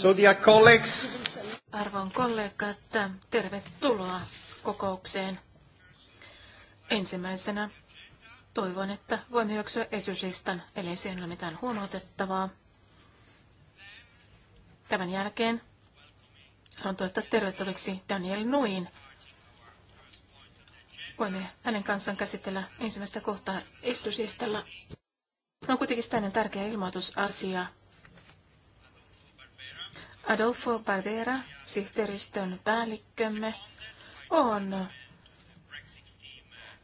So dear colleagues. Arvon kollegat, tervetuloa kokoukseen. Ensimmäisenä toivon, että voimme hyväksyä esityslistan, eli siihen ei ole mitään huomautettavaa. Tämän jälkeen haluan toivottaa tervetulleeksi Daniel Nuin. Voimme hänen kanssaan käsitellä ensimmäistä kohtaa esityslistalla. On no, kuitenkin tärkeä ilmoitusasia Adolfo Barbera, sihteeristön päällikkömme, on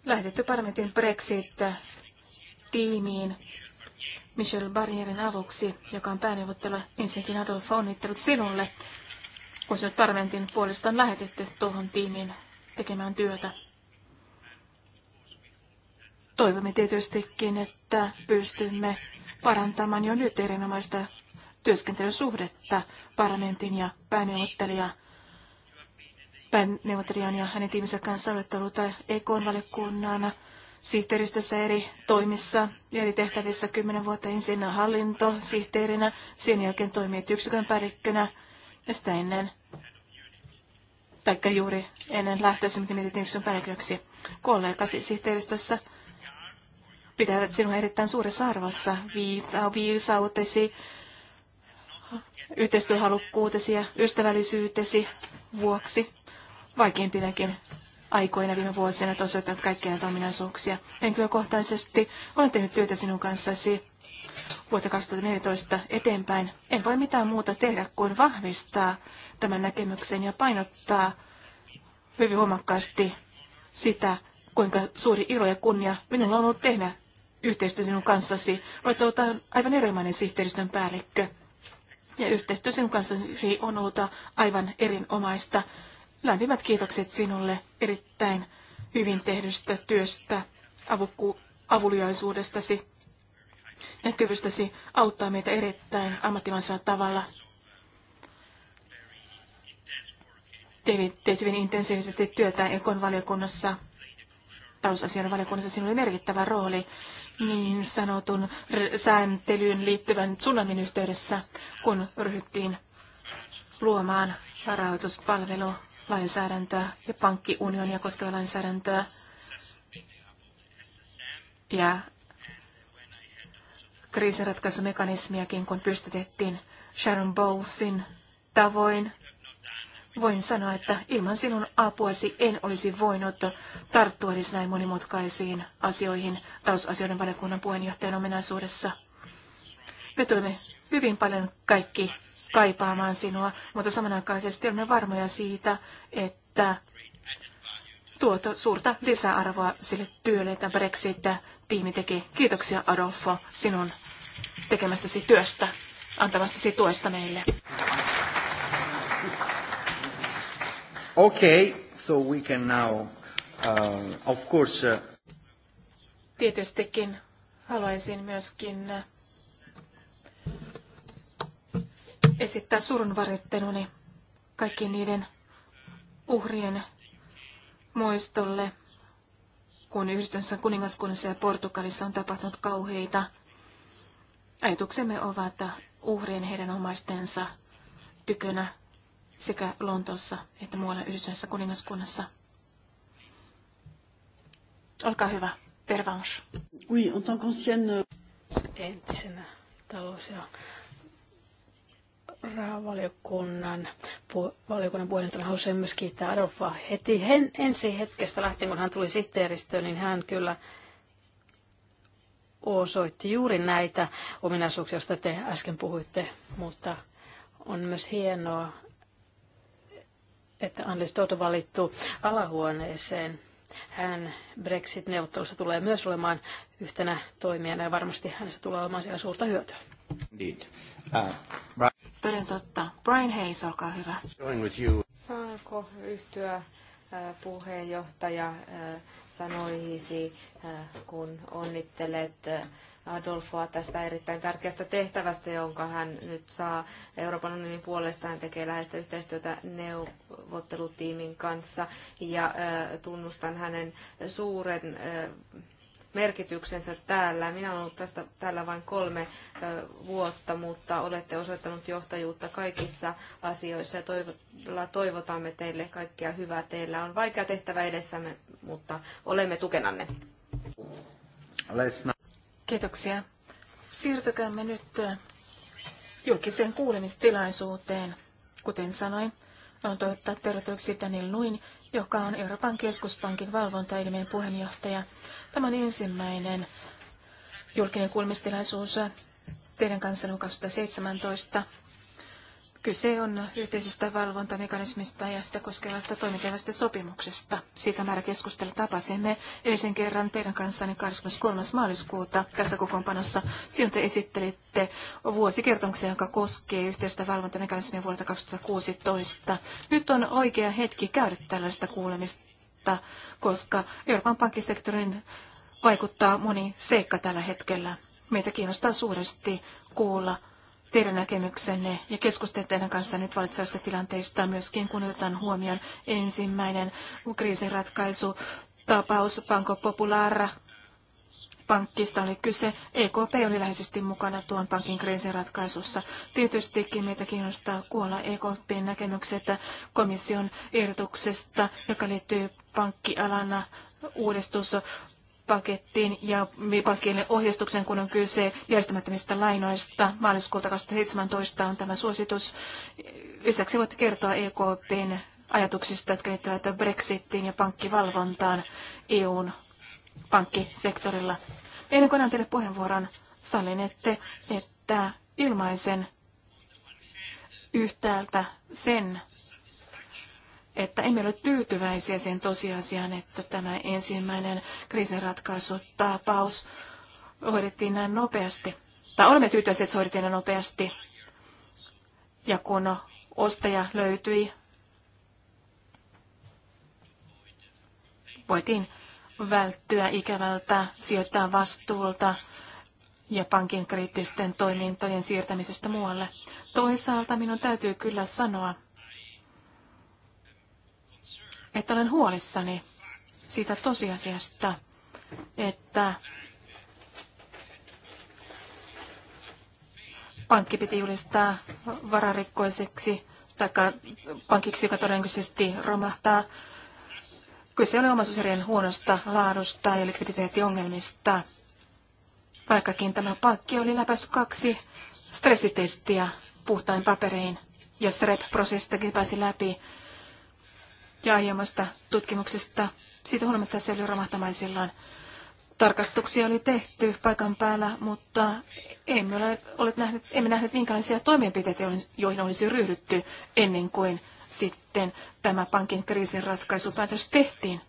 lähetetty parlamentin Brexit-tiimiin Michel Barnierin avuksi, joka on pääneuvottelu. Ensinnäkin Adolfo onnittelut sinulle, kun sinut parlamentin puolesta on lähetetty tuohon tiimiin tekemään työtä. Toivomme tietystikin, että pystymme parantamaan jo nyt erinomaista työskentelysuhdetta parlamentin ja pääneuvottelija pääneuvottelijan ja hänen tiiminsä kanssa olette ollut EK-valiokunnan sihteeristössä eri toimissa ja eri tehtävissä kymmenen vuotta ensin hallintosihteerinä, sen jälkeen toimii yksikön pärikkönä ja sitä ennen, tai juuri ennen lähtöisin, mitä nimitettiin yksikön päriköksi kollegasi sihteeristössä, pitävät sinua erittäin suuressa arvossa viisautesi yhteistyöhalukkuutesi ja ystävällisyytesi vuoksi vaikeimpinakin aikoina viime vuosina että osoittanut kaikkia näitä ominaisuuksia. Henkilökohtaisesti olen tehnyt työtä sinun kanssasi vuotta 2014 eteenpäin. En voi mitään muuta tehdä kuin vahvistaa tämän näkemyksen ja painottaa hyvin huomakkaasti sitä, kuinka suuri ilo ja kunnia minulla on ollut tehdä yhteistyö sinun kanssasi. Olet ollut aivan erilainen sihteeristön päällikkö ja yhteistyö sinun kanssa on ollut aivan erinomaista. Lämpimät kiitokset sinulle erittäin hyvin tehdystä työstä, avukku, avuliaisuudestasi ja kyvystäsi auttaa meitä erittäin ammattimansa tavalla. Teit hyvin intensiivisesti työtä Ekon valiokunnassa talousasioiden valiokunnassa sinulla oli merkittävä rooli niin sanotun sääntelyyn liittyvän tsunamin yhteydessä, kun ryhdyttiin luomaan lainsäädäntöä ja pankkiunionia koskeva lainsäädäntöä. Ja kriisinratkaisumekanismiakin, kun pystytettiin Sharon Bowlesin tavoin Voin sanoa, että ilman sinun apuasi en olisi voinut tarttua edes näin monimutkaisiin asioihin talousasioiden valiokunnan puheenjohtajan ominaisuudessa. Me tulemme hyvin paljon kaikki kaipaamaan sinua, mutta samanaikaisesti olemme varmoja siitä, että tuot suurta lisäarvoa sille työlle, että Brexit-tiimi teki. Kiitoksia Adolfo sinun tekemästäsi työstä, antamastasi tuesta meille. Okay, so we can now, uh, of course... Uh... Tietystikin haluaisin myöskin uh, esittää surunvarjotteluni kaikkien niiden uhrien muistolle, kun Yhdistyneessä kuningaskunnassa ja Portugalissa on tapahtunut kauheita. Ajatuksemme ovat uhrien heidän omaistensa tykönä sekä Lontoossa että muualla yhdistyneessä kuningaskunnassa. Olkaa hyvä, Pervanche. Oui, en tant qu'ancienne... Euh, Entisenä talous- ja rahavaliokunnan pu, valiokunnan puheenjohtaja haluaisin myös kiittää Adolfa heti hen, ensi hetkestä lähtien, kun hän tuli sihteeristöön, niin hän kyllä osoitti juuri näitä ominaisuuksia, joista te äsken puhuitte, mutta on myös hienoa, että Anders Todd on valittu alahuoneeseen. Hän Brexit-neuvottelussa tulee myös olemaan yhtenä toimijana ja varmasti hänestä tulee olemaan siellä suurta hyötyä. Indeed. Uh, Brian. Toden totta. Brian Hayes, olkaa hyvä. Saanko yhtyä uh, puheenjohtaja uh, sanoihisi, uh, kun onnittelet Adolfoa tästä erittäin tärkeästä tehtävästä, jonka hän nyt saa Euroopan unionin puolesta. Hän tekee läheistä yhteistyötä neuvottelutiimin kanssa ja tunnustan hänen suuren merkityksensä täällä. Minä olen ollut tästä, täällä vain kolme vuotta, mutta olette osoittanut johtajuutta kaikissa asioissa ja toivolla toivotamme teille kaikkia hyvää. Teillä on vaikea tehtävä edessämme, mutta olemme tukenanne. Kiitoksia. Siirtykäämme nyt julkiseen kuulemistilaisuuteen. Kuten sanoin, on toivottaa tervetulleeksi Daniel Nuin, joka on Euroopan keskuspankin valvontaelimen puheenjohtaja. Tämä on ensimmäinen julkinen kuulemistilaisuus teidän kanssanne 2017. Kyse on yhteisestä valvontamekanismista ja sitä koskevasta toimintavasta sopimuksesta. Siitä määrä keskustella tapasimme edellisen kerran teidän kanssanne 23. maaliskuuta tässä kokoonpanossa. Silloin te esittelitte vuosikertomuksen, joka koskee yhteistä valvontamekanismia vuodelta 2016. Nyt on oikea hetki käydä tällaista kuulemista, koska Euroopan pankkisektorin vaikuttaa moni seikka tällä hetkellä. Meitä kiinnostaa suuresti kuulla teidän näkemyksenne ja keskustelette teidän kanssa nyt valitsevasta tilanteesta myöskin, kun otetaan huomioon ensimmäinen kriisinratkaisu tapaus Banco Popular pankkista oli kyse. EKP oli läheisesti mukana tuon pankin kriisinratkaisussa. Tietystikin meitä kiinnostaa kuolla EKPn näkemykset komission ehdotuksesta, joka liittyy pankkialan uudistus pakettiin ja pankkien ohjeistuksen, kun on kyse järjestämättömistä lainoista. Maaliskuuta 2017 on tämä suositus. Lisäksi voitte kertoa EKPn ajatuksista, jotka liittyvät Brexitiin ja pankkivalvontaan EUn pankkisektorilla. Ennen kuin annan teille puheenvuoron, sallin, että, että ilmaisen yhtäältä sen, että emme ole tyytyväisiä sen tosiasiaan, että tämä ensimmäinen kriisinratkaisutapaus hoidettiin näin nopeasti. Tai olemme tyytyväisiä, että se hoidettiin näin nopeasti. Ja kun ostaja löytyi, voitiin välttyä ikävältä sijoittaa vastuulta ja pankin kriittisten toimintojen siirtämisestä muualle. Toisaalta minun täytyy kyllä sanoa, että olen huolissani siitä tosiasiasta, että pankki piti julistaa vararikkoiseksi tai pankiksi, joka todennäköisesti romahtaa. Kyse oli omaisuusjärjen huonosta laadusta ja likviditeettiongelmista, vaikkakin tämä pankki oli läpäissyt kaksi stressitestiä puhtain paperein ja SREP-prosessistakin pääsi läpi ja aiemmasta tutkimuksesta. Siitä huolimatta se oli romahtamaisillaan. Tarkastuksia oli tehty paikan päällä, mutta emme, ole, ole nähnyt, emme nähneet minkälaisia toimenpiteitä, joihin olisi ryhdytty ennen kuin sitten tämä pankin kriisin ratkaisupäätös tehtiin.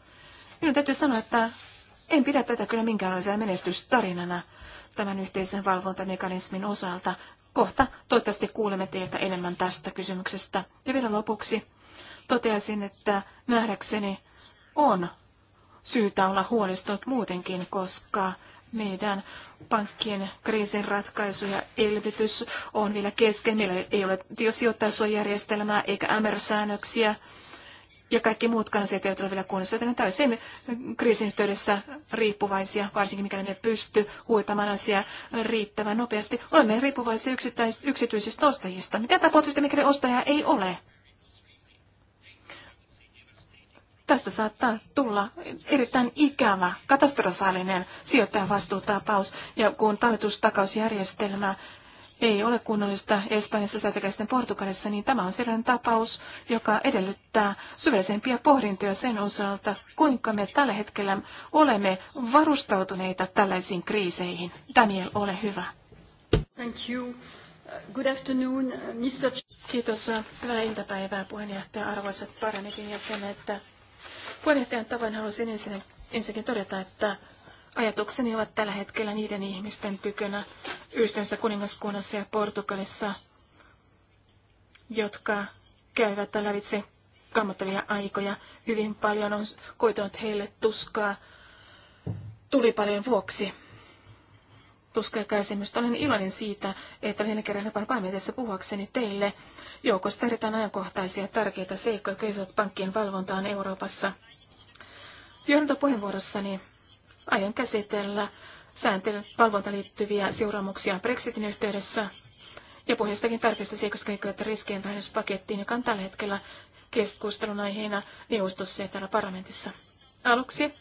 Minun täytyy sanoa, että en pidä tätä kyllä minkäänlaisena menestystarinana tämän yhteisen valvontamekanismin osalta. Kohta toivottavasti kuulemme teiltä enemmän tästä kysymyksestä. Ja vielä lopuksi toteaisin, että nähdäkseni on syytä olla huolestunut muutenkin, koska meidän pankkien kriisin ratkaisu ja elvytys on vielä kesken. Meillä ei ole sijoittajasuojajärjestelmää eikä MR-säännöksiä ja kaikki muutkaan asiat eivät ole vielä kunnossa, joten täysin kriisin yhteydessä riippuvaisia, varsinkin mikäli me pysty huitamaan asiaa riittävän nopeasti. Olemme riippuvaisia yksityisistä ostajista. Mitä tapahtuu mikäli ostajaa ei ole? Tästä saattaa tulla erittäin ikävä, katastrofaalinen sijoittajan vastuutapaus, ja kun talletustakausjärjestelmä ei ole kunnollista Espanjassa, Säätäkäisten Portugalissa, niin tämä on sellainen tapaus, joka edellyttää syvällisempiä pohdintoja sen osalta, kuinka me tällä hetkellä olemme varustautuneita tällaisiin kriiseihin. Daniel, ole hyvä. Thank you. Good afternoon, Mr. Kiitos. Hyvää iltapäivää puheenjohtaja, arvoisat parlamentin jäsenet. Puheenjohtajan tavoin haluaisin ensin, ensinnäkin todeta, että ajatukseni ovat tällä hetkellä niiden ihmisten tykönä yhdistyneessä kuningaskunnassa ja Portugalissa, jotka käyvät lävitse kammottavia aikoja. Hyvin paljon on koitunut heille tuskaa tulipalojen vuoksi. Tuskaa ja kärsimystä. Olen iloinen siitä, että olen kerran jopa paimentessa puhuakseni teille. Joukossa tarvitaan ajankohtaisia tärkeitä seikkoja, kun pankkien valvontaan Euroopassa – Johdantopuheenvuorossani aion käsitellä sääntelyn valvonta liittyviä seuraamuksia Brexitin yhteydessä ja puheestakin tärkeistä seikoista liittyvät riskien vähennyspakettiin, joka on tällä hetkellä keskustelun aiheena neuvostossa ja täällä parlamentissa. Aluksi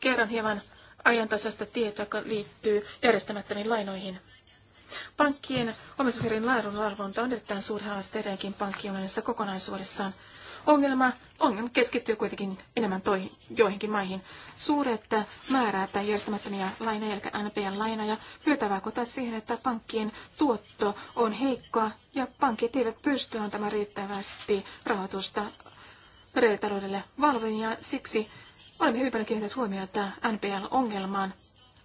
kerron hieman ajantasasta tietoa, joka liittyy järjestämättömiin lainoihin. Pankkien omistuserien valvonta on erittäin suuri haaste edelleenkin pankkiunionissa kokonaisuudessaan. Ongelma, ongelma keskittyy kuitenkin enemmän toihin, joihinkin maihin. Suuret määrät järjestämättömiä lainoja, eli NPL-lainoja, hyötävää kotaa siihen, että pankkien tuotto on heikkoa ja pankit eivät pysty antamaan riittävästi rahoitusta reaalitaloudelle valvoin ja siksi olemme hyvin paljon kiinnittäneet huomiota NPL-ongelmaan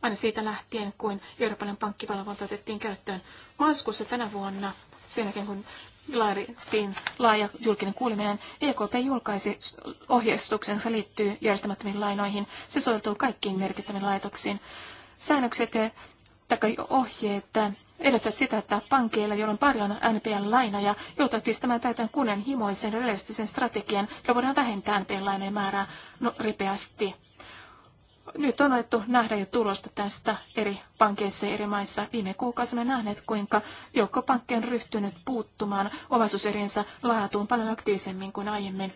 aina siitä lähtien, kun Euroopan pankkivalvonta otettiin käyttöön maskussa tänä vuonna, sen jälkeen kun laadittiin laaja julkinen kuuleminen. EKP julkaisi ohjeistuksensa liittyy järjestämättömiin lainoihin. Se soveltuu kaikkiin merkittäviin laitoksiin. Säännökset eh, tai ohjeet eh, edellyttävät sitä, että pankeilla, joilla on paljon NPL-lainoja, joutuvat pistämään täytön kunnianhimoisen realistisen strategian, jolla voidaan vähentää NPL-lainojen määrää no, ripeästi nyt on alettu nähdä jo tulosta tästä eri pankeissa ja eri maissa. Viime kuukausina nähneet, kuinka joukkopankki on ryhtynyt puuttumaan omaisuuserinsä laatuun paljon aktiivisemmin kuin aiemmin.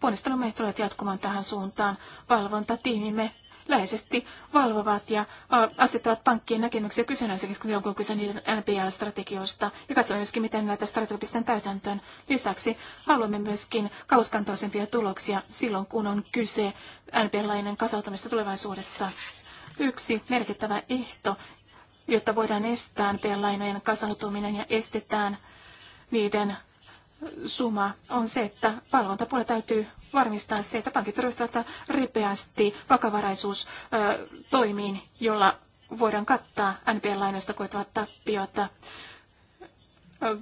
Ponnistelumme tulevat jatkumaan tähän suuntaan. Valvontatiimimme läheisesti valvovat ja asettavat pankkien näkemyksiä kyseenalaiseksi, kun on kyse niiden NPL-strategioista ja katsoo myöskin, miten näitä strategioita pistetään täytäntöön. Lisäksi haluamme myöskin kauskantoisempia tuloksia silloin, kun on kyse NPL-lainen kasautumista tulevaisuudessa. Yksi merkittävä ehto, jotta voidaan estää NPL-lainojen kasautuminen ja estetään niiden suma on se, että valvontapuolella täytyy varmistaa se, että pankit ryhtyvät ripeästi vakavaraisuustoimiin, jolla voidaan kattaa NPL-lainoista koituvat tappiot.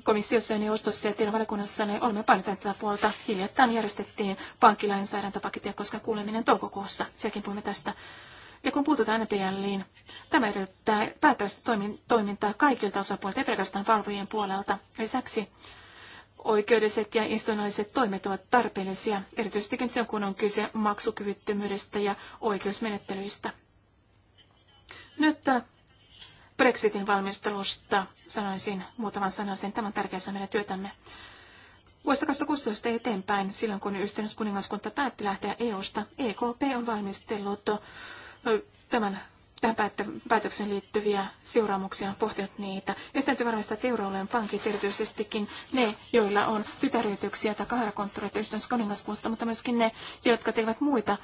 Komissiossa ja neuvostossa ja tiedonvalikunnassa ne olemme painottaneet tätä puolta. Hiljattain järjestettiin pankkilainsäädäntöpakettia koska kuuleminen toukokuussa. Sielläkin puhumme tästä. Ja kun puututaan NPLiin, tämä edellyttää päättävästä toimintaa kaikilta osapuolilta, ei pelkästään valvojien puolelta. Lisäksi oikeudelliset ja institutionaaliset toimet ovat tarpeellisia, erityisesti silloin kun on kyse maksukyvyttömyydestä ja oikeusmenettelyistä. Nyt äh, Brexitin valmistelusta sanoisin muutaman sanan sen. Tämän tärkeä osa meidän työtämme. Vuodesta 2016 eteenpäin, silloin kun yhdistynyt päätti lähteä EUsta, EKP on valmistellut äh, tämän tähän päätöksen liittyviä seuraamuksia, on pohtinut niitä. Ja sitten täytyy varmistaa, että euroalueen pankit, erityisestikin ne, joilla on tytäryrityksiä tai kahdakonttoreita yhdessä siis kuningaskunta, mutta myöskin ne, jotka tekevät muita,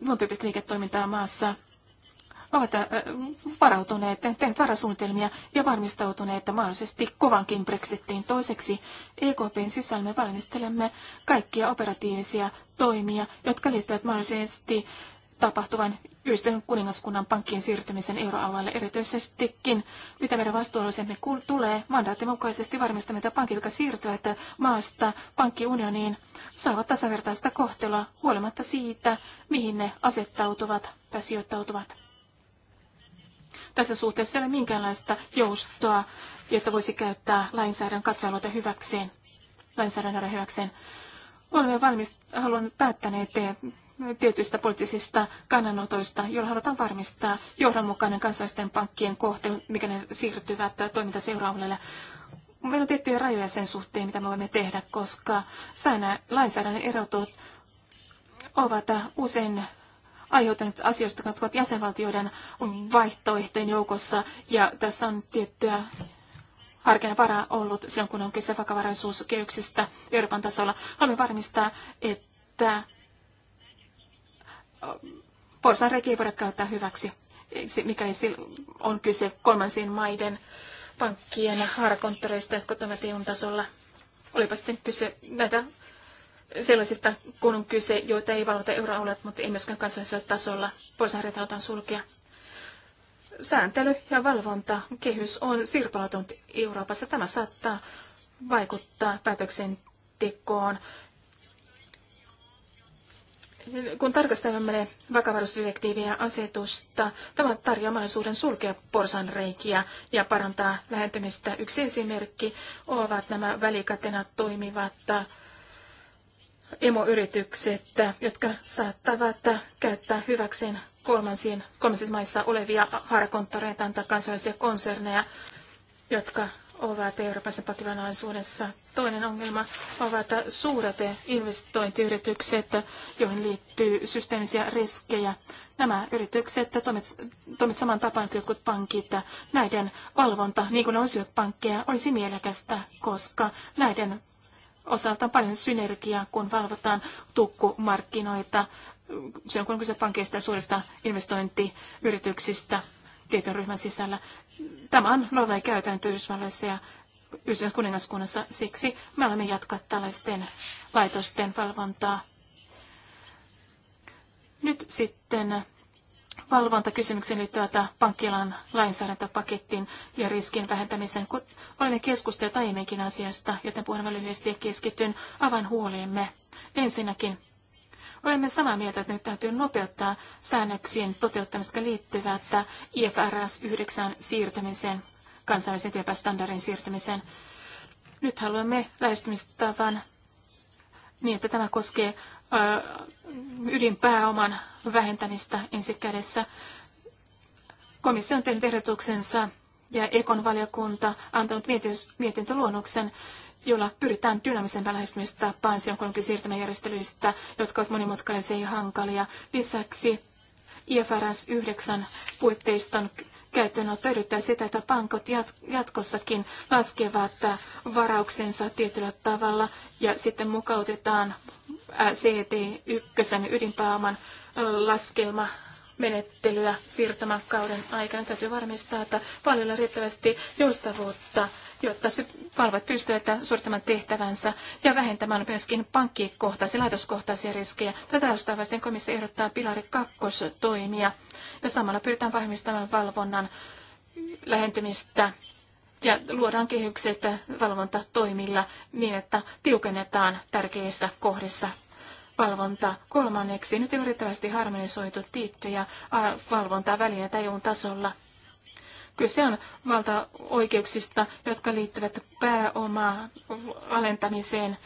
muun tyyppistä liiketoimintaa maassa, ovat äh, varautuneet, tehneet varasuunnitelmia ja varmistautuneet että mahdollisesti kovankin Brexittiin. Toiseksi EKPn sisällä me valmistelemme kaikkia operatiivisia toimia, jotka liittyvät mahdollisesti tapahtuvan yhden kuningaskunnan pankkien siirtymisen euroalueelle erityisestikin. Mitä meidän vastuullisemme tulee mandaattimukaisesti mukaisesti varmistamme, että pankit, jotka siirtyvät maasta pankkiunioniin, saavat tasavertaista kohtelua huolimatta siitä, mihin ne asettautuvat tai sijoittautuvat. Tässä suhteessa ei ole minkäänlaista joustoa, jotta voisi käyttää lainsäädännön kattailuita hyväkseen, lainsäädännön hyväkseen. Olemme valmis, haluan päättäneet pidetyistä poliittisista kannanotoista, joilla halutaan varmistaa johdonmukainen kansallisten pankkien kohtelu, mikä ne siirtyvät toimintaseuraavalle. Meillä on tiettyjä rajoja sen suhteen, mitä me voimme tehdä, koska säännä, lainsäädännön erot ovat usein aiheuttaneet asioista, jotka ovat jäsenvaltioiden vaihtoehtojen joukossa, ja tässä on tiettyä harkinnanvaraa ollut silloin, kun on kyse vakavaraisuuskehyksistä Euroopan tasolla. Haluamme varmistaa, että porsanreikiä voida käyttää hyväksi, mikä on kyse kolmansien maiden pankkien haarakonttoreista, jotka toimivat EUn tasolla. Olipa sitten kyse näitä sellaisista, kun on kyse, joita ei valvota euroalueet, mutta ei myöskään kansallisella tasolla. Porsanreikiä halutaan sulkea. Sääntely ja valvonta kehys on sirpaloitunut Euroopassa. Tämä saattaa vaikuttaa päätöksentekoon kun tarkastelemme vakavaruusdirektiiviä ja asetusta, tämä tarjoaa mahdollisuuden sulkea porsanreikiä ja parantaa lähentämistä. Yksi esimerkki ovat nämä välikätenä toimivat emoyritykset, jotka saattavat käyttää hyväkseen kolmansien, kolmansissa maissa olevia harakonttoreita tai kansallisia konserneja, jotka ovat Euroopassa pakivanaisuudessa Toinen ongelma ovat suuret investointiyritykset, joihin liittyy systeemisiä riskejä. Nämä yritykset toimivat saman tapaan kuin jotkut pankit. Näiden valvonta, niin kuin ne pankkeja, olisi mielekästä, koska näiden osalta on paljon synergiaa, kun valvotaan tukkumarkkinoita, se on kuin kyse pankeista ja suurista investointiyrityksistä tietyn ryhmän sisällä. Tämä on normaali käytäntö Yhdysvalloissa ja Yhdessä kuningaskunnassa. Siksi me olemme jatkaa tällaisten laitosten valvontaa. Nyt sitten valvontakysymykseen liittyvätä pankkialan lainsäädäntöpakettiin ja riskin vähentämisen. Kun olemme keskustelleet aiemminkin asiasta, joten puhun lyhyesti keskityn avainhuoliimme. Ensinnäkin Olemme samaa mieltä, että nyt täytyy nopeuttaa säännöksiin toteuttamista liittyvää IFRS 9 siirtymiseen kansainvälisen kilpailustandardin siirtymiseen. Nyt haluamme lähestymistavan niin, että tämä koskee ydinpääoman vähentämistä ensi kädessä. Komissio on tehnyt ehdotuksensa ja Ekon valiokunta antanut mietintöluonnoksen, jolla pyritään dynaamisempään lähestymistapaan silloin, kun onkin siirtymäjärjestelyistä, jotka ovat monimutkaisia ja hankalia. Lisäksi IFRS 9 puitteiston käyttöönotto edellyttää sitä, että pankot jatkossakin laskevat äh, varauksensa tietyllä tavalla ja sitten mukautetaan äh, CT1 ydinpääoman äh, laskelma menettelyä siirtymäkauden aikana. Täytyy varmistaa, että paljon on riittävästi joustavuutta, jotta se valvot pystyvät suorittamaan tehtävänsä ja vähentämään myöskin pankkikohtaisia, laitoskohtaisia riskejä. Tätä taustaa vasten komissio ehdottaa pilari kakkostoimia ja samalla pyritään vahvistamaan valvonnan lähentymistä ja luodaan kehykset valvontatoimilla niin, että tiukennetaan tärkeissä kohdissa valvonta. Kolmanneksi, nyt on riittävästi harmonisoitu tiittejä valvontaa välineitä EUn tasolla. Kyse on valtaoikeuksista, jotka liittyvät pääomaa alentamiseen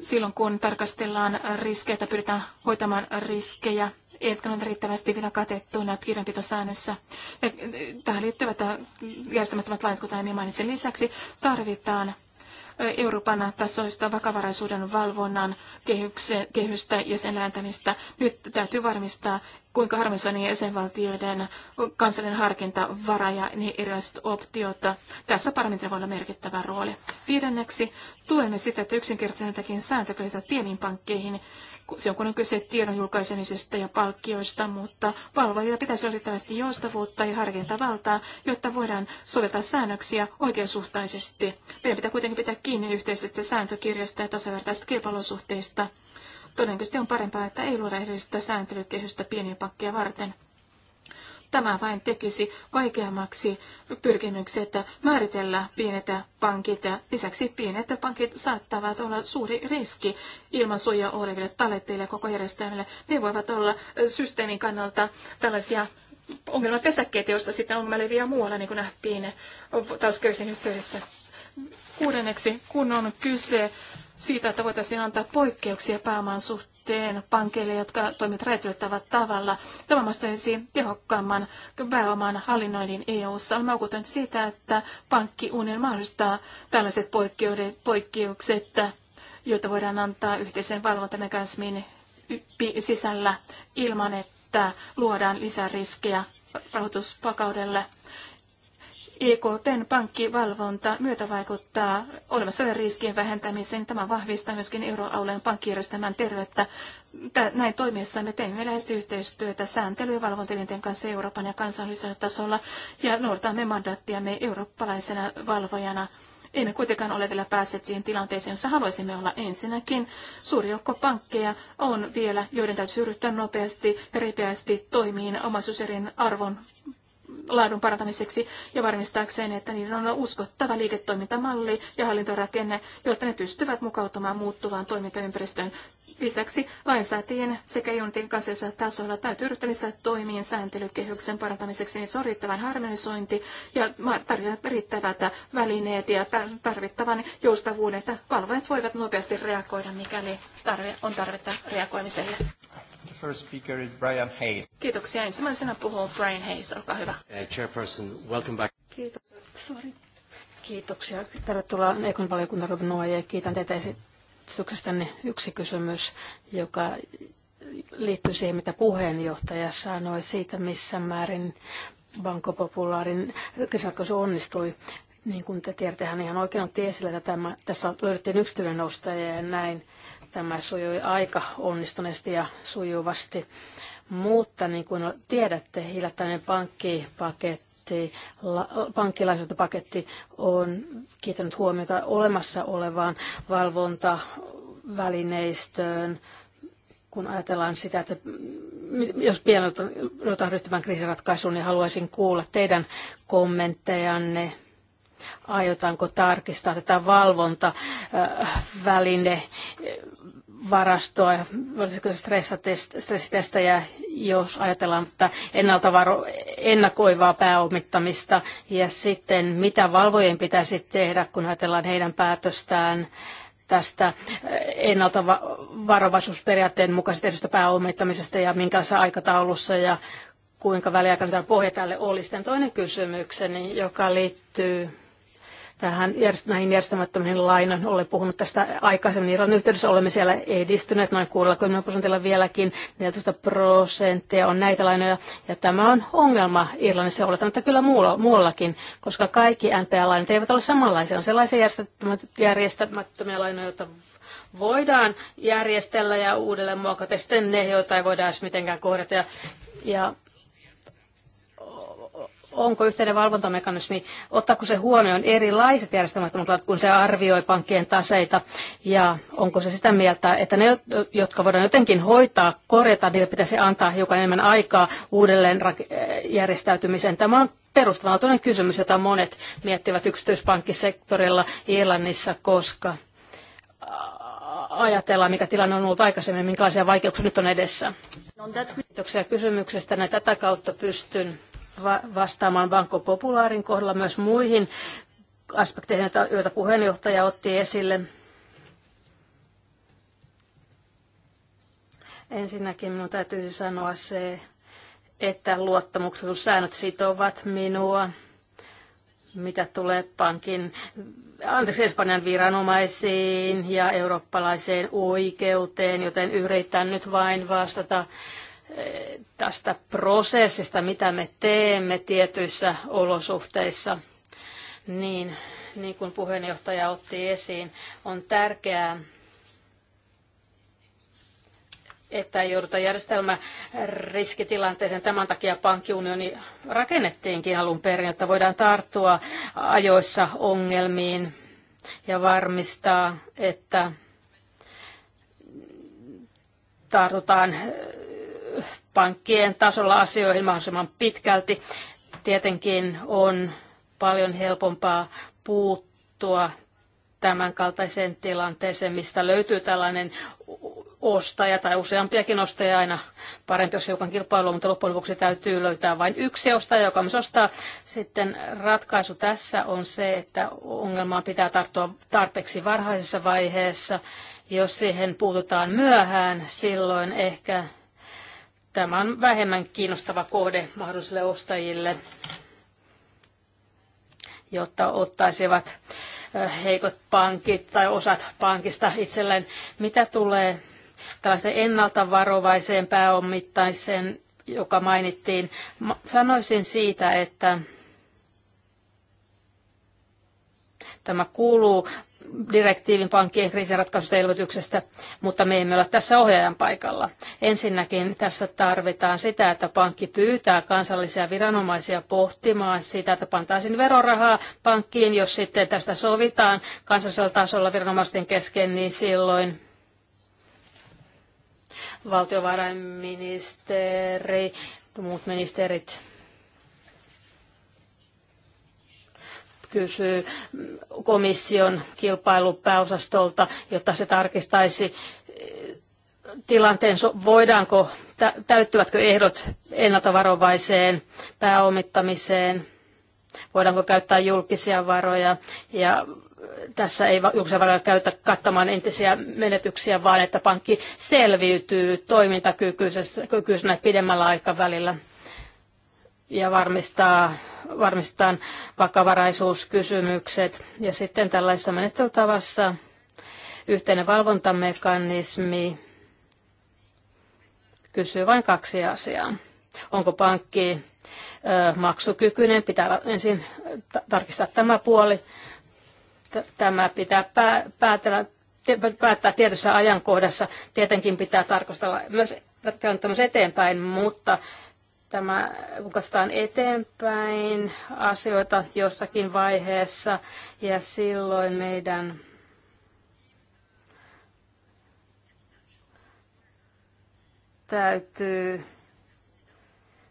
silloin, kun tarkastellaan riskejä tai pyritään hoitamaan riskejä jotka on riittävästi vielä katettuina kirjanpitosäännössä. Ja eh, tähän liittyvät järjestämättömät lait, kuten niin mainitsin lisäksi, tarvitaan Euroopan tasoista vakavaraisuuden valvonnan kehystä ja sen lääntämistä. Nyt täytyy varmistaa, kuinka harmonisoinnin jäsenvaltioiden kansallinen harkintavara ja ne niin erilaiset optiot. Tässä parlamentilla voi olla merkittävä rooli. Viidenneksi tuemme sitä, että yksinkertaisesti jotakin sääntököitä pieniin pankkeihin silloin kun on kyse tiedon julkaisemisesta ja palkkioista, mutta valvojilla pitäisi olla riittävästi joustavuutta ja harkintavaltaa, jotta voidaan soveltaa säännöksiä oikeasuhtaisesti. Meidän pitää kuitenkin pitää kiinni yhteisestä sääntökirjasta ja tasavertaisista kilpailusuhteista. Todennäköisesti on parempaa, että ei luoda erillistä sääntelykehystä pieniä pakkia varten. Tämä vain tekisi vaikeammaksi pyrkimykset määritellä pienet pankit. Lisäksi pienet pankit saattavat olla suuri riski ilman suojaa oleville talletteille ja koko järjestelmälle. Ne voivat olla systeemin kannalta tällaisia ongelmapesäkkeitä, joista sitten ongelma leviää muualla, niin kuin nähtiin tauskeisen yhteydessä. Kuudenneksi, kun on kyse siitä, että voitaisiin antaa poikkeuksia pääoman suhteen, yhteen pankeille, jotka toimivat räätylöttävällä tavalla. Tämä mahdollistaisi tehokkaamman pääoman hallinnoinnin EU-ssa. Olemme aukutuneet siitä, että pankkiunion mahdollistaa tällaiset poikkeukset, joita voidaan antaa yhteisen valvontamekanismin sisällä ilman, että luodaan lisää riskejä rahoitusvakaudelle. EKPn pankkivalvonta myötävaikuttaa olemassa olevan riskien vähentämiseen. Tämä vahvistaa myöskin euroalueen pankkijärjestelmän terveyttä. Näin toimiessa me teemme läheistä yhteistyötä sääntely- ja valvontelinten kanssa Euroopan ja kansallisella tasolla ja noudatamme mandaattiamme eurooppalaisena valvojana. Emme kuitenkaan ole vielä päässeet siihen tilanteeseen, jossa haluaisimme olla ensinnäkin. Suuri joukko pankkeja on vielä, joiden täytyy ryhtyä nopeasti ja ripeästi toimiin omaisuuserien arvon laadun parantamiseksi ja varmistaakseen, että niiden on uskottava liiketoimintamalli ja hallintorakenne, jotta ne pystyvät mukautumaan muuttuvaan toimintaympäristöön. Lisäksi lainsäätien sekä EUn kansallisella tasolla täytyy ryhtyä lisää toimiin sääntelykehyksen parantamiseksi, niin se on riittävän harmonisointi ja riittävät välineet ja tarvittavan joustavuuden, että valvojat voivat nopeasti reagoida, mikäli tarve on tarvetta reagoimiselle first speaker is Brian Hayes. Kiitoksia. Ensimmäisenä puhuu Brian Hayes. Olkaa hyvä. Uh, chairperson, welcome back. Kiitos. Sorry. Kiitoksia. Tervetuloa Ekon valiokuntaryhmän ja kiitän teitä esityksestänne yksi kysymys, joka liittyy siihen, mitä puheenjohtaja sanoi siitä, missä määrin bankopopulaarin Popularin kesäkös onnistui. Niin kuin te tiedätte, hän ihan oikein otti esille, että tämä, tässä löydettiin yksityinen ostaja ja näin Tämä sujui aika onnistuneesti ja sujuvasti. Mutta niin kuin tiedätte, hiljattainen pankkipaketti, la, on kiittänyt huomiota olemassa olevaan valvontavälineistöön, kun ajatellaan sitä, että jos pienet ryhtyvän kriisiratkaisuun, niin haluaisin kuulla teidän kommenttejanne aiotaanko tarkistaa tätä valvontaväline äh, äh, varastoa, olisiko stressitestejä, jos ajatellaan että ennaltavaro, ennakoivaa pääomittamista, ja sitten mitä valvojen pitäisi tehdä, kun ajatellaan heidän päätöstään tästä äh, ennaltavarovaisuusperiaatteen mukaisesta tehdystä pääomittamisesta ja minkälaisessa aikataulussa ja kuinka väliaikainen tämä pohja tälle olisi. Sitten toinen kysymykseni, joka liittyy tähän näihin järjestämättömiin lainoihin Olen puhunut tästä aikaisemmin Irlannin yhteydessä. Olemme siellä edistyneet noin 60 prosentilla vieläkin. 14 prosenttia on näitä lainoja. Ja tämä on ongelma Irlannissa. Oletan, että kyllä muulla, muuallakin, koska kaikki NPA-lainat eivät ole samanlaisia. On sellaisia järjestämättömiä lainoja, joita voidaan järjestellä ja uudelleen muokata. Sitten ne, joita ei voida edes mitenkään kohdata. Ja, ja onko yhteinen valvontamekanismi, ottaako se huomioon erilaiset järjestelmät, kun se arvioi pankkien taseita, ja onko se sitä mieltä, että ne, jotka voidaan jotenkin hoitaa, korjata, niille pitäisi antaa hiukan enemmän aikaa uudelleen eh, järjestäytymiseen. Tämä on perustavanlaatuinen kysymys, jota monet miettivät yksityispankkisektorilla Irlannissa, koska ajatellaan, mikä tilanne on ollut aikaisemmin, minkälaisia vaikeuksia nyt on edessä. No, Kiitoksia kysymyksestä. Tätä kautta pystyn vastaamaan Banco Popularin kohdalla myös muihin aspekteihin, joita puheenjohtaja otti esille. Ensinnäkin minun täytyy sanoa se, että säännöt sitovat minua, mitä tulee pankin, anteeksi, Espanjan viranomaisiin ja eurooppalaiseen oikeuteen, joten yritän nyt vain vastata tästä prosessista, mitä me teemme tietyissä olosuhteissa, niin, niin kuin puheenjohtaja otti esiin, on tärkeää, että ei jouduta järjestelmä riskitilanteeseen. Tämän takia pankkiunioni rakennettiinkin alun perin, että voidaan tarttua ajoissa ongelmiin ja varmistaa, että tartutaan pankkien tasolla asioihin mahdollisimman pitkälti. Tietenkin on paljon helpompaa puuttua tämän tilanteeseen, mistä löytyy tällainen ostaja tai useampiakin ostajia aina parempi, jos hiukan kilpailua, mutta loppujen lopuksi täytyy löytää vain yksi ostaja, joka myös ostaa. Sitten ratkaisu tässä on se, että ongelmaan pitää tarttua tarpeeksi varhaisessa vaiheessa. Jos siihen puututaan myöhään, silloin ehkä Tämä on vähemmän kiinnostava kohde mahdollisille ostajille, jotta ottaisivat heikot pankit tai osat pankista itselleen. Mitä tulee tällaiseen ennalta varovaiseen pääomittaiseen, joka mainittiin, sanoisin siitä, että tämä kuuluu direktiivin pankkien kriisinratkaisusta ja elvytyksestä, mutta me emme ole tässä ohjaajan paikalla. Ensinnäkin tässä tarvitaan sitä, että pankki pyytää kansallisia viranomaisia pohtimaan sitä, että pantaisiin verorahaa pankkiin. Jos sitten tästä sovitaan kansallisella tasolla viranomaisten kesken, niin silloin valtiovarainministeri, muut ministerit kysyy komission kilpailupääosastolta, jotta se tarkistaisi eh, tilanteen, voidaanko, täyttyvätkö ehdot ennaltavarovaiseen pääomittamiseen, voidaanko käyttää julkisia varoja ja tässä ei julkisia varoja käytä kattamaan entisiä menetyksiä, vaan että pankki selviytyy toimintakykyisenä pidemmällä aikavälillä ja varmistaa, varmistetaan vakavaraisuuskysymykset. Ja sitten tällaisessa menettelytavassa yhteinen valvontamekanismi kysyy vain kaksi asiaa. Onko pankki maksukykyinen? Pitää ensin tarkistaa tämä puoli. Tämä pitää päätellä, päättää tietyssä ajankohdassa. Tietenkin pitää tarkastella myös eteenpäin, mutta Tämä, kukastaan eteenpäin asioita jossakin vaiheessa, ja silloin meidän täytyy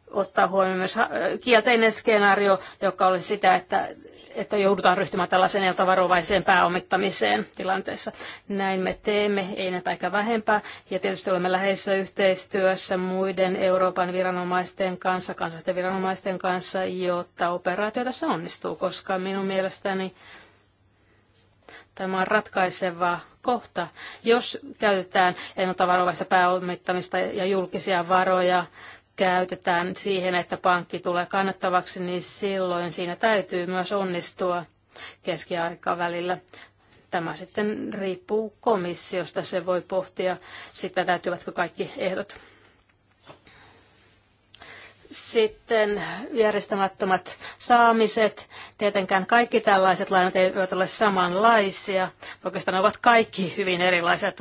ottaa huomioon myös kielteinen skenaario, joka oli sitä, että että joudutaan ryhtymään tällaiseen varovaiseen pääomittamiseen tilanteessa. Näin me teemme, ei enempää eikä vähempää. Ja tietysti olemme läheisessä yhteistyössä muiden Euroopan viranomaisten kanssa, kansallisten viranomaisten kanssa, jotta operaatio tässä onnistuu, koska minun mielestäni tämä on ratkaiseva kohta. Jos käytetään ennaltavarovaista pääomittamista ja julkisia varoja käytetään siihen, että pankki tulee kannattavaksi, niin silloin siinä täytyy myös onnistua keskiaikavälillä. Tämä sitten riippuu komissiosta. Se voi pohtia sitä, täytyvätkö kaikki ehdot. Sitten järjestämättömät saamiset. Tietenkään kaikki tällaiset lainat eivät ole samanlaisia. Oikeastaan ne ovat kaikki hyvin erilaisia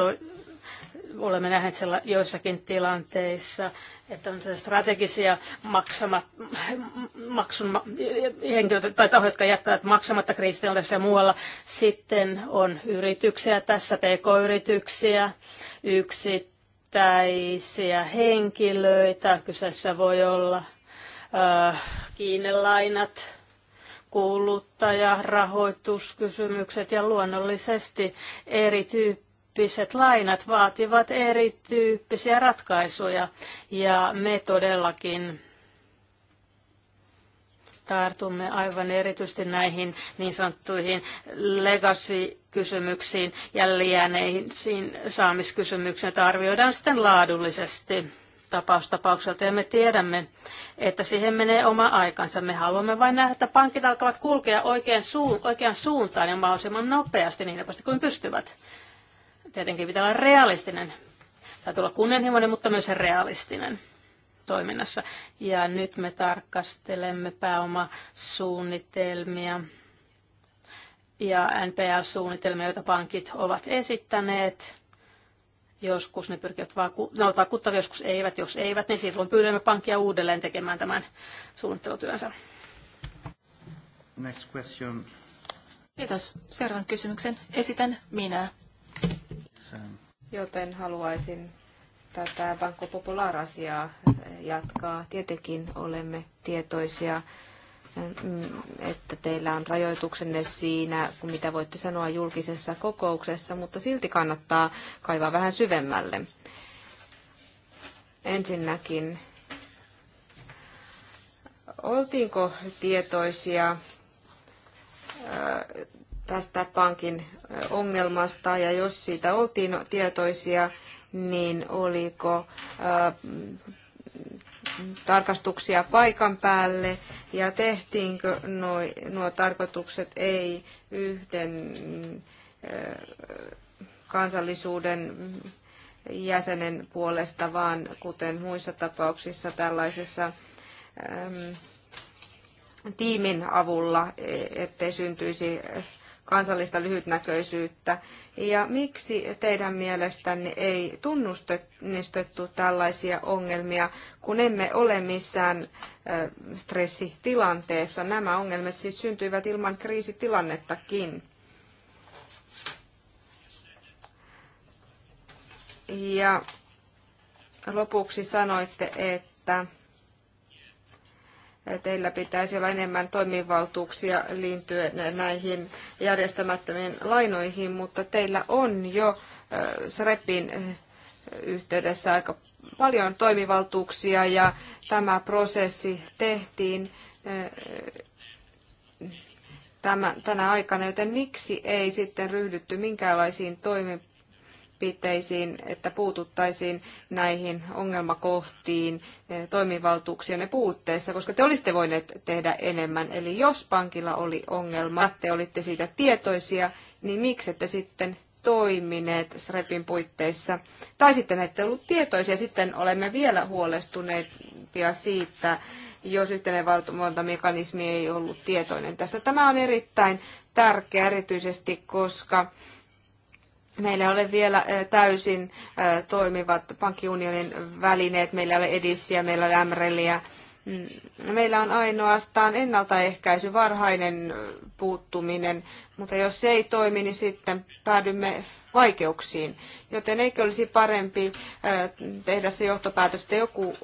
olemme nähneet siellä joissakin tilanteissa, että on strategisia maksamat, maksun, henkilöitä tai tahoja, jotka jättävät maksamatta kriisitilanteessa ja muualla. Sitten on yrityksiä, tässä pk-yrityksiä, yksittäisiä henkilöitä, kyseessä voi olla äh, kiinelainat, kuluttaja, rahoituskysymykset ja luonnollisesti erityyppiset tyyppiset lainat vaativat erityyppisiä ratkaisuja ja me todellakin tartumme aivan erityisesti näihin niin sanottuihin legacy-kysymyksiin ja lieneisiin saamiskysymyksiin, että arvioidaan sitten laadullisesti tapaustapaukselta ja me tiedämme, että siihen menee oma aikansa. Me haluamme vain nähdä, että pankit alkavat kulkea oikean suun, suuntaan ja mahdollisimman nopeasti niin nopeasti kuin pystyvät. Tietenkin pitää olla realistinen. Saa tulla kunnianhimoinen, mutta myös realistinen toiminnassa. Ja nyt me tarkastelemme pääomasuunnitelmia ja NPL-suunnitelmia, joita pankit ovat esittäneet. Joskus ne pyrkivät vaku- no, ovat vakuuttavia, joskus eivät. Jos eivät, niin silloin pyydämme pankkia uudelleen tekemään tämän suunnittelutyönsä. Next question. Kiitos. Seuraavan kysymyksen esitän minä. Joten haluaisin tätä Banco Popular-asiaa jatkaa. Tietenkin olemme tietoisia, mm, että teillä on rajoituksenne siinä, mitä voitte sanoa julkisessa kokouksessa, mutta silti kannattaa kaivaa vähän syvemmälle. Ensinnäkin, oltiinko tietoisia tästä pankin ongelmasta ja jos siitä oltiin tietoisia, niin oliko tarkastuksia paikan päälle ja tehtiinkö noi, nuo tarkoitukset ei yhden kansallisuuden jäsenen puolesta, vaan kuten muissa tapauksissa tällaisessa tiimin avulla, e, ettei syntyisi kansallista lyhytnäköisyyttä. Ja miksi teidän mielestänne ei tunnustettu tällaisia ongelmia, kun emme ole missään stressitilanteessa? Nämä ongelmat siis syntyivät ilman kriisitilannettakin. Ja lopuksi sanoitte, että teillä pitäisi olla enemmän toimivaltuuksia liittyen näihin järjestämättömiin lainoihin, mutta teillä on jo SREPin yhteydessä aika paljon toimivaltuuksia ja tämä prosessi tehtiin tämän, tänä aikana, joten miksi ei sitten ryhdytty minkäänlaisiin toimiin? toimenpiteisiin, että puututtaisiin näihin ongelmakohtiin eh, toimivaltuuksien puutteessa, koska te olisitte voineet tehdä enemmän. Eli jos pankilla oli ongelma, te olitte siitä tietoisia, niin miksi ette sitten toimineet SREPin puitteissa? Tai sitten ette ollut tietoisia, sitten olemme vielä huolestuneempia siitä, jos yhteinen valvontamekanismi ei ollut tietoinen tästä. Tämä on erittäin tärkeä erityisesti, koska Meillä ei ole vielä täysin toimivat pankkiunionin välineet, meillä ei ole edissiä, meillä ei ole MRLiä. Mm, meillä on ainoastaan ennaltaehkäisy, varhainen puuttuminen, mutta jos se ei toimi, niin sitten päädymme vaikeuksiin. Joten eikö olisi parempi tehdä se johtopäätös, että joku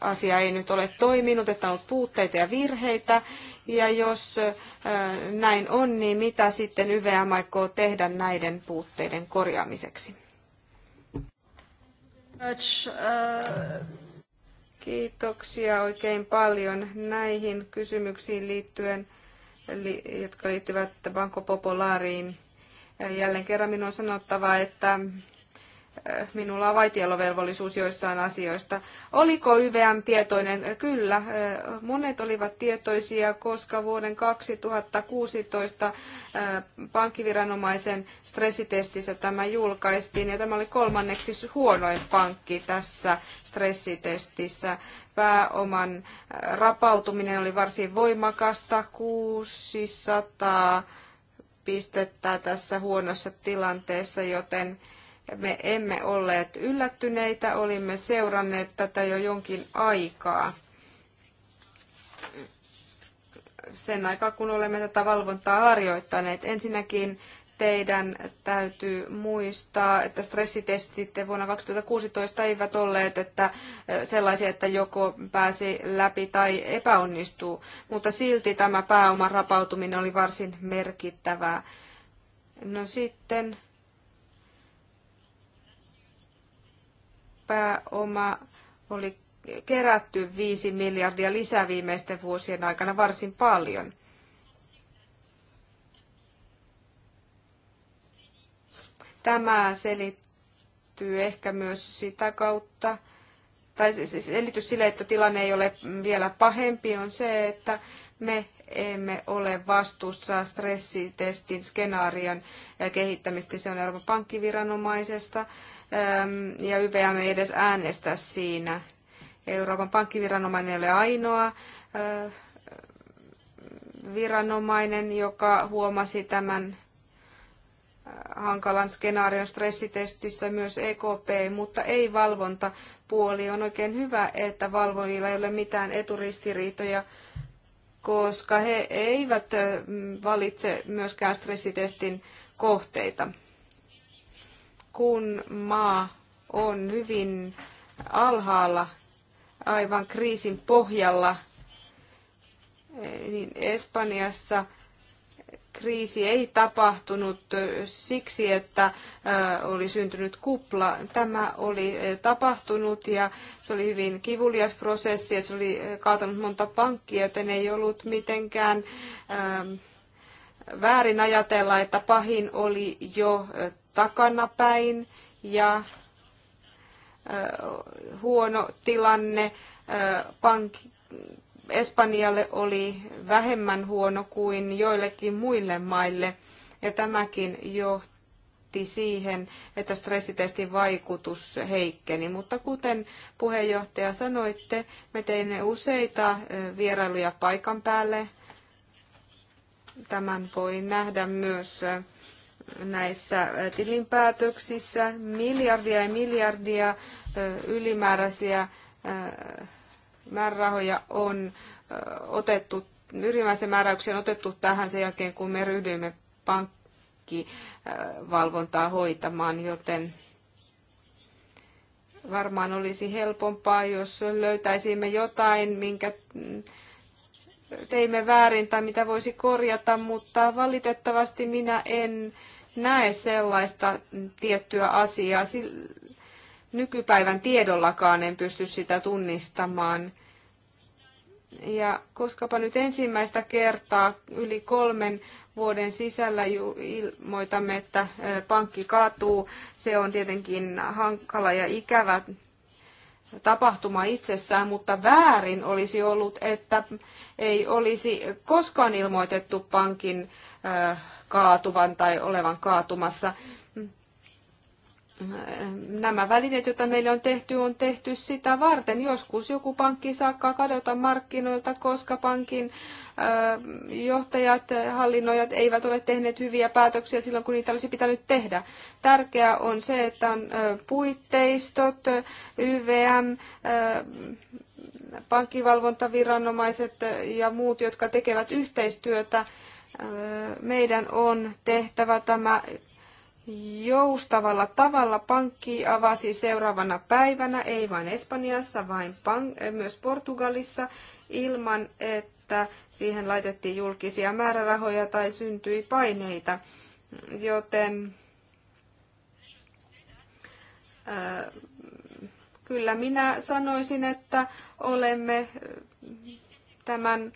asia ei nyt ole toiminut, että on ollut puutteita ja virheitä, ja jos näin on, niin mitä sitten YVM aikoo tehdä näiden puutteiden korjaamiseksi? Kiitoksia oikein paljon näihin kysymyksiin liittyen, jotka liittyvät Banco Populaariin. Jälleen kerran minun on sanottava, että minulla on vaitiolovelvollisuus joissain asioista. Oliko YVM tietoinen? Kyllä, monet olivat tietoisia, koska vuoden 2016 pankkiviranomaisen stressitestissä tämä julkaistiin, ja tämä oli kolmanneksi huonoin pankki tässä stressitestissä. Pääoman rapautuminen oli varsin voimakasta, 600 pistettä tässä huonossa tilanteessa, joten me emme olleet yllättyneitä, olimme seuranneet tätä jo jonkin aikaa. Sen aikaa, kun olemme tätä valvontaa harjoittaneet. Ensinnäkin teidän täytyy muistaa, että stressitestit vuonna 2016 eivät olleet että sellaisia, että joko pääsi läpi tai epäonnistuu, mutta silti tämä pääoman rapautuminen oli varsin merkittävää. No sitten pääoma oli kerätty 5 miljardia lisää viimeisten vuosien aikana varsin paljon. Tämä selittyy ehkä myös sitä kautta, tai selitys sille, että tilanne ei ole vielä pahempi, on se, että me emme ole vastuussa stressitestin skenaarion kehittämistä. Se on Euroopan pankkiviranomaisesta ähm, ja YVM ei edes äänestä siinä. Euroopan pankkiviranomainen ei ole ainoa äh, viranomainen, joka huomasi tämän äh, hankalan skenaarion stressitestissä myös EKP, mutta ei valvontapuoli. On oikein hyvä, että valvojilla ei ole mitään eturistiriitoja koska he eivät valitse myöskään stressitestin kohteita. Kun maa on hyvin alhaalla, aivan kriisin pohjalla, niin Espanjassa – kriisi ei tapahtunut siksi, että oli syntynyt kupla. Tämä oli tapahtunut ja se oli hyvin kivulias prosessi ja se oli kaatanut monta pankkia, joten ei ollut mitenkään väärin ajatella, että pahin oli jo takanapäin ja huono tilanne pankki. Espanjalle oli vähemmän huono kuin joillekin muille maille. Ja tämäkin johti siihen, että stressitestin vaikutus heikkeni. Mutta kuten puheenjohtaja sanoitte, me teimme useita vierailuja paikan päälle. Tämän voi nähdä myös näissä tilinpäätöksissä miljardia ja miljardia ylimääräisiä määrärahoja on otettu, ylimmäisen määräyksiä on otettu tähän sen jälkeen, kun me ryhdyimme pankkivalvontaa hoitamaan, joten varmaan olisi helpompaa, jos löytäisimme jotain, minkä teimme väärin tai mitä voisi korjata, mutta valitettavasti minä en näe sellaista tiettyä asiaa nykypäivän tiedollakaan en pysty sitä tunnistamaan. Ja koskapa nyt ensimmäistä kertaa yli kolmen vuoden sisällä ilmoitamme, että pankki kaatuu, se on tietenkin hankala ja ikävä tapahtuma itsessään, mutta väärin olisi ollut, että ei olisi koskaan ilmoitettu pankin kaatuvan tai olevan kaatumassa nämä välineet, joita meille on tehty, on tehty sitä varten. Joskus joku pankki saakka kadota markkinoilta, koska pankin johtajat, hallinnoijat eivät ole tehneet hyviä päätöksiä silloin, kun niitä olisi pitänyt tehdä. Tärkeää on se, että on puitteistot, YVM, pankkivalvontaviranomaiset ja muut, jotka tekevät yhteistyötä meidän on tehtävä tämä joustavalla tavalla. Pankki avasi seuraavana päivänä, ei vain Espanjassa, vaan eh, myös Portugalissa, ilman että siihen laitettiin julkisia määrärahoja tai syntyi paineita. Joten äh, kyllä minä sanoisin, että olemme eh, tämän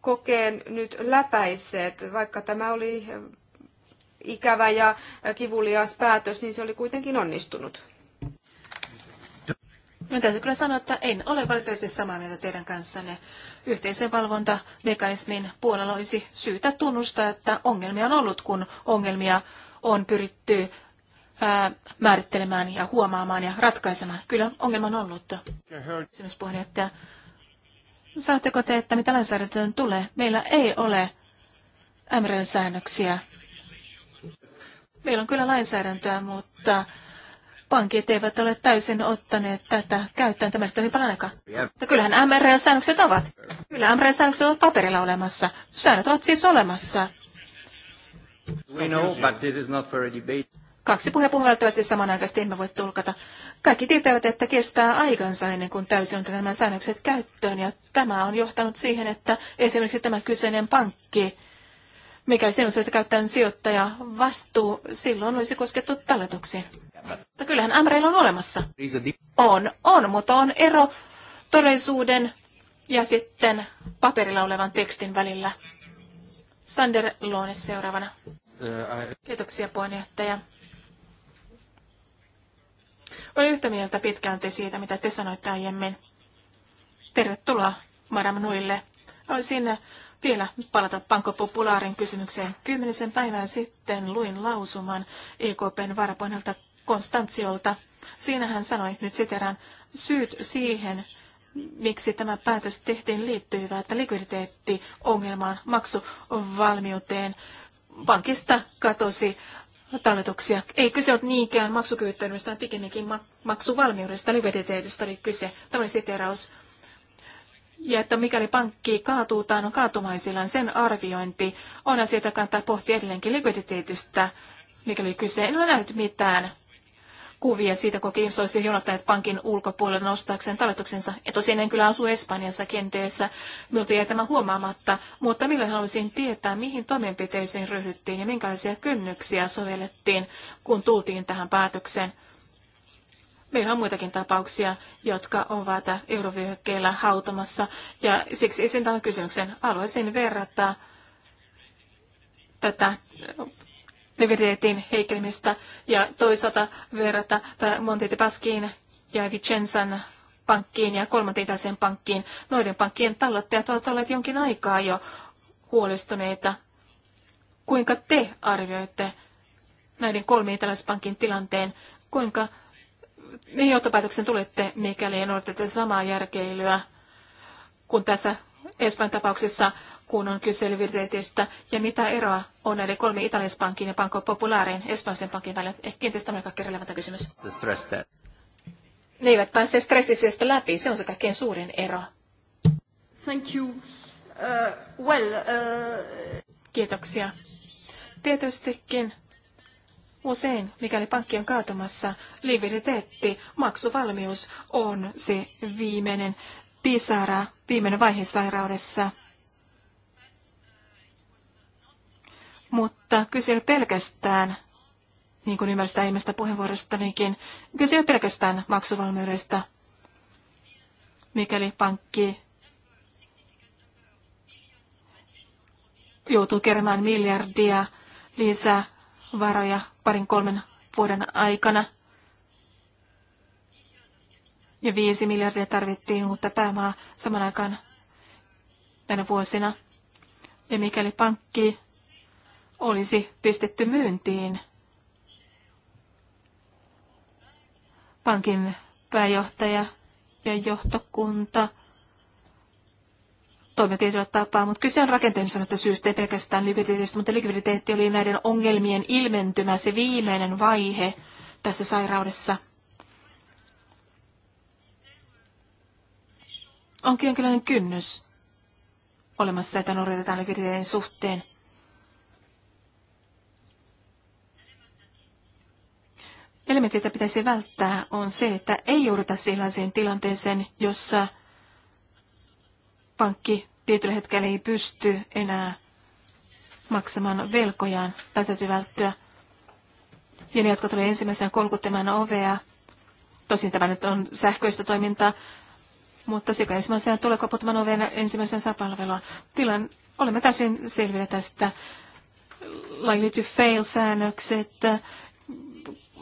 kokeen nyt läpäisseet, vaikka tämä oli ikävä ja kivulias päätös, niin se oli kuitenkin onnistunut. Minun täytyy kyllä sanoa, että en ole valitettavasti samaa mieltä teidän kanssanne. Yhteisen valvontamekanismin puolella olisi syytä tunnustaa, että ongelmia on ollut, kun ongelmia on pyritty ää, määrittelemään ja huomaamaan ja ratkaisemaan. Kyllä ongelma on ollut. Kysymyspuheenjohtaja, Sanotteko te, että mitä lainsäädäntöön tulee? Meillä ei ole MRL-säännöksiä Meillä on kyllä lainsäädäntöä, mutta pankit eivät ole täysin ottaneet tätä käyttöön. Tämä nyt on hyvin paljon aikaa. Mutta kyllähän MRL-säännökset ovat. Kyllä MRL-säännökset ovat paperilla olemassa. Säännöt ovat siis olemassa. We know, but this is not for a debate. Kaksi välttämättä samanaikaisesti emme voi tulkata. Kaikki tietävät, että kestää aikansa ennen kuin täysin on nämä säännökset käyttöön, ja tämä on johtanut siihen, että esimerkiksi tämä kyseinen pankki Mikäli sinun että käyttäen sijoittaja vastuu, silloin olisi koskettu talletuksiin. Mutta kyllähän MRL on olemassa. On, on, mutta on ero todellisuuden ja sitten paperilla olevan tekstin välillä. Sander Loone seuraavana. Kiitoksia puheenjohtaja. Olen yhtä mieltä pitkälti siitä, mitä te sanoitte aiemmin. Tervetuloa Madame Nuille. Olisin vielä palata Banco Popularin kysymykseen. Kymmenisen päivän sitten luin lausuman EKPn varapuolelta Konstantsiolta. Siinä hän sanoi, nyt siteraan, syyt siihen, miksi tämä päätös tehtiin liittyvää, että likviditeettiongelmaan, maksuvalmiuteen, pankista katosi talletuksia. Ei kyse ole niinkään maksukyvyttömyydestä, pikemminkin maksuvalmiudesta, likviditeetistä oli kyse. Tämä oli siteraus ja että mikäli pankki kaatuu tai on kaatumaisillaan, sen arviointi on asia, jota kannattaa pohtia edelleenkin likviditeetistä, mikäli kyse ei ole nähnyt mitään kuvia siitä, kun ihmiset olisi jonottaneet pankin ulkopuolelle nostaakseen talletuksensa. Ja tosin en kyllä asu Espanjassa kenteessä, miltä jäi tämä huomaamatta, mutta milloin haluaisin tietää, mihin toimenpiteisiin ryhdyttiin ja minkälaisia kynnyksiä sovellettiin, kun tultiin tähän päätökseen. Meillä on muitakin tapauksia, jotka ovat eurovyöhykkeillä hautamassa, ja siksi esiin tämän kysymyksen haluaisin verrata tätä lividiteetin heikkenemistä ja toisaalta verrata Montete Paskiin ja Vicenzan pankkiin ja kolmantiitaisen pankkiin. Noiden pankkien tallottajat ovat olleet jonkin aikaa jo huolestuneita. Kuinka te arvioitte näiden pankin tilanteen? Kuinka mihin johtopäätöksen tulette, mikäli noudatetaan samaa järkeilyä kuin tässä Espanjan tapauksessa, kun on kyse lividiteetistä, ja mitä eroa on näiden kolme italiaspankin ja Banco Populaarin Espanjan pankin välillä? Ehkä kenties tämä on kaikkein relevantta kysymys. Ne eivät pääse stressisestä läpi, se on se kaikkein suurin ero. Thank you. Uh, well, uh... Kiitoksia. Tietystikin Usein, mikäli pankki on kaatumassa, likviditeetti, maksuvalmius on se viimeinen pisara, viimeinen vaihe sairaudessa. Mutta kyse ei pelkästään, niin kuin ymmärsit aiemmasta puheenvuorostanikin, kyse ei pelkästään maksuvalmiudesta, mikäli pankki joutuu keräämään miljardia lisää varoja parin kolmen vuoden aikana. Ja viisi miljardia tarvittiin uutta pääomaa saman aikaan tänä vuosina. Ja mikäli pankki olisi pistetty myyntiin, pankin pääjohtaja ja johtokunta – toimia tietyllä tapaa, mutta kyse on rakenteellisesta syystä, ei pelkästään likviditeetistä, mutta likviditeetti oli näiden ongelmien ilmentymä, se viimeinen vaihe tässä sairaudessa. Onkin jonkinlainen kynnys olemassa, että noudatetaan likviditeetin suhteen. Elementti, jota pitäisi välttää, on se, että ei jouduta sellaiseen tilanteeseen, jossa – pankki tietyllä hetkellä ei pysty enää maksamaan velkojaan. Tätä täytyy välttyä. Ja ne, jotka tulee ensimmäisenä kolkuttamaan ovea, tosin tämä nyt on sähköistä toimintaa, mutta sekä ensimmäisenä tulee koputtamaan oveen ensimmäisenä saa palvelua. Tilan, olemme täysin selvillä tästä likely to fail-säännökset,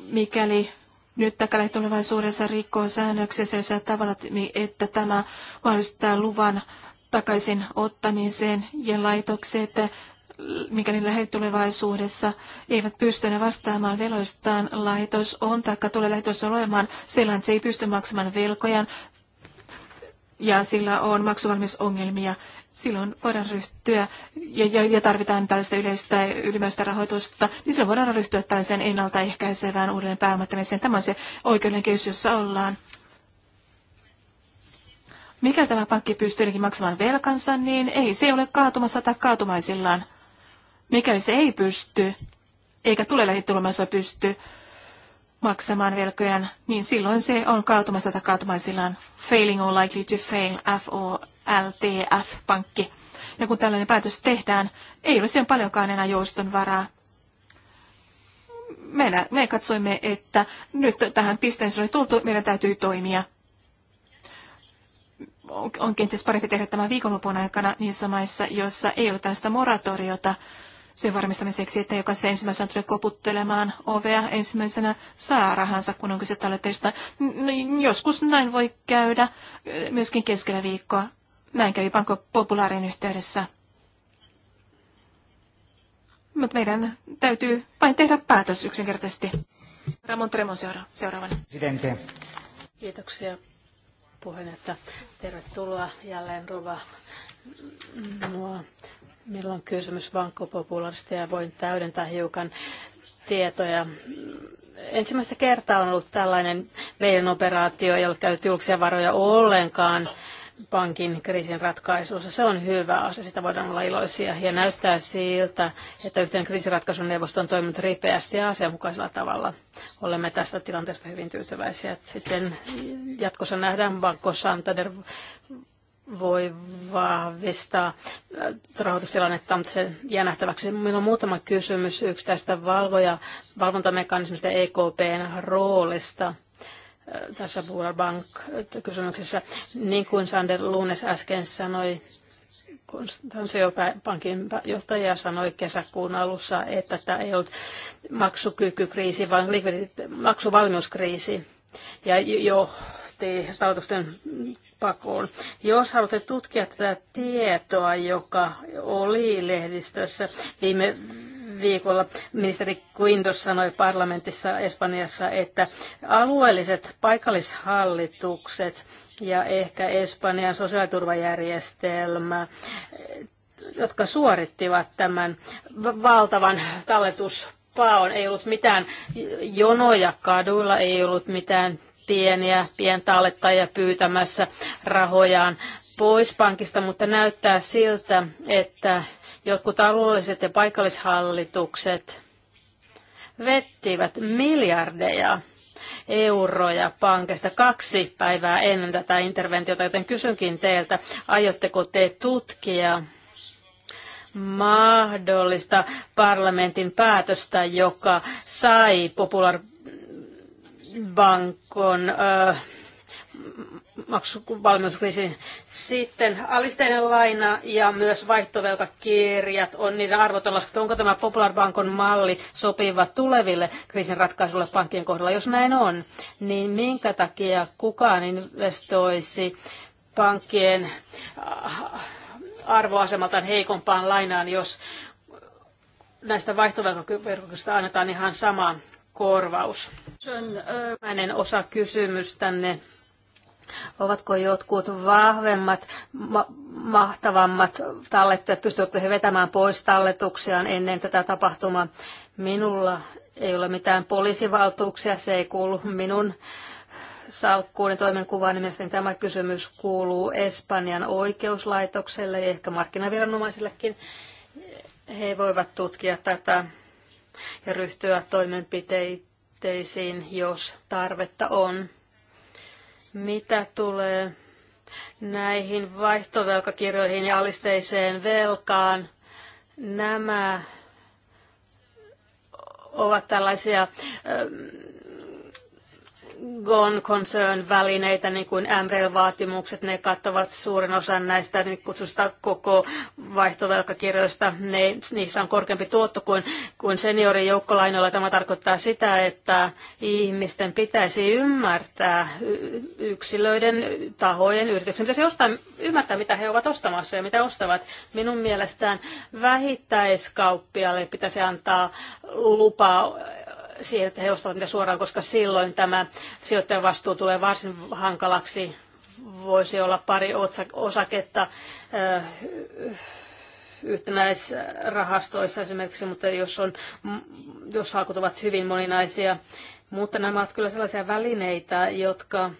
mikäli nyt tai lähitulevaisuudessa rikkoo säännöksiä sellaisella tavalla, että tämä mahdollistaa luvan takaisin ottamiseen ja laitokset, mikäli lähitulevaisuudessa eivät pysty enää vastaamaan veloistaan, laitos on taikka tulee laitos olemaan sellainen, että se ei pysty maksamaan velkojaan ja sillä on maksuvalmisongelmia silloin voidaan ryhtyä, ja, ja, ja tarvitaan tällaista yleistä ylimääräistä rahoitusta, niin silloin voidaan ryhtyä tällaiseen ennaltaehkäisevään uudelleen pääomattamiseen. Tämä on se oikeuden kehys, jossa ollaan. Mikä tämä pankki pystyy maksamaan velkansa, niin ei se ole kaatumassa tai kaatumaisillaan. Mikäli se ei pysty, eikä tule lähitulemassa pysty maksamaan velkojaan, niin silloin se on kaatumassa tai kaatumaisillaan failing or likely to fail, FOLTF-pankki. Ja kun tällainen päätös tehdään, ei ole siihen paljonkaan enää jouston varaa. Me, me katsoimme, että nyt tähän pisteeseen oli tultu, meidän täytyy toimia. On, on kenties parempi tehdä tämä viikonlopun aikana niissä maissa, joissa ei ole tällaista moratoriota, sen varmistamiseksi, että joka se ensimmäisenä tulee koputtelemaan ovea, ensimmäisenä saa rahansa, kun on kyse talleteista. Joskus näin voi käydä eh, myöskin keskellä viikkoa. Näin kävi Panko Populaarin yhteydessä. Mutta meidän täytyy vain tehdä päätös yksinkertaisesti. Ramon Tremon seura- seuraavana. Presidente. Kiitoksia puheenjohtaja. Tervetuloa jälleen ruva. Nuo Meillä on kysymys vankkopopulaarista ja voin täydentää hiukan tietoja. Ensimmäistä kertaa on ollut tällainen meidän operaatio, ei ole käytetty julkisia varoja ollenkaan pankin kriisin ratkaisussa. Se on hyvä asia, sitä voidaan olla iloisia. Ja näyttää siltä, että yhteen kriisiratkaisun neuvosto on toiminut ripeästi ja asianmukaisella tavalla. Olemme tästä tilanteesta hyvin tyytyväisiä. Sitten jatkossa nähdään Banco Santander voi vahvistaa äh, rahoitustilannetta, mutta se jää nähtäväksi. Minulla on muutama kysymys yksi tästä valvoja, valvontamekanismista EKPn roolista äh, tässä Buller Bank-kysymyksessä. Äh, niin kuin Sander Lunes äsken sanoi, kun pankin johtaja sanoi kesäkuun alussa, että tämä ei ollut maksukykykriisi, vaan maksuvalmiuskriisi. Ja jo johti talletusten pakoon. Jos haluatte tutkia tätä tietoa, joka oli lehdistössä viime viikolla ministeri Quintos sanoi parlamentissa Espanjassa, että alueelliset paikallishallitukset ja ehkä Espanjan sosiaaliturvajärjestelmä jotka suorittivat tämän valtavan talletuspaon. Ei ollut mitään jonoja kaduilla, ei ollut mitään pieniä pientallettajia pyytämässä rahojaan pois pankista, mutta näyttää siltä, että jotkut alueelliset ja paikallishallitukset vettivät miljardeja euroja pankista kaksi päivää ennen tätä interventiota, joten kysynkin teiltä, aiotteko te tutkia mahdollista parlamentin päätöstä, joka sai Popular bankon äh, Sitten alisteinen laina ja myös vaihtovelkakirjat on niiden arvot on laskettu. Onko tämä Popular Bankon malli sopiva tuleville kriisin ratkaisulle pankkien kohdalla? Jos näin on, niin minkä takia kukaan investoisi pankkien äh, arvoasemaltaan heikompaan lainaan, jos näistä vaihtovelkakirjoista annetaan ihan sama korvaus. ensimmäinen osa kysymystänne. Ovatko jotkut vahvemmat, ma- mahtavammat tallettajat, pystyvätkö he vetämään pois talletuksiaan ennen tätä tapahtumaa? Minulla ei ole mitään poliisivaltuuksia, se ei kuulu minun salkkuun ja toimenkuvaan, niin mielestäni tämä kysymys kuuluu Espanjan oikeuslaitokselle ja ehkä markkinaviranomaisillekin. He voivat tutkia tätä ja ryhtyä toimenpiteisiin, jos tarvetta on. Mitä tulee näihin vaihtovelkakirjoihin ja alisteiseen velkaan, nämä ovat tällaisia Gone Concern-välineitä, niin kuin MREL-vaatimukset, ne kattavat suuren osan näistä niin kutsusta koko vaihtovelkakirjoista. Ne, niissä on korkeampi tuotto kuin, kuin seniorin joukkolainoilla. Tämä tarkoittaa sitä, että ihmisten pitäisi ymmärtää yksilöiden, tahojen, yrityksen pitäisi ostaa, ymmärtää, mitä he ovat ostamassa ja mitä ostavat. Minun mielestään vähittäiskauppialle pitäisi antaa lupaa siihen, että he ostavat niitä suoraan, koska silloin tämä sijoittajan vastuu tulee varsin hankalaksi. Voisi olla pari osaketta eh, yhtenäisrahastoissa esimerkiksi, mutta jos, on, jos salkut ovat hyvin moninaisia. Mutta nämä ovat kyllä sellaisia välineitä, jotka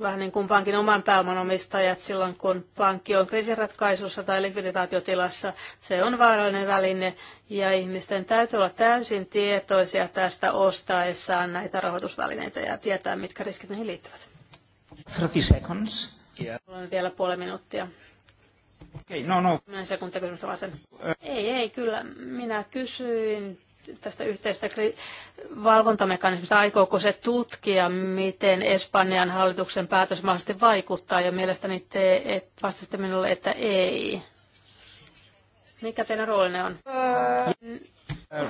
vähän niin kuin pankin oman pääoman omistajat silloin, kun pankki on kriisiratkaisussa tai likviditaatiotilassa. Se on vaarallinen väline ja ihmisten täytyy olla täysin tietoisia tästä ostaessaan näitä rahoitusvälineitä ja tietää, mitkä riskit niihin liittyvät. 30 seconds. Yeah. Olen vielä puoli minuuttia. Okei, okay, no no. Minä sekuntia kysymystä varten. Ei, ei, kyllä. Minä kysyin tästä yhteistä valvontamekanismista, aikooko se tutkia, miten Espanjan hallituksen päätös mahdollisesti vaikuttaa, ja mielestäni te et, vastasitte minulle, että ei. Mikä teidän roolinne on? Uh,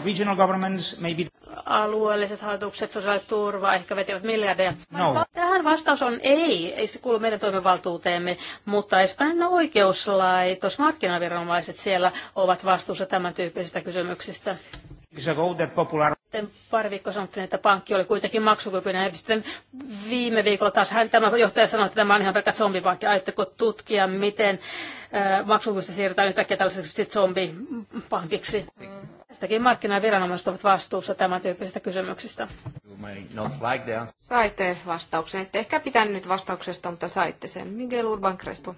regional governments maybe... Alueelliset hallitukset, sosiaaliturva ehkä vetivät miljardeja. No. Tähän vastaus on ei, ei se kuulu meidän toimivaltuuteemme, mutta Espanjan oikeuslaitos, markkinaviranomaiset siellä ovat vastuussa tämän tyyppisistä kysymyksistä. Sitten pari viikkoa sanottiin, että pankki oli kuitenkin maksukykyinen. Ja sitten viime viikolla taas hän, tämä johtaja sanoi, että tämä on ihan pelkkä zombipankki. Aiotteko tutkia, miten maksukyvystä siirrytään yhtäkkiä tällaiseksi zombipankiksi? Tästäkin markkinaviranomaiset ovat vastuussa tämän tyyppisistä kysymyksistä. Like saitte vastauksen. Ette ehkä pitänyt vastauksesta, mutta saitte sen. Miguel Urban Crespo.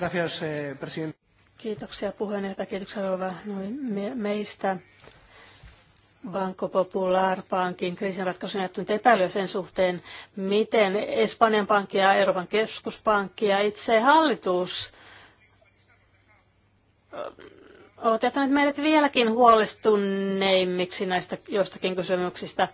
Gracias, eh, presidente. Kiitoksia puheenjohtaja, kiitoksia Rova meistä. Banco Popular Pankin kriisinratkaisun jättynyt epäilyä sen suhteen, miten Espanjan pankki ja Euroopan keskuspankki ja itse hallitus ovat jättäneet meidät vieläkin huolestuneimmiksi näistä joistakin kysymyksistä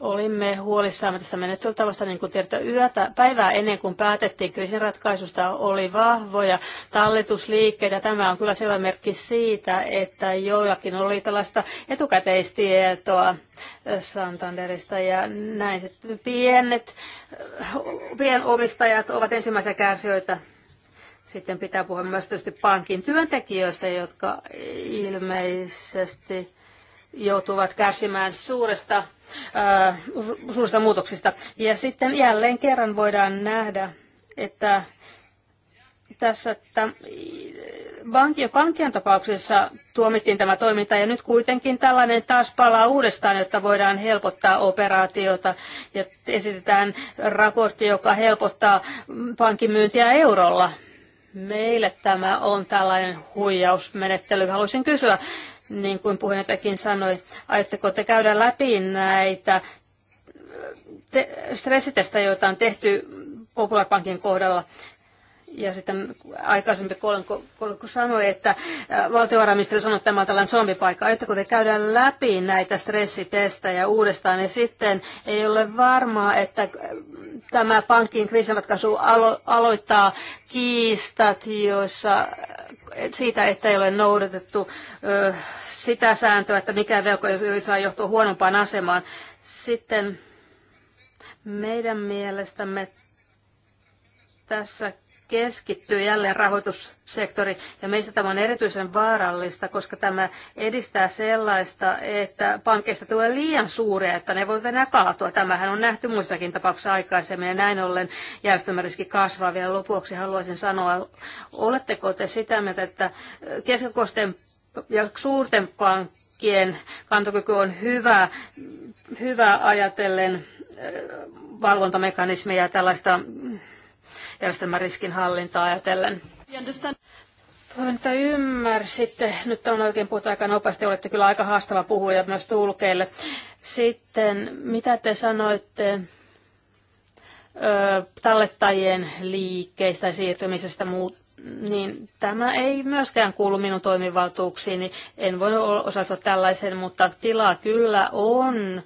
olimme huolissamme tästä menettelytavasta, niin kuin tiedätte, yötä, päivää ennen kuin päätettiin kriisinratkaisusta, oli vahvoja talletusliikkeitä. Tämä on kyllä selvä merkki siitä, että joillakin oli tällaista etukäteistietoa Santanderista ja näin. Sitten pienet, pienomistajat ovat ensimmäisiä kärsijöitä sitten pitää puhua myös tietysti pankin työntekijöistä, jotka ilmeisesti joutuvat kärsimään suuresta Äh, suurista muutoksista. Ja sitten jälleen kerran voidaan nähdä, että tässä että Bankio tapauksessa tuomittiin tämä toiminta ja nyt kuitenkin tällainen taas palaa uudestaan, jotta voidaan helpottaa operaatiota ja esitetään raportti, joka helpottaa pankin myyntiä eurolla. Meille tämä on tällainen huijausmenettely. Haluaisin kysyä, niin kuin puheenjohtajakin sanoi, aiotteko te käydä läpi näitä äh, stressitestejä, joita on tehty Popular Bankin kohdalla ja sitten aikaisempi kolmikko, sanoi, että valtiovarainministeri sanoi, että tämä on tällainen zombipaikka. kun te käydään läpi näitä stressitestejä uudestaan, niin sitten ei ole varmaa, että tämä pankin kriisinratkaisu alo- aloittaa kiistat, joissa siitä, että ei ole noudatettu ö, sitä sääntöä, että mikä velko ei saa johtua huonompaan asemaan. Sitten meidän mielestämme tässä keskittyy jälleen rahoitussektori. Ja meistä tämä on erityisen vaarallista, koska tämä edistää sellaista, että pankeista tulee liian suuria, että ne voivat enää kaatua. Tämähän on nähty muissakin tapauksissa aikaisemmin ja näin ollen järjestelmäriski kasvaa. Vielä lopuksi haluaisin sanoa, oletteko te sitä mieltä, että keskikosten ja suurten pankkien kantokyky on hyvä, hyvä ajatellen eh, valvontamekanismeja ja tällaista järjestelmän riskinhallintaa ajatellen. Toivon, että ymmärsitte. Nyt on oikein puhuttu aika nopeasti. Olette kyllä aika haastava puhuja myös tulkeille. Sitten, mitä te sanoitte ö, tallettajien liikkeistä ja siirtymisestä muut, niin tämä ei myöskään kuulu minun toimivaltuuksiini. En voi osallistua tällaisen, mutta tilaa kyllä on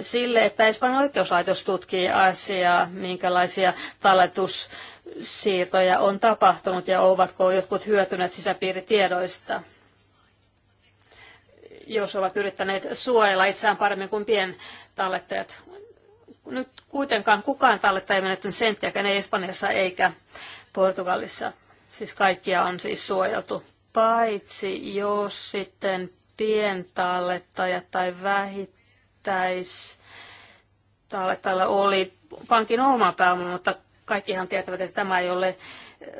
sille, että Espanjan oikeuslaitos tutkii asiaa, minkälaisia talletussiirtoja on tapahtunut ja ovatko jotkut hyötyneet sisäpiiritiedoista jos ovat yrittäneet suojella itseään paremmin kuin pientallettajat. Nyt kuitenkaan kukaan tallettaja ei menettänyt senttiäkään, ei Espanjassa eikä Portugalissa. Siis kaikkia on siis suojeltu, paitsi jos sitten pientallettajat tai vähit pitäisi tällä oli pankin oma pääoma, mutta kaikkihan tietävät, että tämä ei ole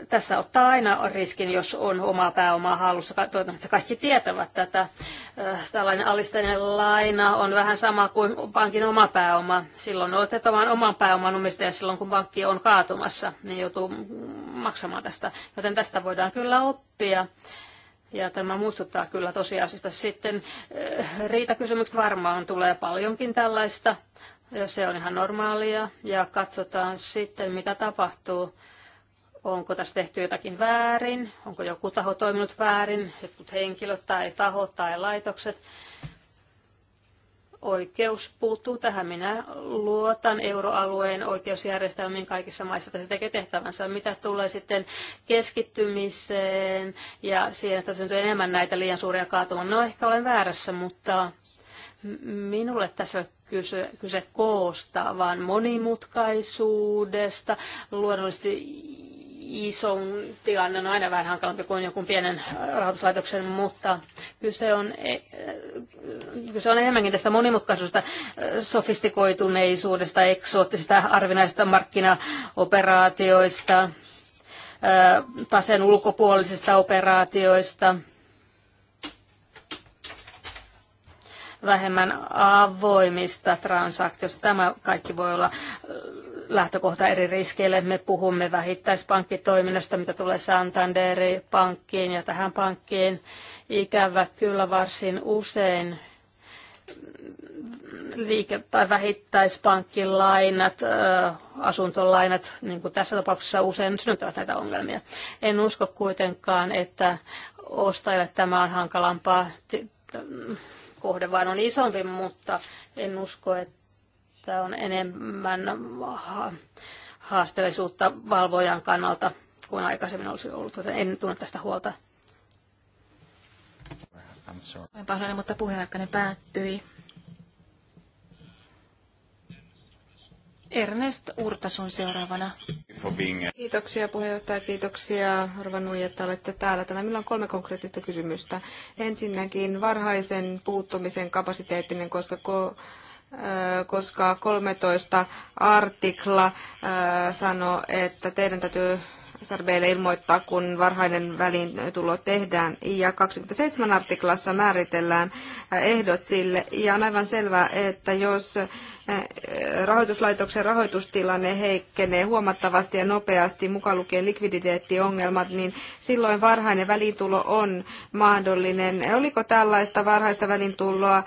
tässä ottaa aina riskin, jos on omaa pääomaa hallussa. Toivon, että kaikki tietävät tätä. Äh, tällainen alisteinen laina on vähän sama kuin pankin oma pääoma. Silloin otetaan oman oman pääoman omistaja silloin, kun pankki on kaatumassa, niin joutuu maksamaan tästä. Joten tästä voidaan kyllä oppia. Ja tämä muistuttaa kyllä tosiasiasta. Sitten eh, riitakysymykset varmaan tulee paljonkin tällaista, ja se on ihan normaalia. Ja katsotaan sitten, mitä tapahtuu. Onko tässä tehty jotakin väärin? Onko joku taho toiminut väärin? Jotkut henkilöt tai tahot tai laitokset? oikeus puuttuu tähän. Minä luotan euroalueen oikeusjärjestelmiin kaikissa maissa, että se tekee tehtävänsä. Mitä tulee sitten keskittymiseen ja siihen, että syntyy enemmän näitä liian suuria kaatumia. No ehkä olen väärässä, mutta minulle tässä kyse, kyse koosta, vaan monimutkaisuudesta, luonnollisesti ison tilanne on aina vähän hankalampi kuin joku pienen rahoituslaitoksen, mutta kyse on, eh, kyse on enemmänkin tästä monimutkaisuudesta, eh, sofistikoituneisuudesta, eksoottisista arvinaisista markkinaoperaatioista, eh, taseen ulkopuolisista operaatioista, vähemmän avoimista transaktioista. Tämä kaikki voi olla lähtökohta eri riskeille. Me puhumme vähittäispankkitoiminnasta, mitä tulee Santanderin pankkiin ja tähän pankkiin. Ikävä kyllä varsin usein liike- tai vähittäispankkilainat, asuntolainat, niin kuin tässä tapauksessa usein synnyttävät näitä ongelmia. En usko kuitenkaan, että ostajille tämä on hankalampaa kohde vaan on isompi, mutta en usko, että että on enemmän haasteellisuutta valvojan kannalta kuin aikaisemmin olisi ollut, joten en tunne tästä huolta. Olen pahoillani, mutta puheenaikani päättyi. Ernest Urtasun seuraavana. Kiitoksia puheenjohtaja, kiitoksia Arva Nui, että olette täällä. Tänään meillä on kolme konkreettista kysymystä. Ensinnäkin varhaisen puuttumisen kapasiteettinen, koska ko- koska 13 artikla sanoo, että teidän täytyy SRBlle ilmoittaa, kun varhainen välintulo tehdään. Ja 27 artiklassa määritellään ehdot sille. Ja on aivan selvää, että jos rahoituslaitoksen rahoitustilanne heikkenee huomattavasti ja nopeasti, mukaan lukien likviditeettiongelmat, niin silloin varhainen välintulo on mahdollinen. Oliko tällaista varhaista välintuloa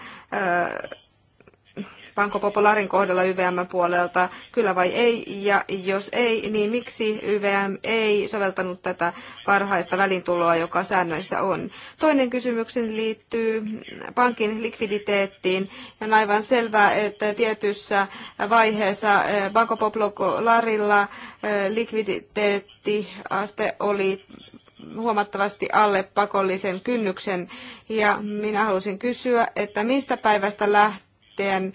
Banco Popularin kohdalla YVM-puolelta, kyllä vai ei, ja jos ei, niin miksi YVM ei soveltanut tätä varhaista välintuloa, joka säännöissä on? Toinen kysymykseni liittyy pankin likviditeettiin. On aivan selvää, että tietyssä vaiheessa eh, Banco Popularilla eh, likviditeettiaste oli huomattavasti alle pakollisen kynnyksen. Ja minä halusin kysyä, että mistä päivästä lähtien yrittäjän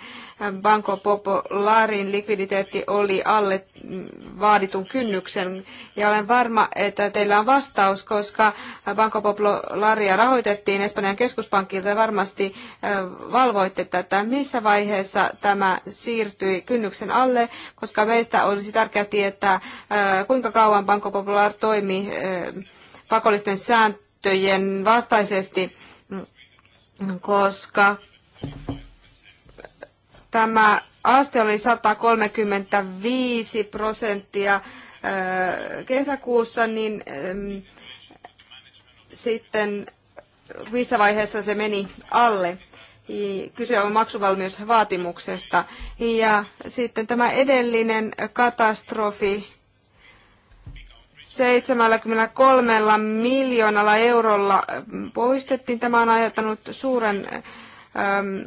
Banco Popolarin likviditeetti oli alle vaaditun kynnyksen. Ja olen varma, että teillä on vastaus, koska Banco Popolaria rahoitettiin Espanjan keskuspankilta ja varmasti valvoitte tätä. Missä vaiheessa tämä siirtyi kynnyksen alle, koska meistä olisi tärkeää tietää, kuinka kauan Banco Popular toimi pakollisten sääntöjen vastaisesti, koska Tämä aste oli 135 prosenttia äh, kesäkuussa, niin ähm, sitten missä vaiheessa se meni alle. Kyse on maksuvalmiusvaatimuksesta. Ja sitten tämä edellinen katastrofi 73 miljoonalla eurolla ähm, poistettiin. Tämä on aiheuttanut suuren ähm,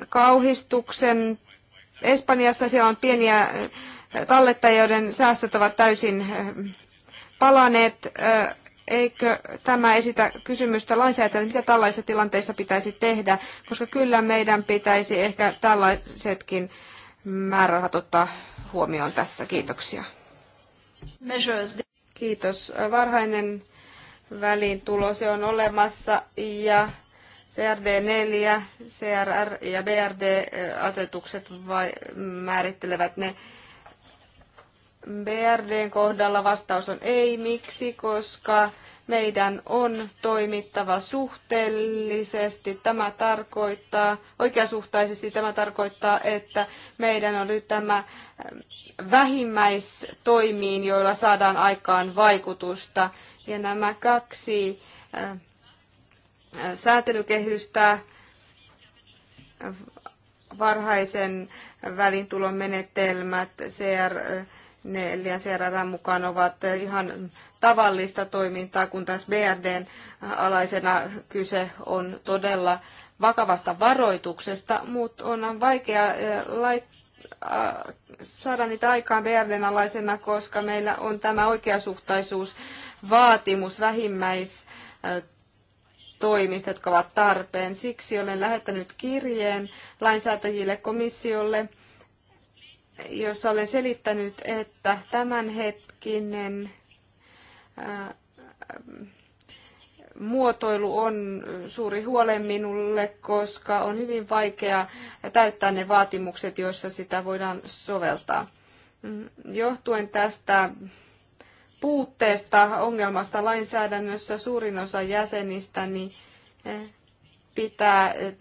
kauhistuksen Espanjassa siellä on pieniä eh, tallettajia, joiden säästöt ovat täysin eh, palaneet. Eh, eikö tämä esitä kysymystä lainsäätäjille, mitä tällaisissa tilanteissa pitäisi tehdä, koska kyllä meidän pitäisi ehkä tällaisetkin määrärahat ottaa huomioon tässä. Kiitoksia. Kiitos. Varhainen väliintulo, se on olemassa ja CRD4, CRR ja BRD-asetukset määrittelevät ne. BRDn kohdalla vastaus on ei. Miksi? Koska meidän on toimittava suhteellisesti. Tämä tarkoittaa, oikeasuhtaisesti tämä tarkoittaa, että meidän on nyt tämä vähimmäistoimiin, joilla saadaan aikaan vaikutusta. Ja nämä kaksi säätelykehystä, varhaisen välintulon menetelmät CR4 ja CRR mukaan ovat ihan tavallista toimintaa, kun taas BRDn alaisena kyse on todella vakavasta varoituksesta, mutta on vaikea eh, laittaa eh, saada niitä aikaan BRDn alaisena, koska meillä on tämä oikeasuhtaisuusvaatimus, vähimmäis eh, toimista, jotka ovat tarpeen. Siksi olen lähettänyt kirjeen lainsäätäjille komissiolle, jossa olen selittänyt, että tämänhetkinen muotoilu on suuri huolen minulle, koska on hyvin vaikea täyttää ne vaatimukset, joissa sitä voidaan soveltaa. Mm, johtuen tästä puutteesta, ongelmasta lainsäädännössä suurin osa jäsenistä niin eh, pitää eh,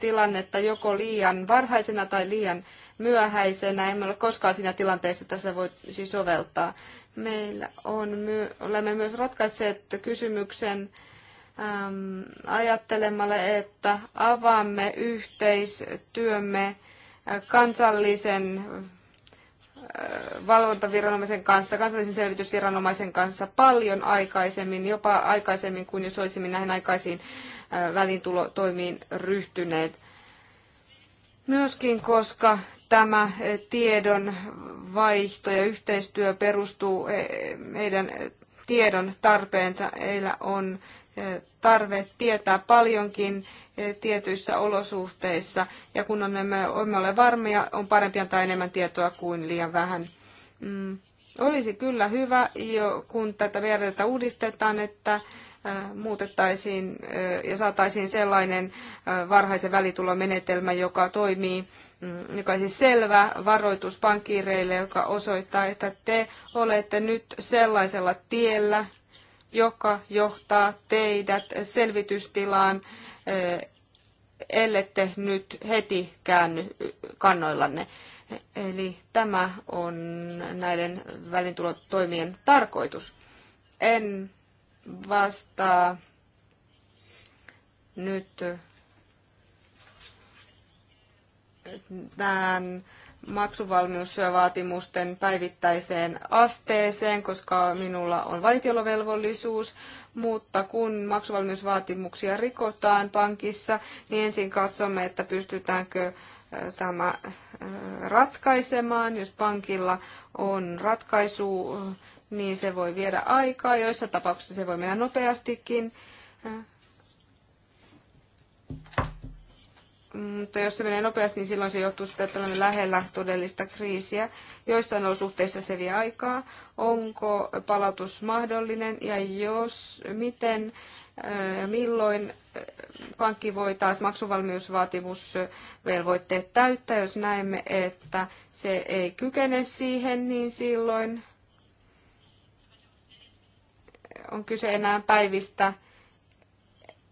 tilannetta joko liian varhaisena tai liian myöhäisenä. Emme ole koskaan siinä tilanteessa, että se voisi soveltaa. Meillä on, olemme myös ratkaisseet kysymyksen äm, ajattelemalle, että avaamme yhteistyömme kansallisen valvontaviranomaisen kanssa, kansallisen selvitysviranomaisen kanssa paljon aikaisemmin, jopa aikaisemmin kuin jos olisimme näihin aikaisiin välintulotoimiin ryhtyneet. Myöskin koska tämä tiedon vaihto ja yhteistyö perustuu heidän e, tiedon tarpeensa, heillä on tarve tietää paljonkin tietyissä olosuhteissa, ja kun on, emme ole varmia, on parempi antaa enemmän tietoa kuin liian vähän. Mm. Olisi kyllä hyvä, jo, kun tätä VRT uudistetaan, että muutettaisiin ja saataisiin sellainen varhaisen välitulomenetelmä, joka toimii, mm, joka on siis selvä varoitus pankkiireille, joka osoittaa, että te olette nyt sellaisella tiellä, joka johtaa teidät selvitystilaan, eh, ellette nyt heti käänny kannoillanne. Eli tämä on näiden välintulotoimien tarkoitus. En vastaa nyt eh, tämän maksuvalmiusvaatimusten päivittäiseen asteeseen, koska minulla on vaitiolovelvollisuus, mutta kun maksuvalmiusvaatimuksia rikotaan pankissa, niin ensin katsomme, että pystytäänkö tämä ratkaisemaan. Jos pankilla on ratkaisu, niin se voi viedä aikaa. Joissa tapauksissa se voi mennä nopeastikin mutta jos se menee nopeasti, niin silloin se johtuu siitä, että olemme lähellä todellista kriisiä. Joissain olosuhteissa se vie aikaa. Onko palautus mahdollinen ja jos, miten äh, milloin äh, pankki voi taas maksuvalmiusvaatimusvelvoitteet täyttää. Jos näemme, että se ei kykene siihen, niin silloin on kyse enää päivistä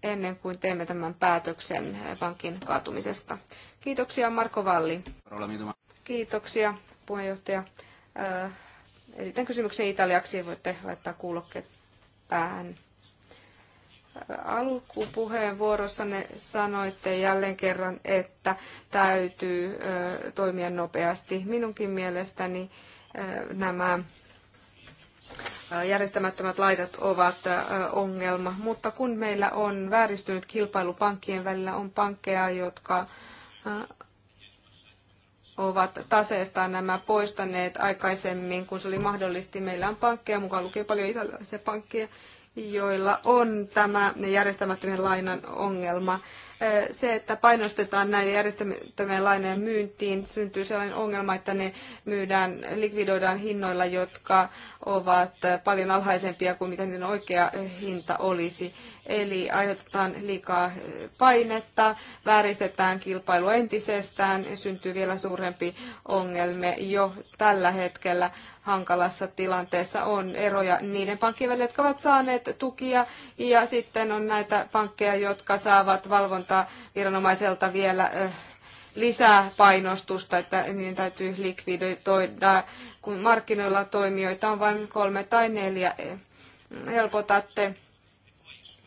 ennen kuin teemme tämän päätöksen pankin kaatumisesta. Kiitoksia Marko Valli. Kiitoksia puheenjohtaja. Äh, esitän kysymyksen italiaksi, voitte laittaa kuulokkeet päähän. Äh, alkupuheenvuorossanne sanoitte jälleen kerran, että täytyy äh, toimia nopeasti. Minunkin mielestäni nämä järjestämättömät laidat ovat ongelma, mutta kun meillä on vääristynyt kilpailu pankkien välillä, on pankkeja, jotka ovat taseestaan nämä poistaneet aikaisemmin, kun se oli mahdollisesti. Meillä on pankkeja, mukaan lukee paljon italialaisia pankkeja, joilla on tämä järjestämättömien lainan ongelma. Se, että painostetaan näiden järjestämättömien lainojen myyntiin, syntyy sellainen ongelma, että ne myydään, likvidoidaan hinnoilla, jotka ovat paljon alhaisempia kuin mitä niiden oikea hinta olisi. Eli aiheutetaan liikaa painetta, vääristetään kilpailua entisestään, syntyy vielä suurempi ongelma jo tällä hetkellä hankalassa tilanteessa on eroja niiden pankkien välillä, jotka ovat saaneet tukia, ja sitten on näitä pankkeja, jotka saavat valvontaa viranomaiselta vielä lisää painostusta, että niin täytyy likvidoida, kun markkinoilla toimijoita on vain kolme tai neljä. Helpotatte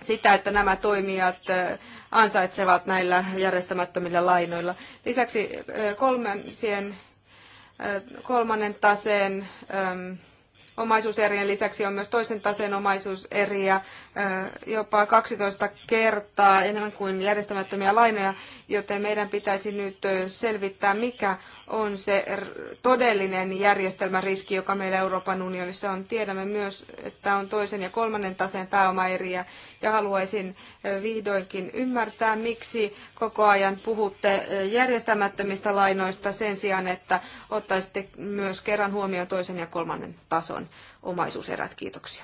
sitä, että nämä toimijat ansaitsevat näillä järjestämättömillä lainoilla. Lisäksi kolmansien Kolmannen taseen ähm, omaisuuserien lisäksi on myös toisen taseen omaisuuseriä äh, jopa 12 kertaa enemmän kuin järjestämättömiä lainoja, joten meidän pitäisi nyt äh, selvittää, mikä on se todellinen järjestelmäriski, joka meillä Euroopan unionissa on. Tiedämme myös, että on toisen ja kolmannen taseen pääomaeriä, ja haluaisin vihdoinkin ymmärtää, miksi koko ajan puhutte järjestämättömistä lainoista sen sijaan, että ottaisitte myös kerran huomioon toisen ja kolmannen tason omaisuuserät. Kiitoksia.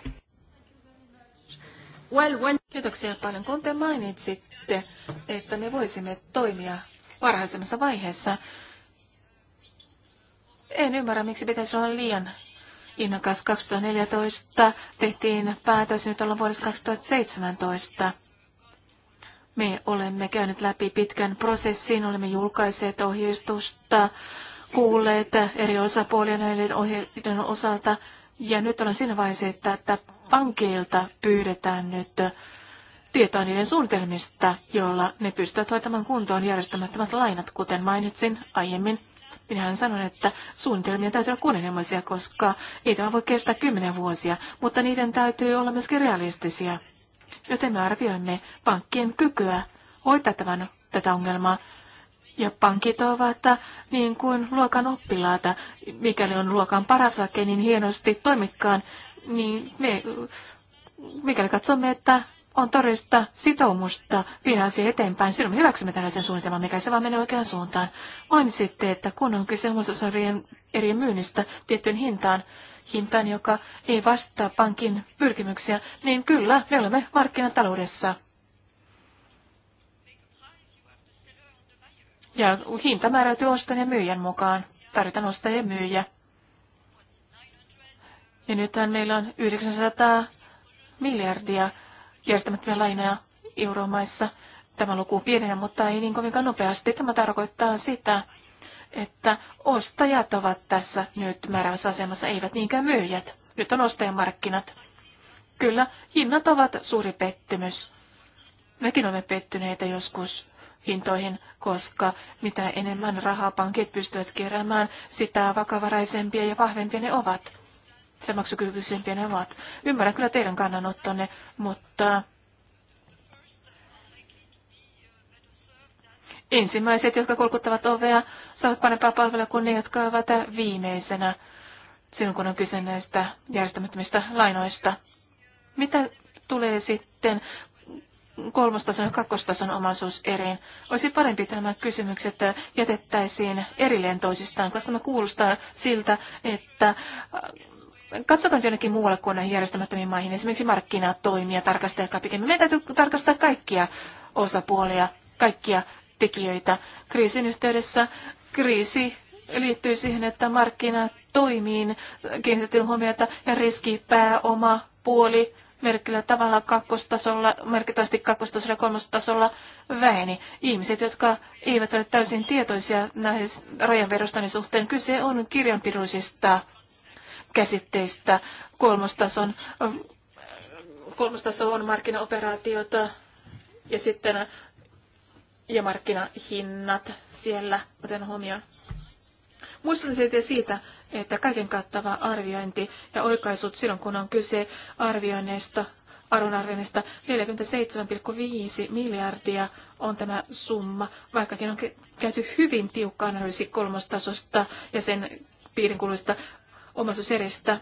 Well, when... Kiitoksia paljon, kun te mainitsitte, että me voisimme toimia varhaisemmassa vaiheessa. En ymmärrä, miksi pitäisi olla liian innokas. 2014 tehtiin päätös, nyt ollaan vuodessa 2017. Me olemme käyneet läpi pitkän prosessin, olemme julkaiseet ohjeistusta, kuulleet eri osapuolia näiden ohjeiden osalta. Ja nyt ollaan siinä vaiheessa, että, että pankeilta pyydetään nyt tietoa niiden suunnitelmista, joilla ne pystyvät hoitamaan kuntoon järjestämättömät lainat, kuten mainitsin aiemmin. Minähän sanon, että suunnitelmia täytyy olla kunnianhimoisia, koska ei tämä voi kestää kymmenen vuosia, mutta niiden täytyy olla myöskin realistisia. Joten me arvioimme pankkien kykyä hoitaa tämän, tätä ongelmaa. Ja pankit ovat äh, niin kuin luokan oppilaata. Äh, mikäli on luokan paras, vaikka niin hienosti toimikkaan, niin me, mikäli katsomme, että on todellista sitoumusta viedä asia eteenpäin. Silloin me hyväksymme tällaisen suunnitelman, mikä se vaan menee oikeaan suuntaan. Mainitsitte, että kun on kyse homososarien eri myynnistä tiettyyn hintaan, hintaan, joka ei vastaa pankin pyrkimyksiä, niin kyllä, me olemme markkinataloudessa. Ja hinta määräytyy ostajan ja myyjän mukaan. Tarvitaan ostaja ja myyjä. Ja nythän meillä on 900 miljardia järjestämättömiä lainoja euromaissa. Tämä luku pienenä, mutta ei niin kovinkaan nopeasti. Tämä tarkoittaa sitä, että ostajat ovat tässä nyt määräävässä asemassa, eivät niinkään myyjät. Nyt on ostajamarkkinat. Kyllä, hinnat ovat suuri pettymys. Mekin olemme pettyneitä joskus hintoihin, koska mitä enemmän rahaa pankit pystyvät keräämään, sitä vakavaraisempia ja vahvempia ne ovat se maksukykyisempiä ne ovat. Ymmärrän kyllä teidän kannanottonne, mutta ensimmäiset, jotka kolkuttavat ovea, saavat parempaa palvelua kuin ne, jotka ovat viimeisenä silloin, kun on kyse näistä järjestämättömistä lainoista. Mitä tulee sitten kolmostason ja kakkostason eriin? Olisi parempi, että nämä kysymykset jätettäisiin erilleen toisistaan, koska tämä kuulostaa siltä, että katsokaa jonnekin muualle kuin näihin järjestämättömiin maihin, esimerkiksi markkinatoimia tarkastelkaa pikemmin. Meidän täytyy tarkastaa kaikkia osapuolia, kaikkia tekijöitä. Kriisin yhteydessä kriisi liittyy siihen, että markkinatoimiin kiinnitettiin huomiota ja pääoma, puoli merkillä tavalla kakkostasolla, merkittävästi kakkostasolla ja kolmostasolla väheni. Ihmiset, jotka eivät ole täysin tietoisia näistä rajanverostani niin suhteen, kyse on kirjanpidollisista käsitteistä. Kolmostason, kolmostaso on markkinaoperaatiot ja sitten ja markkinahinnat siellä, otan huomioon. Muistutan siitä, että kaiken kattava arviointi ja oikaisut silloin, kun on kyse arvioinneista, arvonarvioinnista 47,5 miljardia on tämä summa, vaikkakin on käyty hyvin tiukka analyysi kolmostasosta ja sen piirin kuluista omaisuuseristä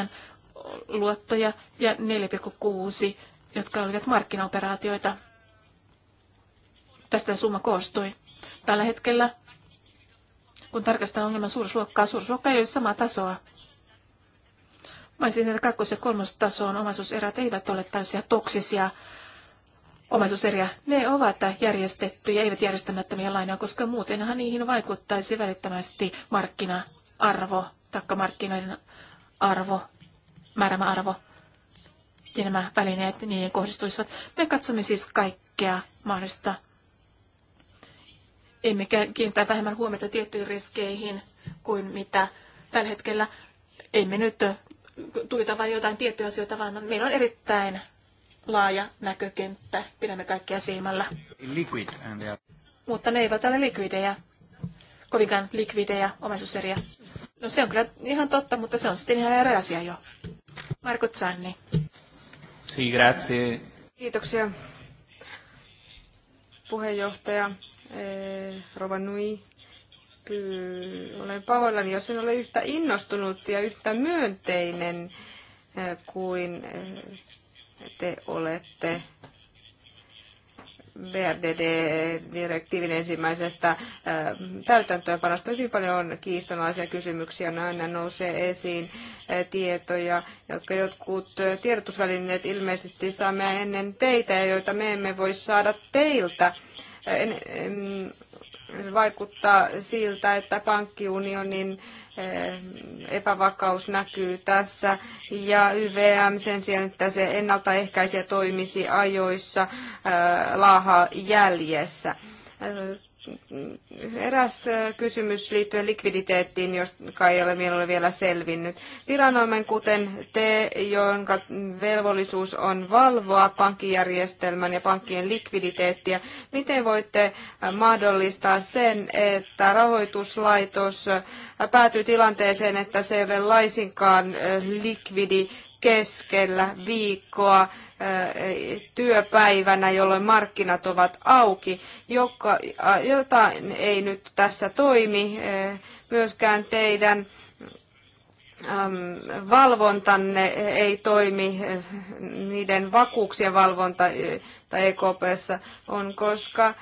42,9 luottoja ja 4,6, jotka olivat markkinaoperaatioita. Tästä summa koostui. Tällä hetkellä, kun tarkastetaan ongelman suuruusluokkaa, suuruusluokka ei ole samaa tasoa. Mainitsin, siis että kakkos- ja kolmostason omaisuuserät eivät ole tällaisia toksisia omaisuuseriä. Ne ovat järjestettyjä, eivät järjestämättömiä lainoja, koska muutenhan niihin vaikuttaisi välittömästi markkina arvo, taikka markkinoiden arvo, määrämä arvo ja nämä välineet niihin kohdistuisivat. Me katsomme siis kaikkea mahdollista. Emme kiinnitä vähemmän huomiota tiettyihin riskeihin kuin mitä tällä hetkellä. Emme nyt tuita vain jotain tiettyjä asioita, vaan meillä on erittäin laaja näkökenttä. Pidämme kaikkia silmällä. Liquid and Mutta ne eivät ole likvidejä, kovinkaan likvidejä omaisuuseriä. No se on kyllä ihan totta, mutta se on sitten ihan eri asia jo. Marko Zanni. Si, grazie. Kiitoksia puheenjohtaja eh, Rovanui. Olen pahoillani, jos en ole yhtä innostunut ja yhtä myönteinen eh, kuin eh, te olette BRDD-direktiivin ensimmäisestä täytäntöönpanosta. Hyvin paljon kiistanalaisia kysymyksiä ne aina nousee esiin tietoja, jotka jotkut tiedotusvälineet ilmeisesti saamme ennen teitä ja joita me emme voi saada teiltä. En, en, vaikuttaa siltä, että pankkiunionin eh, epävakaus näkyy tässä ja YVM sen sijaan, että se ennaltaehkäisi ja toimisi ajoissa eh, laaha jäljessä. Eh, eräs kysymys liittyen likviditeettiin, joka ei ole minulle vielä selvinnyt. Viranomainen, kuten te, jonka velvollisuus on valvoa pankkijärjestelmän ja pankkien likviditeettiä, miten voitte mahdollistaa sen, että rahoituslaitos päätyy tilanteeseen, että se ei ole laisinkaan likvidi keskellä viikkoa työpäivänä, jolloin markkinat ovat auki, joka, jotain ei nyt tässä toimi, myöskään teidän valvontanne ei toimi, niiden vakuuksien valvonta tai EKPssä on, koska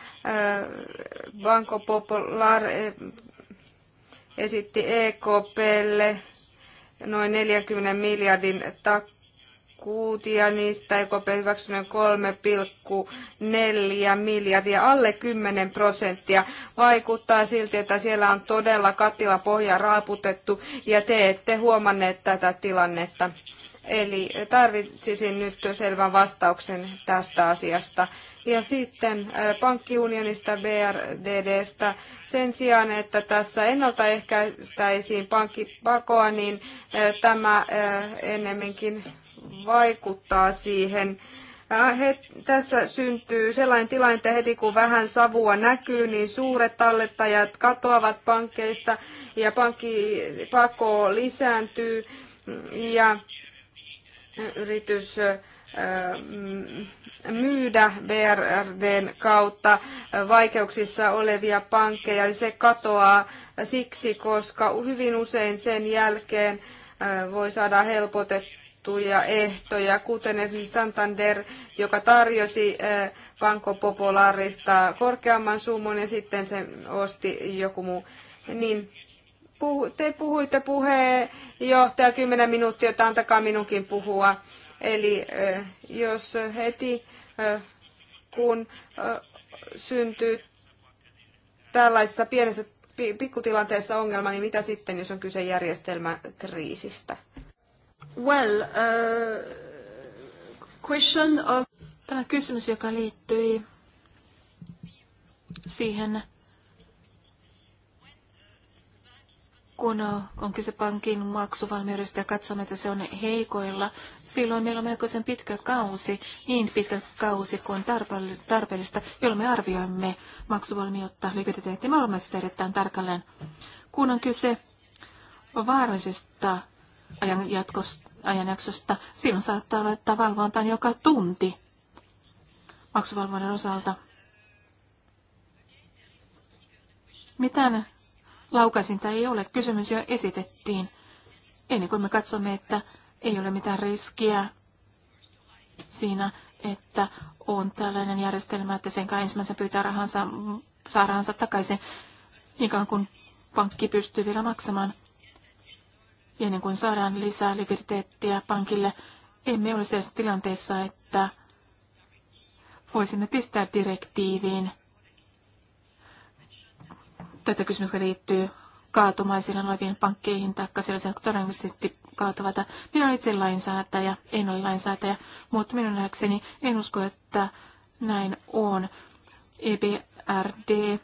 Banco Popular esitti EKPlle noin 40 miljardin takuutia ja niistä EKP hyväksyneen 3,4 miljardia, alle 10 prosenttia. Vaikuttaa silti, että siellä on todella kattila pohja raaputettu ja te ette huomanneet tätä tilannetta. Eli tarvitsisin nyt selvän vastauksen tästä asiasta. Ja sitten äh, pankkiunionista, BRDDstä. Sen sijaan, että tässä ennaltaehkäistäisiin pankkipakoa, niin äh, tämä äh, ennemminkin vaikuttaa siihen. tässä syntyy sellainen tilanne, että heti kun vähän savua näkyy, niin suuret tallettajat katoavat pankkeista ja pankkipako lisääntyy. Ja yritys myydä BRDn kautta vaikeuksissa olevia pankkeja. Se katoaa siksi, koska hyvin usein sen jälkeen voi saada helpotettuja ehtoja, kuten esimerkiksi Santander, joka tarjosi Banco Popularista korkeamman summan ja sitten se osti joku muu. Niin puhu, te puhuitte puheenjohtaja 10 minuuttia, että antakaa minunkin puhua. Eli eh, jos heti eh, kun eh, syntyy tällaisessa pienessä pikkutilanteessa ongelma, niin mitä sitten, jos on kyse järjestelmäkriisistä? Well, uh, question of... Tämä kysymys, joka liittyi siihen, kun on kyse pankin maksuvalmiudesta ja katsomme, että se on heikoilla, silloin meillä on melkoisen pitkä kausi, niin pitkä kausi kuin tarpeellista, jolloin me arvioimme maksuvalmiutta likviditeettimme olemme sitä erittäin tarkalleen. Kun on kyse vaarallisesta ajan jatkosta, ajanjaksosta, silloin saattaa olla, että valvonta on joka tunti maksuvalvonnan osalta. Mitään Laukaisinta ei ole, kysymys jo esitettiin. Ennen kuin me katsomme, että ei ole mitään riskiä siinä, että on tällainen järjestelmä, että sen kanssa ensimmäisen pyytää rahansa, saa rahansa takaisin, ikään kuin pankki pystyy vielä maksamaan. Ja ennen kuin saadaan lisää likviditeettiä pankille, emme ole sellaisessa tilanteessa, että voisimme pistää direktiiviin tätä kysymystä liittyy kaatumaisilla oleviin pankkeihin tai sellaisia, jotka todennäköisesti kaatuvat. Minä olen itse lainsäätäjä, en ole lainsäätäjä, mutta minun nähdäkseni en usko, että näin on. EBRD,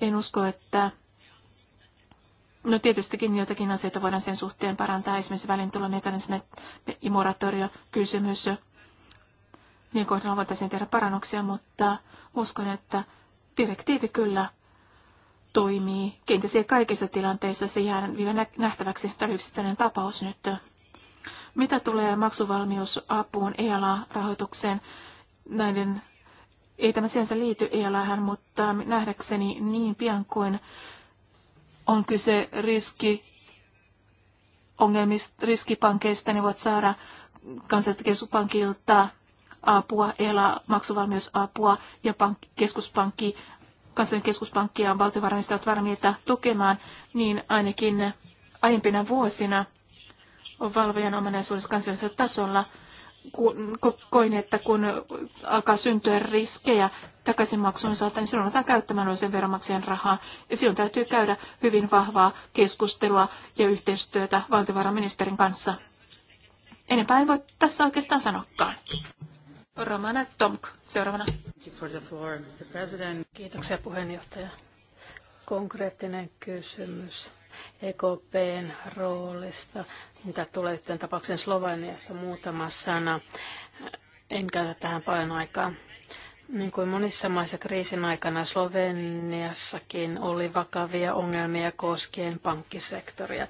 en usko, että No tietystikin joitakin asioita voidaan sen suhteen parantaa, esimerkiksi välintulomekanismit imoratorio, kysymys Niin kohdalla voitaisiin tehdä parannuksia, mutta uskon, että direktiivi kyllä toimii. Kenties ei kaikissa tilanteissa se jää vielä nähtäväksi. Tämä oli yksittäinen tapaus nyt. Mitä tulee maksuvalmiusapuun ela rahoitukseen Näiden ei tämä sinänsä liity EALAhan, mutta nähdäkseni niin pian kuin on kyse riski ongelmista, riskipankeista, ne voivat saada kansalliselta keskuspankilta apua, ELA, maksuvalmiusapua ja pank- keskuspankki kansallinen keskuspankki ja valtiovarainministeri ovat varmiita tukemaan, niin ainakin aiempina vuosina on valvojan omanaisuudessa kansallisella tasolla koin, että kun alkaa syntyä riskejä takaisinmaksun osalta, niin silloin otetaan käyttämään sen veronmaksajan rahaa. Ja silloin täytyy käydä hyvin vahvaa keskustelua ja yhteistyötä valtiovarainministerin kanssa. Enempää en voi tässä oikeastaan sanokkaan. Romana Tomk, seuraavana. Kiitoksia puheenjohtaja. Konkreettinen kysymys EKPn roolista, mitä tulee tämän tapauksen Sloveniassa muutama sana. En käytä tähän paljon aikaa. Niin kuin monissa maissa kriisin aikana Sloveniassakin oli vakavia ongelmia koskien pankkisektoria.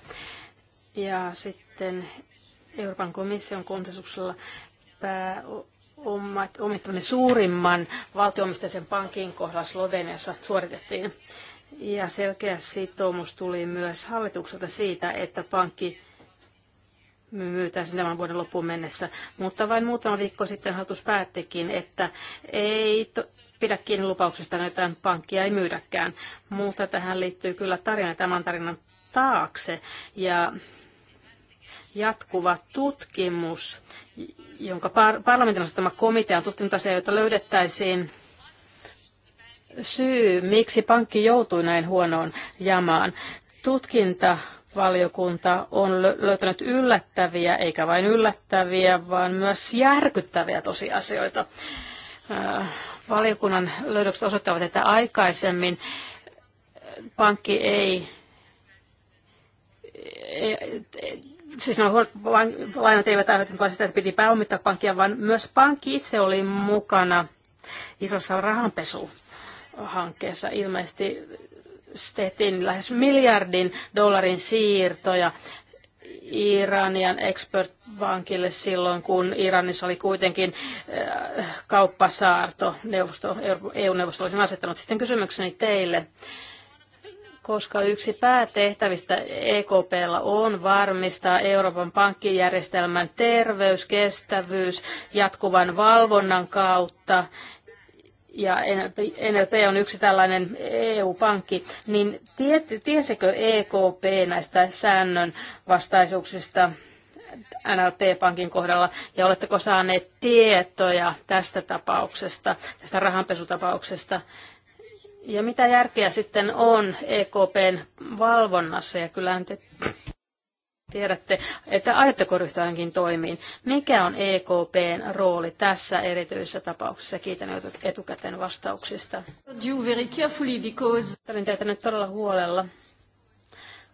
Ja sitten Euroopan komission konsensuksella pää omittamme suurimman valtioomistaisen pankin kohdalla Sloveniassa suoritettiin. Ja selkeä sitoumus tuli myös hallitukselta siitä, että pankki myytäisiin tämän vuoden loppuun mennessä. Mutta vain muutama viikko sitten hallitus päättikin, että ei to- pidä kiinni lupauksesta, että pankkia ei myydäkään. Mutta tähän liittyy kyllä tarina tämän tarinan taakse. Ja jatkuva tutkimus jonka par- parlamentin asettama komitea on tutkinut asiaa, jotta löydettäisiin syy, miksi pankki joutui näin huonoon jamaan. Tutkinta valiokunta on löytänyt yllättäviä, eikä vain yllättäviä, vaan myös järkyttäviä tosiasioita. Äh, valiokunnan löydökset osoittavat, että aikaisemmin pankki ei siis no, lainat eivät aiheuttaneet vain sitä, että piti pääomittaa pankkia, vaan myös pankki itse oli mukana isossa rahanpesuhankkeessa. Ilmeisesti tehtiin lähes miljardin dollarin siirtoja Iranian expert silloin, kun Iranissa oli kuitenkin äh, kauppasaarto. Neuvosto, EU-neuvosto e olisi asettanut sitten kysymykseni teille koska yksi päätehtävistä EKPlla on varmistaa Euroopan pankkijärjestelmän terveys, kestävyys jatkuvan valvonnan kautta ja NLP on yksi tällainen EU-pankki, niin tiesikö EKP näistä säännön vastaisuuksista NLP-pankin kohdalla, ja oletteko saaneet tietoja tästä tapauksesta, tästä rahanpesutapauksesta, ja mitä järkeä sitten on EKPn valvonnassa? Ja kyllähän te tiedätte, että aiotteko ryhtyä toimiin. Mikä on EKPn rooli tässä erityisessä tapauksessa? Kiitän etukäteen vastauksista. Kävin teitä nyt todella huolella,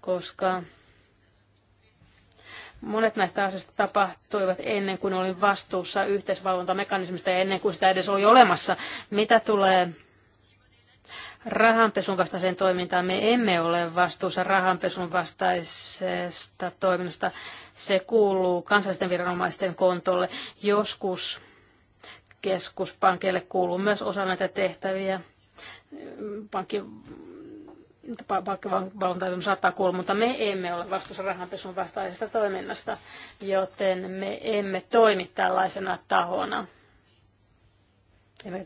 koska monet näistä asioista tapahtuivat ennen kuin olin vastuussa yhteisvalvontamekanismista ja ennen kuin sitä edes oli olemassa. Mitä tulee rahanpesun vastaiseen toimintaan. Me emme ole vastuussa rahanpesun vastaisesta toiminnasta. Se kuuluu kansallisten viranomaisten kontolle. Joskus keskuspankeille kuuluu myös osa näitä tehtäviä. Pankki pankkivalvonta saattaa kuulla, mutta me emme ole vastuussa rahanpesun vastaisesta toiminnasta, joten me emme toimi tällaisena tahona emme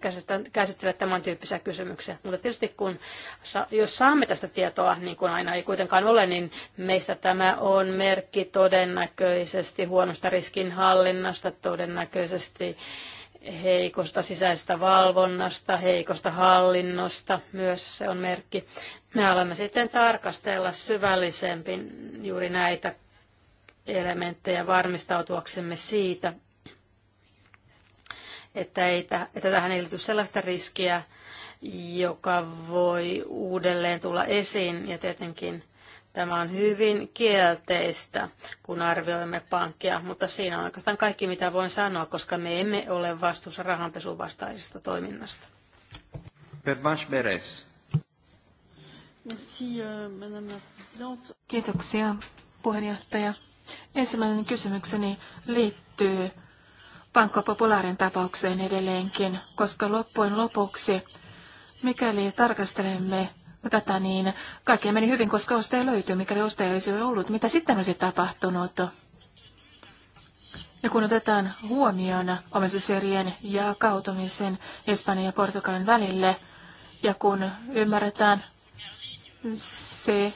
käsittele tämän tyyppisiä kysymyksiä. Mutta tietysti kun, jos saamme tästä tietoa, niin kuin aina ei kuitenkaan ole, niin meistä tämä on merkki todennäköisesti huonosta riskinhallinnasta, todennäköisesti heikosta sisäisestä valvonnasta, heikosta hallinnosta myös se on merkki. Me olemme sitten tarkastella syvällisempi juuri näitä elementtejä varmistautuaksemme siitä, että, ei, että tähän ei liity sellaista riskiä, joka voi uudelleen tulla esiin. Ja tietenkin tämä on hyvin kielteistä, kun arvioimme pankkia, mutta siinä on oikeastaan kaikki, mitä voin sanoa, koska me emme ole vastuussa rahanpesun vastaisesta toiminnasta. Pervash Beres. Euh, Kiitoksia, puheenjohtaja. Ensimmäinen kysymykseni liittyy Pankko Populaarin tapaukseen edelleenkin, koska loppujen lopuksi, mikäli tarkastelemme tätä, niin kaikki meni hyvin, koska ostaja löytyy. Mikäli ostaja olisi ollut, mitä sitten olisi tapahtunut? Ja kun otetaan huomioon omistuserien jakautumisen Espanjan ja Portugalin välille, ja kun ymmärretään se,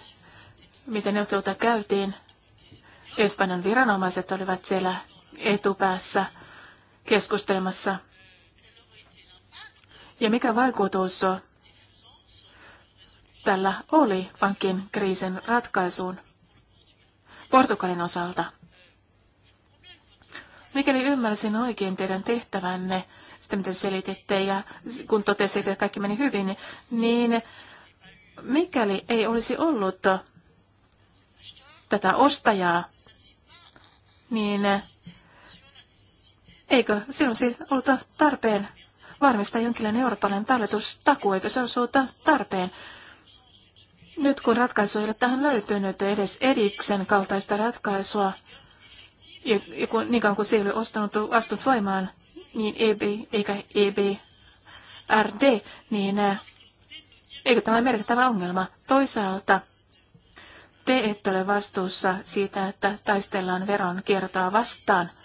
miten neuvotteluita käytiin, Espanjan viranomaiset olivat siellä etupäässä – keskustelemassa. Ja mikä vaikutus tällä oli pankin kriisin ratkaisuun Portugalin osalta? Mikäli ymmärsin oikein teidän tehtävänne, sitä mitä selititte ja kun totesitte, että kaikki meni hyvin, niin mikäli ei olisi ollut tätä ostajaa, niin Eikö silloin siitä ollut tarpeen varmistaa jonkinlainen eurooppalainen talletustakuu, eikö se osuuta tarpeen? Nyt kun ratkaisu ei ole tähän löytynyt edes eriksen kaltaista ratkaisua, ja kun, niin kauan kuin se ei ole ostanut, astunut voimaan, niin EB, eikä EBRD, niin äh, eikö tämä ole merkittävä ongelma? Toisaalta te ette ole vastuussa siitä, että taistellaan veron kiertoa vastaan –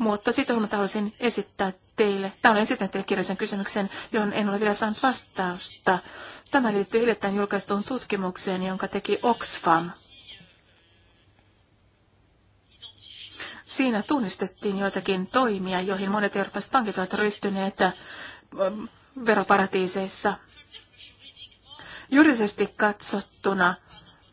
mutta sitten mä haluaisin esittää teille, tai olen esittänyt teille kirjallisen kysymyksen, johon en ole vielä saanut vastausta. Tämä liittyy hiljattain julkaistuun tutkimukseen, jonka teki Oxfam. Siinä tunnistettiin joitakin toimia, joihin monet Euroopan pankit ovat ryhtyneet äh, veroparatiiseissa. Juridisesti katsottuna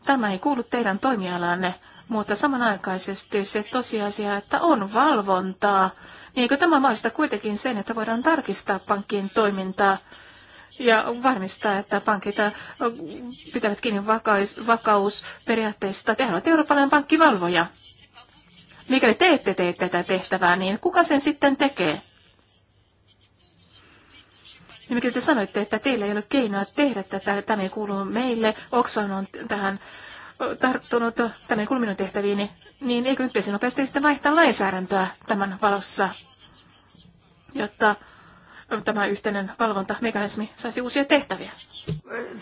tämä ei kuulu teidän toimialanne, mutta samanaikaisesti se tosiasia, että on valvontaa, niin eikö tämä mahdollista kuitenkin sen, että voidaan tarkistaa pankkien toimintaa ja varmistaa, että pankit pitävät kiinni vakaus, vakausperiaatteista. Tehän olette eurooppalainen pankkivalvoja. Mikäli te ette tee tätä tehtävää, niin kuka sen sitten tekee? Ja mikäli te sanoitte, että teillä ei ole keinoa tehdä tätä, tämä ei kuulu meille, Oxfam on tähän tarttunut tämän kulminut tehtäviin, niin eikö nyt pitäisi nopeasti sitten vaihtaa lainsäädäntöä tämän valossa, jotta tämä yhteinen valvontamekanismi saisi uusia tehtäviä?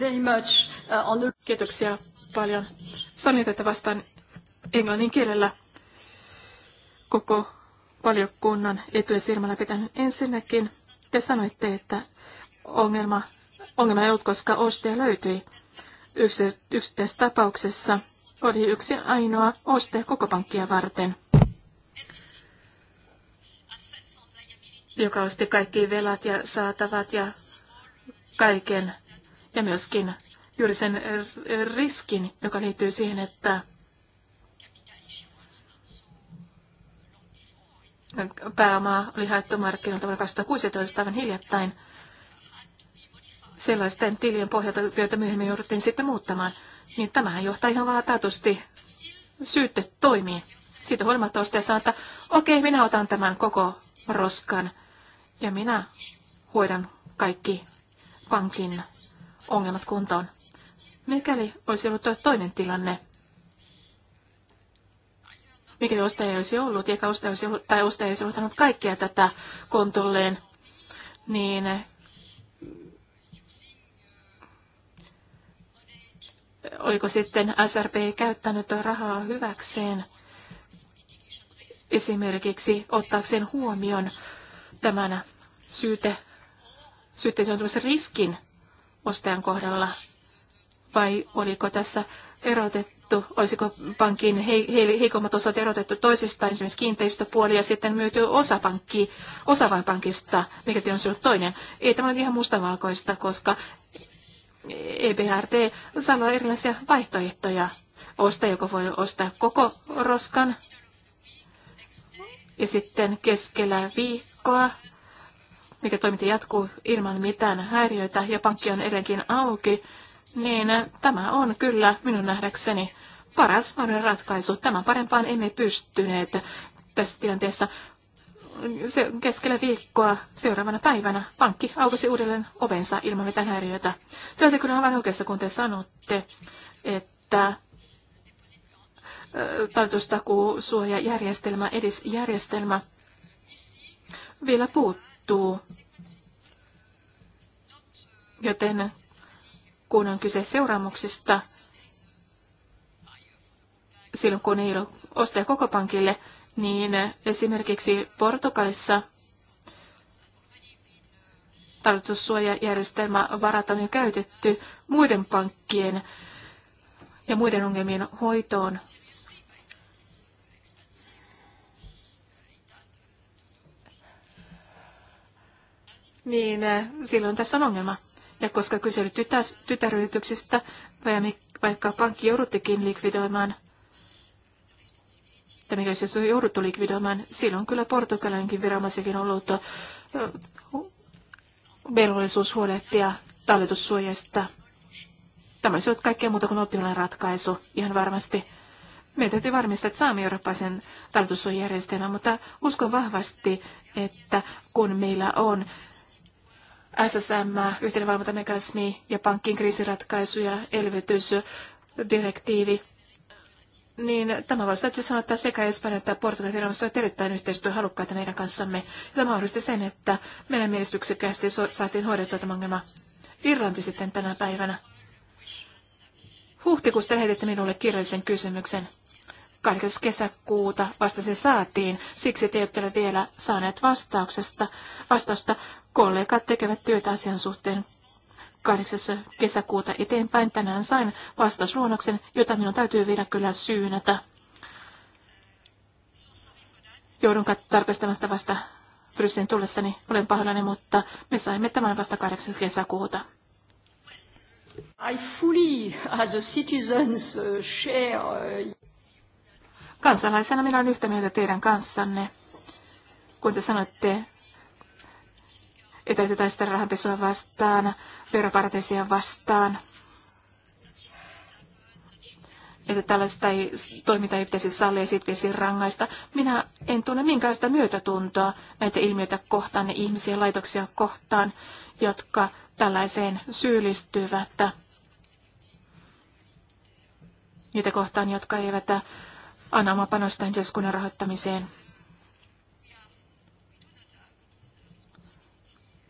Very much uh, on the... Kiitoksia paljon. Sallin, että vastaan englannin kielellä koko valiokunnan etuja silmällä pitänyt. Ensinnäkin te sanoitte, että ongelma, ongelma ei ollut, koska ostaja löytyi yksittäistapauksessa oli yksi ainoa oste koko pankkia varten, joka osti kaikki velat ja saatavat ja kaiken ja myöskin juuri sen riskin, joka liittyy siihen, että pääomaa oli haettu markkinoilta vuonna 2016 aivan hiljattain sellaisten tilien pohjalta, joita myöhemmin jouduttiin sitten muuttamaan, niin tämähän johtaa ihan vaan taatusti syytte toimii. Siitä huolimatta ostaja sanoo, että okei, minä otan tämän koko roskan ja minä hoidan kaikki pankin ongelmat kuntoon. Mikäli olisi ollut toinen tilanne, mikäli ostaja ei olisi ollut, eikä ostaja olisi ollut, tai ostaja ei olisi ottanut kaikkea tätä kontolleen, niin oliko sitten SRP käyttänyt rahaa hyväkseen esimerkiksi ottaakseen huomioon tämän syyte, syytteeseen riskin ostajan kohdalla? Vai oliko tässä erotettu, olisiko pankin heikommat osat erotettu toisistaan, esimerkiksi kiinteistöpuoli ja sitten myyty osa, pankki, osa vain pankista, mikä on ollut toinen. Ei tämä ole ihan mustavalkoista, koska EBRD sanoo erilaisia vaihtoehtoja. Osta, joko voi ostaa koko roskan ja sitten keskellä viikkoa, mikä toiminta jatkuu ilman mitään häiriöitä ja pankki on edelleenkin auki, niin tämä on kyllä minun nähdäkseni paras mahdollinen ratkaisu. Tämän parempaan emme pystyneet tässä tilanteessa se keskellä viikkoa seuraavana päivänä pankki aukasi uudelleen ovensa ilman mitään häiriötä. Työtä olette kyllä aivan oikeassa, kun te sanotte, että järjestelmä edes edisjärjestelmä vielä puuttuu. Joten kun on kyse seuraamuksista, silloin kun ei ole ostaja koko pankille, niin esimerkiksi Portugalissa talletussuojajärjestelmä varat on jo käytetty muiden pankkien ja muiden ongelmien hoitoon. Niin silloin tässä on ongelma. Ja koska kysely tytäryrityksistä, vaikka pankki jouduttikin likvidoimaan, että mikä se on jouduttu likvidoimaan, silloin kyllä Portugalinkin viranomaisikin ollut velvollisuus huolehtia talletussuojasta. Tämä olisi ollut kaikkea muuta kuin optimaalinen ratkaisu, ihan varmasti. Meidän täytyy varmistaa, että saamme eurooppaisen talletussuojajärjestelmän, mutta uskon vahvasti, että kun meillä on SSM, yhteinen valvontamekanismi ja pankkien kriisiratkaisuja, elvytysdirektiivi niin tämä voisi täytyy sanoa, että sekä Espanja että Portugalin viranomaiset ovat erittäin yhteistyöhalukkaita meidän kanssamme. Ja tämä mahdollisti sen, että meidän menestyksekkäästi saatiin hoidettua tämä ongelma Irlanti sitten tänä päivänä. Huhtikuusta lähetitte minulle kirjallisen kysymyksen. 8. kesäkuuta vasta se saatiin, siksi te ette ole vielä saaneet vastauksesta, vastausta. Kollegat tekevät työtä asian suhteen 8. kesäkuuta eteenpäin. Tänään sain vastausluonnoksen, jota minun täytyy vielä kyllä syynätä. Joudun tarkastamaan sitä vasta Brysselin tullessani. Olen pahoillani, mutta me saimme tämän vasta 8. kesäkuuta. I fully, as a citizens, uh, share... Uh, Kansalaisena minä olen yhtä mieltä teidän kanssanne. Kun te sanoitte, että täytetään sitä rahanpesua vastaan, veroparatesia vastaan, että tällaista ei, toimintaa ei pitäisi sallia ja siitä pitäisi rangaista. Minä en tunne minkäänlaista myötätuntoa näitä ilmiöitä kohtaan ja ihmisiä laitoksia kohtaan, jotka tällaiseen syyllistyvät. Niitä kohtaan, jotka eivät anna omaa panosta yhteiskunnan rahoittamiseen.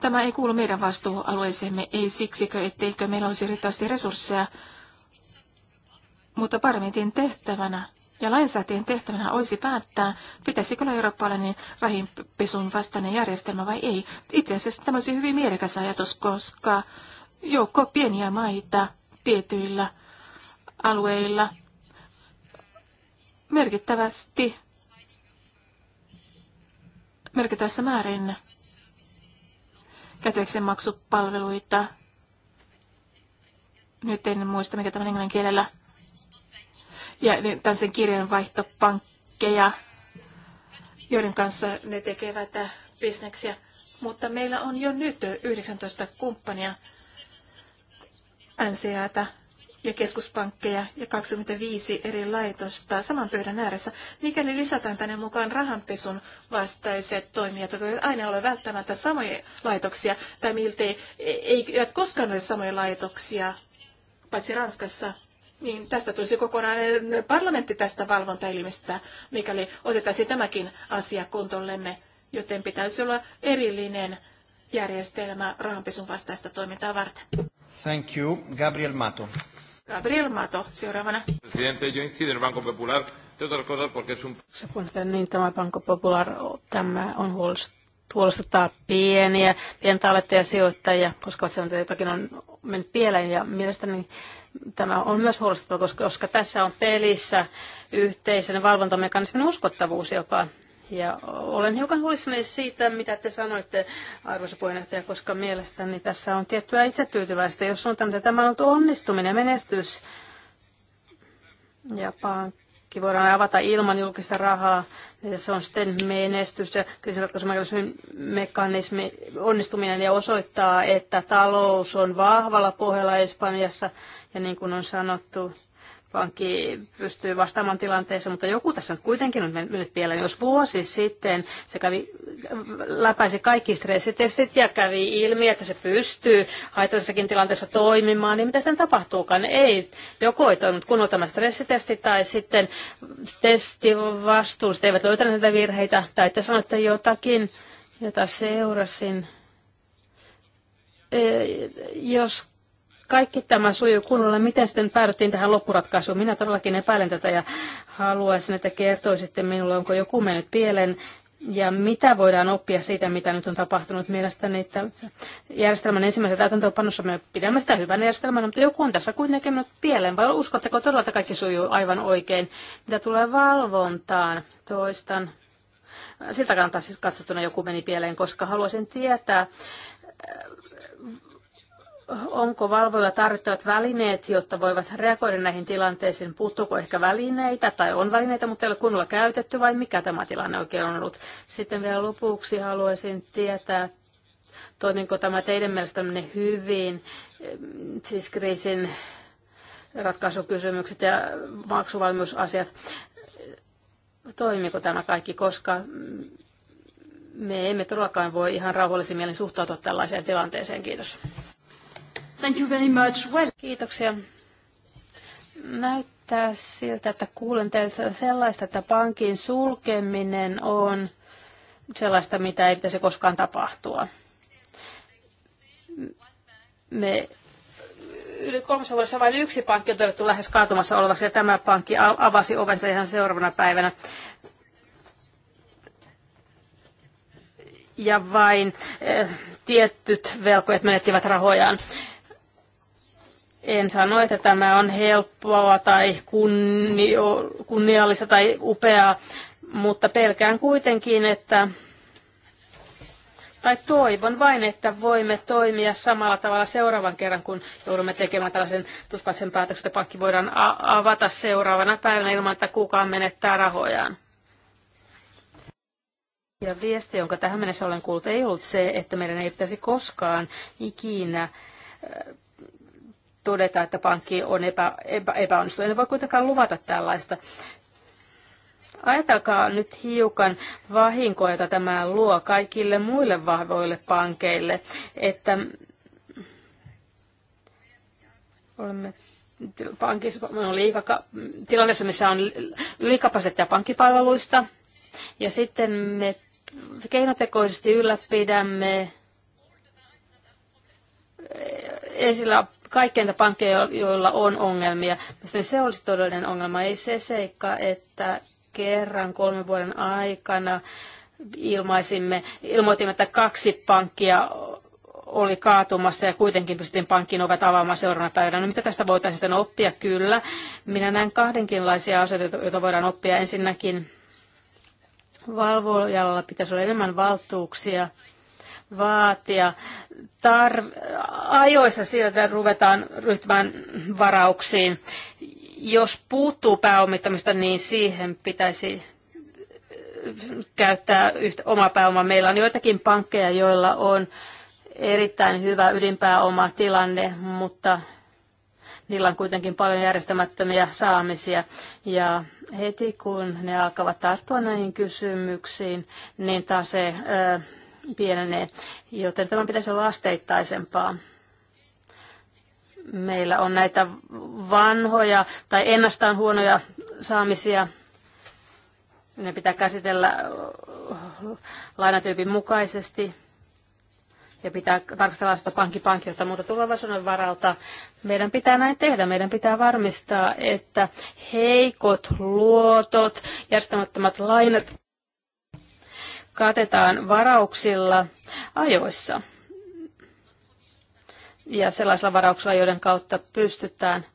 Tämä ei kuulu meidän vastuualueeseemme, ei siksikö, etteikö meillä olisi riittävästi resursseja, mutta parlamentin tehtävänä ja lainsäätien tehtävänä olisi päättää, pitäisikö olla eurooppalainen rahinpesun vastainen järjestelmä vai ei. Itse asiassa tämä olisi hyvin mielekäs ajatus, koska joukko pieniä maita tietyillä alueilla merkittävästi merkittävässä määrin käteeksen maksupalveluita. Nyt en muista, mikä tämä englannin kielellä. Ja tämmöisen kirjanvaihtopankkeja, joiden kanssa ne tekevät äh, bisneksiä. Mutta meillä on jo nyt 19 kumppania NCAtä ja keskuspankkeja ja 25 eri laitosta saman pöydän ääressä, mikäli lisätään tänne mukaan rahanpesun vastaiset toimijat, jotka eivät aina ole välttämättä samoja laitoksia, tai miltei e, eivät koskaan ole samoja laitoksia, paitsi Ranskassa, niin tästä tulisi kokonainen parlamentti tästä valvontaelimestä, mikäli otettaisiin tämäkin asia kontollemme, joten pitäisi olla erillinen järjestelmä rahanpesun vastaista toimintaa varten. Thank you. Gabriel Mato. Gabriel Mato seuraavana. Presidente, yo incido en Banco Popular, Niin tämä Banco Popular tämä on huolestuttaa pieniä, pientalletteja sijoittajia, koska se on jotakin on mennyt pieleen ja mielestäni tämä on myös huolestuttava, koska, koska tässä on pelissä yhteisen valvontamekanismin uskottavuus jopa. Ja olen hiukan huolissani siitä, mitä te sanoitte, arvoisa puheenjohtaja, koska mielestäni tässä on tiettyä itsetyytyväistä. Jos sanotaan, että tämä on ollut onnistuminen, menestys, ja pankki voidaan avata ilman julkista rahaa, ja niin se on sitten menestys ja kriisinratkaisumekanismin mekanismi, onnistuminen ja osoittaa, että talous on vahvalla pohjalla Espanjassa, ja niin kuin on sanottu, pankki pystyy vastaamaan tilanteeseen, mutta joku tässä on kuitenkin on mennyt pieleen. Jos vuosi sitten se kävi, läpäisi kaikki stressitestit ja kävi ilmi, että se pystyy haitallisessakin tilanteessa toimimaan, niin mitä sen tapahtuukaan? Ei, joko ei toiminut kunnolla tämä stressitesti tai sitten testivastuulliset eivät löytäneet näitä virheitä tai te sanoitte jotakin, jota seurasin. Jos kaikki tämä sujuu kunnolla. Miten sitten päädyttiin tähän loppuratkaisuun? Minä todellakin epäilen tätä ja haluaisin, että kertoisitte minulle, onko joku mennyt pieleen ja mitä voidaan oppia siitä, mitä nyt on tapahtunut mielestäni. Että järjestelmän ensimmäisen täytäntöönpanossa me pidämme sitä hyvänä järjestelmänä, mutta joku on tässä kuitenkin mennyt pieleen. Vai uskotteko todella, että kaikki sujuu aivan oikein? Mitä tulee valvontaan, toistan. Siltä kannattaa siis katsottuna joku meni pieleen, koska haluaisin tietää, onko valvoilla tarvittavat välineet, jotta voivat reagoida näihin tilanteisiin? Puuttuuko ehkä välineitä tai on välineitä, mutta ei ole kunnolla käytetty vai mikä tämä tilanne oikein on ollut? Sitten vielä lopuksi haluaisin tietää, toiminko tämä teidän mielestänne hyvin, siis kriisin ratkaisukysymykset ja maksuvalmiusasiat. Toimiko tämä kaikki, koska me emme todellakaan voi ihan rauhallisin mielin suhtautua tällaiseen tilanteeseen. Kiitos. Thank you very much. Well... Kiitoksia. Näyttää siltä, että kuulen teiltä sellaista, että pankin sulkeminen on sellaista, mitä ei pitäisi koskaan tapahtua. Me yli kolmessa vuodessa vain yksi pankki on todettu lähes kaatumassa olevaksi ja tämä pankki avasi ovensa ihan seuraavana päivänä. Ja vain eh, tietyt velkojat menettivät rahojaan. En sano, että tämä on helppoa tai kunnio, kunniallista tai upeaa, mutta pelkään kuitenkin, että tai toivon vain, että voimme toimia samalla tavalla seuraavan kerran, kun joudumme tekemään tällaisen tuskallisen päätöksen, että pankki voidaan avata seuraavana päivänä ilman, että kukaan menettää rahojaan. Ja viesti, jonka tähän mennessä olen kuullut, ei ollut se, että meidän ei pitäisi koskaan ikinä todeta, että pankki on epä, epä, epäonnistunut. En voi kuitenkaan luvata tällaista. Ajatelkaa nyt hiukan vahinkoa, jota tämä luo kaikille muille vahvoille pankeille, että olemme pankissa on liika, tilanteessa, missä on ylikapasiteettia pankkipalveluista, ja sitten me keinotekoisesti ylläpidämme esillä kaikkeinta pankkeja, joilla on ongelmia. Mielestäni se olisi todellinen ongelma, ei se seikka, että kerran kolmen vuoden aikana ilmaisimme, ilmoitimme, että kaksi pankkia oli kaatumassa ja kuitenkin pystyttiin pankkiin ovet avaamaan seuraavana päivänä. No mitä tästä voitaisiin sitten oppia? Kyllä. Minä näen kahdenkinlaisia asioita, joita voidaan oppia. Ensinnäkin valvojalla pitäisi olla enemmän valtuuksia vaatia tar- ajoissa sieltä ruvetaan ryhtymään varauksiin. Jos puuttuu pääomittamista, niin siihen pitäisi äh, käyttää yhtä, oma pääoma. Meillä on joitakin pankkeja, joilla on erittäin hyvä ydinpääoma tilanne, mutta niillä on kuitenkin paljon järjestämättömiä saamisia. Ja heti kun ne alkavat tarttua näihin kysymyksiin, niin taas se äh, pienenee, joten tämä pitäisi olla asteittaisempaa. Meillä on näitä vanhoja tai ennastaan huonoja saamisia. Ne pitää käsitellä lainatyypin mukaisesti ja pitää tarkastella sitä pankkipankilta, mutta tulevaisuuden varalta meidän pitää näin tehdä. Meidän pitää varmistaa, että heikot luotot, järjestämättömät lainat katetaan varauksilla ajoissa ja sellaisilla varauksilla, joiden kautta pystytään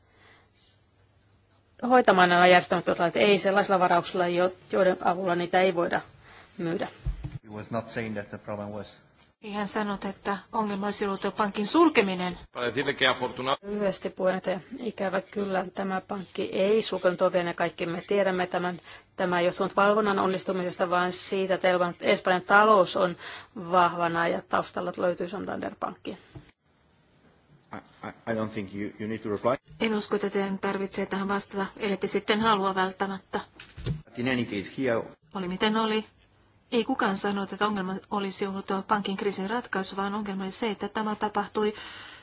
hoitamaan nämä järjestelmät, lait, ei sellaisilla varauksilla, joiden avulla niitä ei voida myydä. Ei hän sanot, että ongelma olisi ollut pankin sulkeminen. Lyhyesti että ikävä kyllä tämä pankki ei sulkenut ovien ja kaikki me tiedämme tämän. Tämä ei johtunut valvonnan onnistumisesta, vaan siitä, että Espanjan talous on vahvana ja taustalla löytyy Santander-pankki. I, I you, you need to reply. En usko, että teidän tarvitsee tähän vastata, eli sitten halua välttämättä. In any case, here... Oli miten oli, ei kukaan sanonut, että ongelma olisi ollut pankin kriisin ratkaisu, vaan ongelma oli se, että tämä tapahtui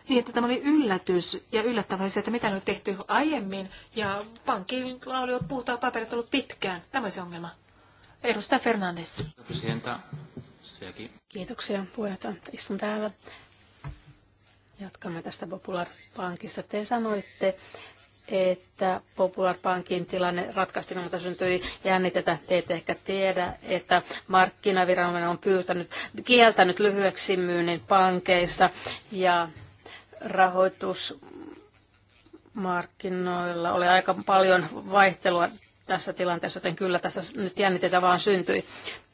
niin, että tämä oli yllätys ja yllättävää se, että mitä on tehty aiemmin ja pankilla oli puhtaa paperit ollut pitkään. Tämä on se ongelma. Edustaja Fernandes. Kiitoksia puheenjohtaja. Istun täällä. Jatkamme tästä Popular Pankista. Te sanoitte, että Popular Bankin tilanne ratkaistiin, mutta syntyi jännitetä. Te ette ehkä tiedä, että markkinaviranomainen on pyytänyt, kieltänyt lyhyeksi myynnin pankeissa ja rahoitusmarkkinoilla oli aika paljon vaihtelua tässä tilanteessa, joten kyllä tässä nyt jännitetä vaan syntyi.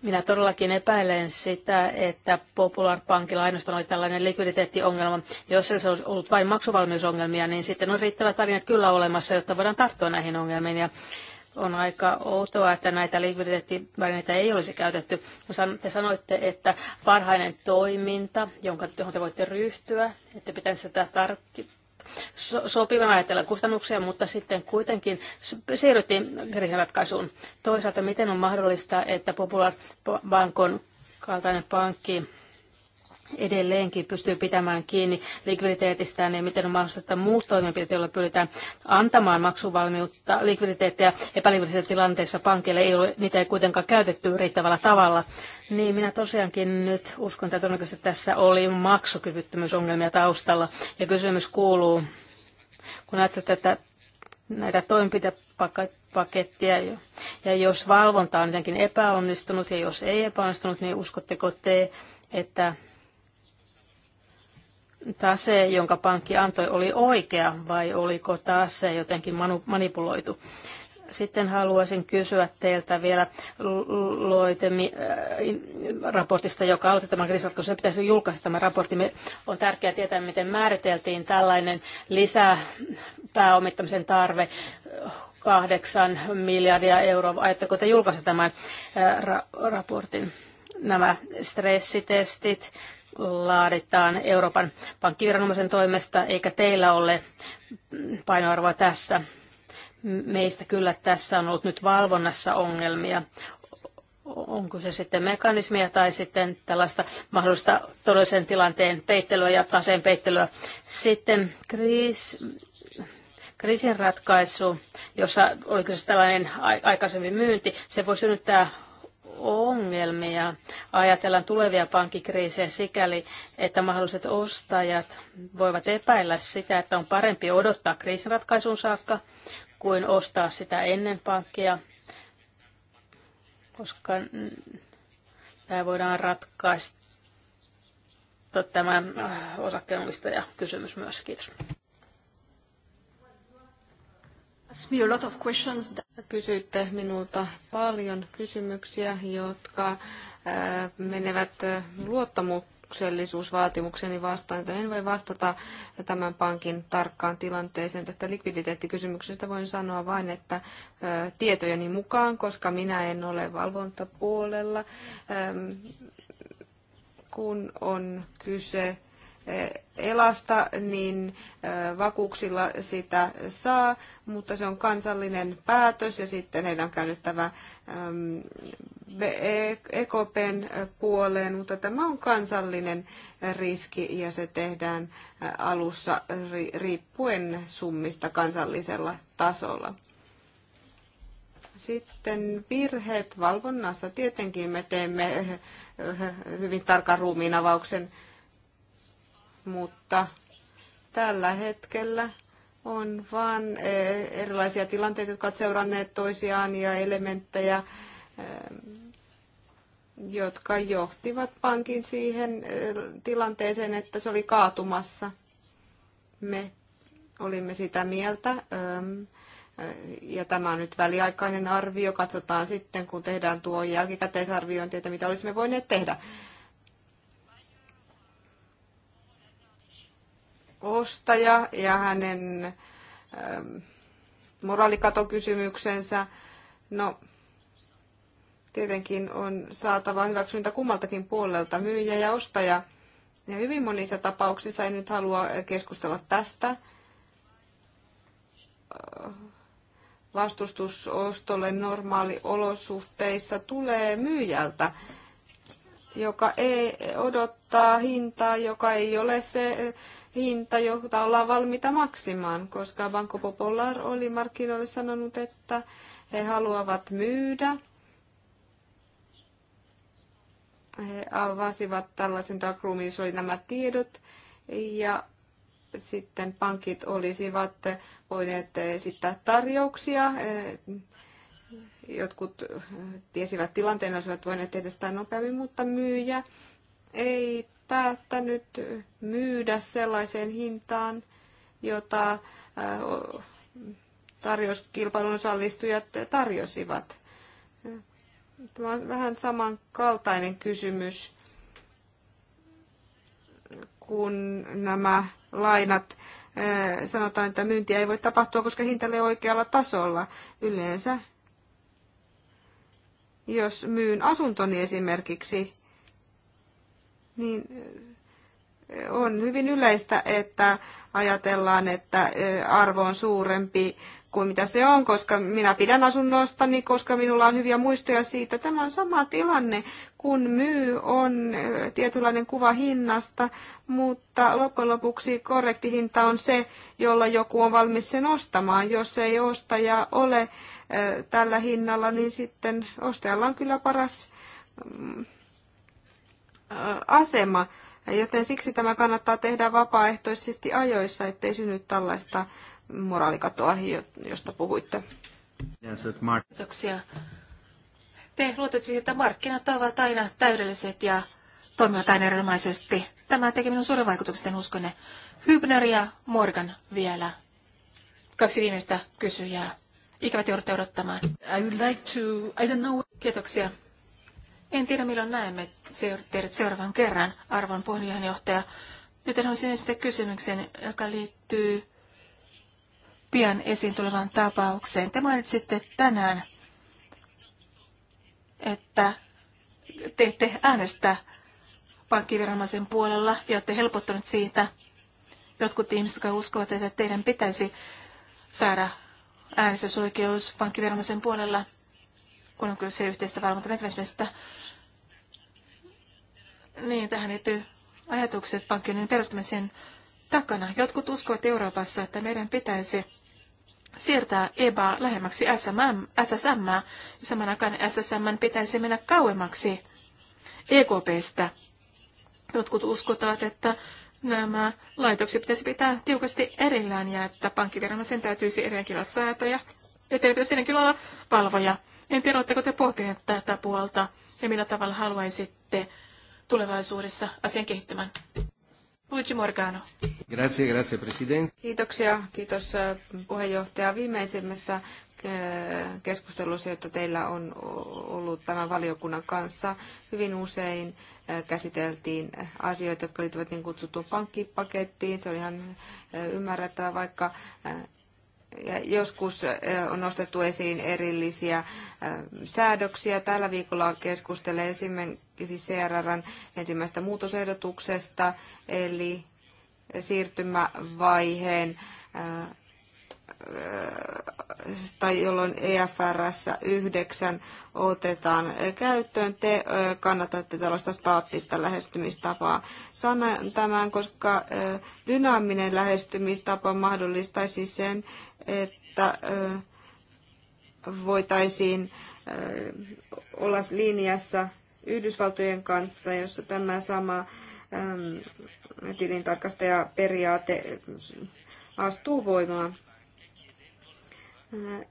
Minä todellakin epäilen sitä, että Popular Pankilla ainoastaan oli tällainen likviditeettiongelma. Jos se olisi ollut vain maksuvalmiusongelmia, niin sitten on riittävät välineet kyllä olemassa, jotta voidaan tarttua näihin ongelmiin. Ja on aika outoa, että näitä likviditeettivälineitä ei olisi käytetty. Te sanoitte, että parhainen toiminta, jonka, johon te voitte ryhtyä, että pitäisi sitä tar- so- sopivan ajatellen kustannuksia, mutta sitten kuitenkin siirryttiin kriisiratkaisuun. Toisaalta miten on mahdollista, että Popular Bankon kaltainen pankki edelleenkin pystyy pitämään kiinni likviditeetistään niin miten on mahdollista, että muut toimenpiteet, joilla pyritään antamaan maksuvalmiutta, likviditeettiä epäliikvidisissä tilanteessa pankille, ei ole, niitä ei kuitenkaan käytetty riittävällä tavalla. Niin minä tosiaankin nyt uskon, että todennäköisesti tässä oli maksukyvyttömyysongelmia taustalla. Ja kysymys kuuluu, kun ajattelet, että näitä toimenpidepakettia. Ja jos valvonta on jotenkin epäonnistunut ja jos ei epäonnistunut, niin uskotteko te, että tase, jonka pankki antoi, oli oikea vai oliko tase jotenkin manipuloitu? Sitten haluaisin kysyä teiltä vielä Loitemi raportista, joka aloitti tämän kriisin, se pitäisi julkaista tämä raportti. Me on tärkeää tietää, miten määriteltiin tällainen lisäpääomittamisen tarve kahdeksan miljardia euroa. Ajatteko te julkaista tämän raportin? Nämä stressitestit, laaditaan Euroopan pankkiviranomaisen toimesta, eikä teillä ole painoarvoa tässä. Meistä kyllä tässä on ollut nyt valvonnassa ongelmia. Onko se sitten mekanismia tai sitten tällaista mahdollista todellisen tilanteen peittelyä ja taseen peittelyä. Sitten kriis, kriisinratkaisu, jossa oliko se tällainen aikaisemmin myynti, se voi synnyttää ongelmia. Ajatellaan tulevia pankkikriisejä sikäli, että mahdolliset ostajat voivat epäillä sitä, että on parempi odottaa kriisinratkaisun saakka kuin ostaa sitä ennen pankkia, koska tämä voidaan ratkaista tämä osakkeenomistaja kysymys myös. Kiitos. Kysyitte minulta paljon kysymyksiä, jotka menevät luottamuksellisuusvaatimukseni vastaan, joten en voi vastata tämän pankin tarkkaan tilanteeseen. Tästä likviditeettikysymyksestä voin sanoa vain, että tietojeni mukaan, koska minä en ole valvontapuolella, kun on kyse Eh, elasta, niin eh, vakuuksilla sitä saa, mutta se on kansallinen päätös ja sitten heidän on käynyttävä EKPn ehm, e-, e puoleen, mutta tämä on kansallinen riski ja se tehdään eh, alussa riippuen summista kansallisella tasolla. Sitten virheet valvonnassa. Tietenkin me teemme hyvin tarkan ruumiinavauksen avauksen mutta tällä hetkellä on vain eh, erilaisia tilanteita, jotka ovat seuranneet toisiaan ja elementtejä, eh, jotka johtivat pankin siihen eh, tilanteeseen, että se oli kaatumassa. Me olimme sitä mieltä. Ehm, ja tämä on nyt väliaikainen arvio. Katsotaan sitten, kun tehdään tuo jälkikäteisarviointi, että mitä olisimme voineet tehdä. ostaja ja hänen ähm, moraalikatokysymyksensä. No, tietenkin on saatava hyväksyntä kummaltakin puolelta, myyjä ja ostaja. Ja hyvin monissa tapauksissa, en nyt halua keskustella tästä, vastustusostolle normaali olosuhteissa tulee myyjältä, joka ei odottaa hintaa, joka ei ole se hinta, jota ollaan valmiita maksimaan, koska Banco Popular oli markkinoille sanonut, että he haluavat myydä. He avasivat tällaisen darkroomin, jossa oli nämä tiedot, ja sitten pankit olisivat voineet esittää tarjouksia. Jotkut tiesivät tilanteen, olisivat voineet tehdä sitä nopeammin, mutta myyjä ei päättänyt myydä sellaiseen hintaan, jota tarjouskilpailun osallistujat tarjosivat. Tämä on vähän samankaltainen kysymys kun nämä lainat sanotaan, että myyntiä ei voi tapahtua, koska hinta ei oikealla tasolla yleensä. Jos myyn asuntoni esimerkiksi, niin on hyvin yleistä, että ajatellaan, että arvo on suurempi kuin mitä se on, koska minä pidän asunnostani, koska minulla on hyviä muistoja siitä. Tämä on sama tilanne, kun myy on tietynlainen kuva hinnasta, mutta loppujen lopuksi korrekti hinta on se, jolla joku on valmis sen ostamaan. Jos ei ostaja ole tällä hinnalla, niin sitten ostajalla on kyllä paras mm, asema, joten siksi tämä kannattaa tehdä vapaaehtoisesti ajoissa, ettei synny tällaista moraalikatoa, josta puhuitte. Kiitoksia. Te luotatte siis, että markkinat ovat aina täydelliset ja toimivat aina erilaisesti. Tämä teki minun suuren vaikutuksen uskonne. Hübner ja Morgan vielä. Kaksi viimeistä kysyjää. Ikävä te odottamaan. I would like to, I don't know. Kiitoksia. En tiedä, milloin näemme teidät seuraavan kerran, arvon puheenjohtaja. Nyt haluaisin esittää kysymyksen, joka liittyy pian esiin tulevaan tapaukseen. Te mainitsitte tänään, että te ette äänestä pankkiviranomaisen puolella ja olette helpottunut siitä. Jotkut ihmiset, jotka uskovat, että teidän pitäisi saada äänestysoikeus pankkiviranomaisen puolella, kun on kyse yhteistä valvontamekanismista. Niin, tähän liittyy ajatukset pankkiunionin perustamisen takana. Jotkut uskovat Euroopassa, että meidän pitäisi siirtää EBA lähemmäksi SMM, SSM, ja saman aikaan SSM pitäisi mennä kauemmaksi EKPstä. Jotkut uskotaan, että nämä laitokset pitäisi pitää tiukasti erillään ja että pankkiviranomaisen täytyisi eriäkin olla säätäjä ja teillä pitäisi olla valvoja. En tiedä, oletteko te pohtineet tätä puolta ja millä tavalla haluaisitte tulevaisuudessa asian kehittymään. Luigi Morgano. Grazie, grazie presidente. Kiitoksia, kiitos puheenjohtaja. Viimeisimmässä keskustelussa, jota teillä on ollut tämän valiokunnan kanssa. Hyvin usein käsiteltiin asioita, jotka liittyvät niin kutsuttuun pankkipakettiin. Se oli ihan ymmärrettävä, vaikka ja joskus on nostettu esiin erillisiä säädöksiä. Tällä viikolla keskustelee esimerkiksi CRRn ensimmäistä muutosehdotuksesta, eli siirtymävaiheen tai jolloin EFRS 9 otetaan käyttöön. Te kannatatte tällaista staattista lähestymistapaa. Sanan tämän, koska dynaaminen lähestymistapa mahdollistaisi sen, että voitaisiin olla linjassa Yhdysvaltojen kanssa, jossa tämä sama tilintarkastajaperiaate astuu voimaan.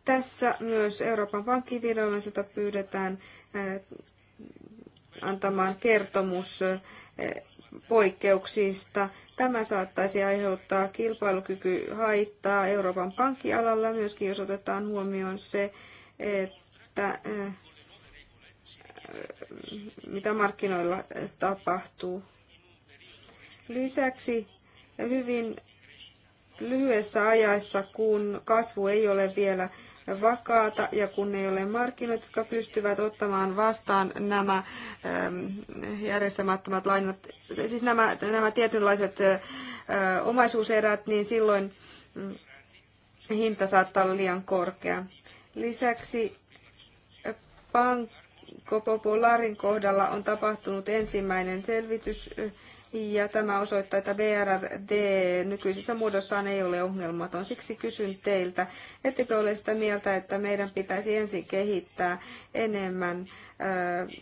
Tässä myös Euroopan pankkiviranomaiselta pyydetään antamaan kertomus poikkeuksista. Tämä saattaisi aiheuttaa kilpailukykyhaittaa Euroopan pankkialalla, myöskin jos otetaan huomioon se, että mitä markkinoilla tapahtuu. Lisäksi hyvin lyhyessä ajassa, kun kasvu ei ole vielä vakaata ja kun ei ole markkinoita, jotka pystyvät ottamaan vastaan nämä ähm, järjestämättömät lainat, siis nämä, nämä tietynlaiset äh, omaisuuserät, niin silloin mm, hinta saattaa olla liian korkea. Lisäksi äh, Banco Popularin kohdalla on tapahtunut ensimmäinen selvitys äh, ja tämä osoittaa, että BRD nykyisessä muodossaan ei ole ongelmaton. Siksi kysyn teiltä, ettekö ole sitä mieltä, että meidän pitäisi ensin kehittää enemmän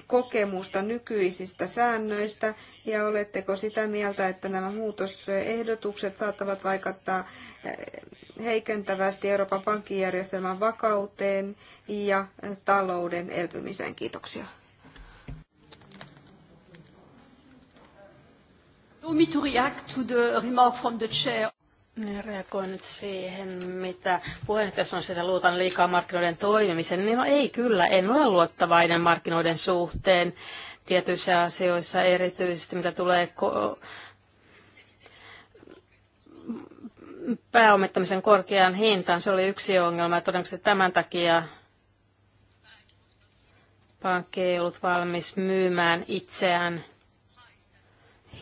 kokemusta nykyisistä säännöistä, ja oletteko sitä mieltä, että nämä muutosehdotukset saattavat vaikuttaa heikentävästi Euroopan pankkijärjestelmän vakauteen ja talouden elpymiseen? Kiitoksia. Minä reagoin nyt siihen, mitä puheenjohtaja on että luotan liikaa markkinoiden toimimisen. Niin no ei kyllä, en ole luottavainen markkinoiden suhteen tietyissä asioissa, erityisesti mitä tulee pääomittamisen korkeaan hintaan. Se oli yksi ongelma ja todennäköisesti tämän takia pankki ei ollut valmis myymään itseään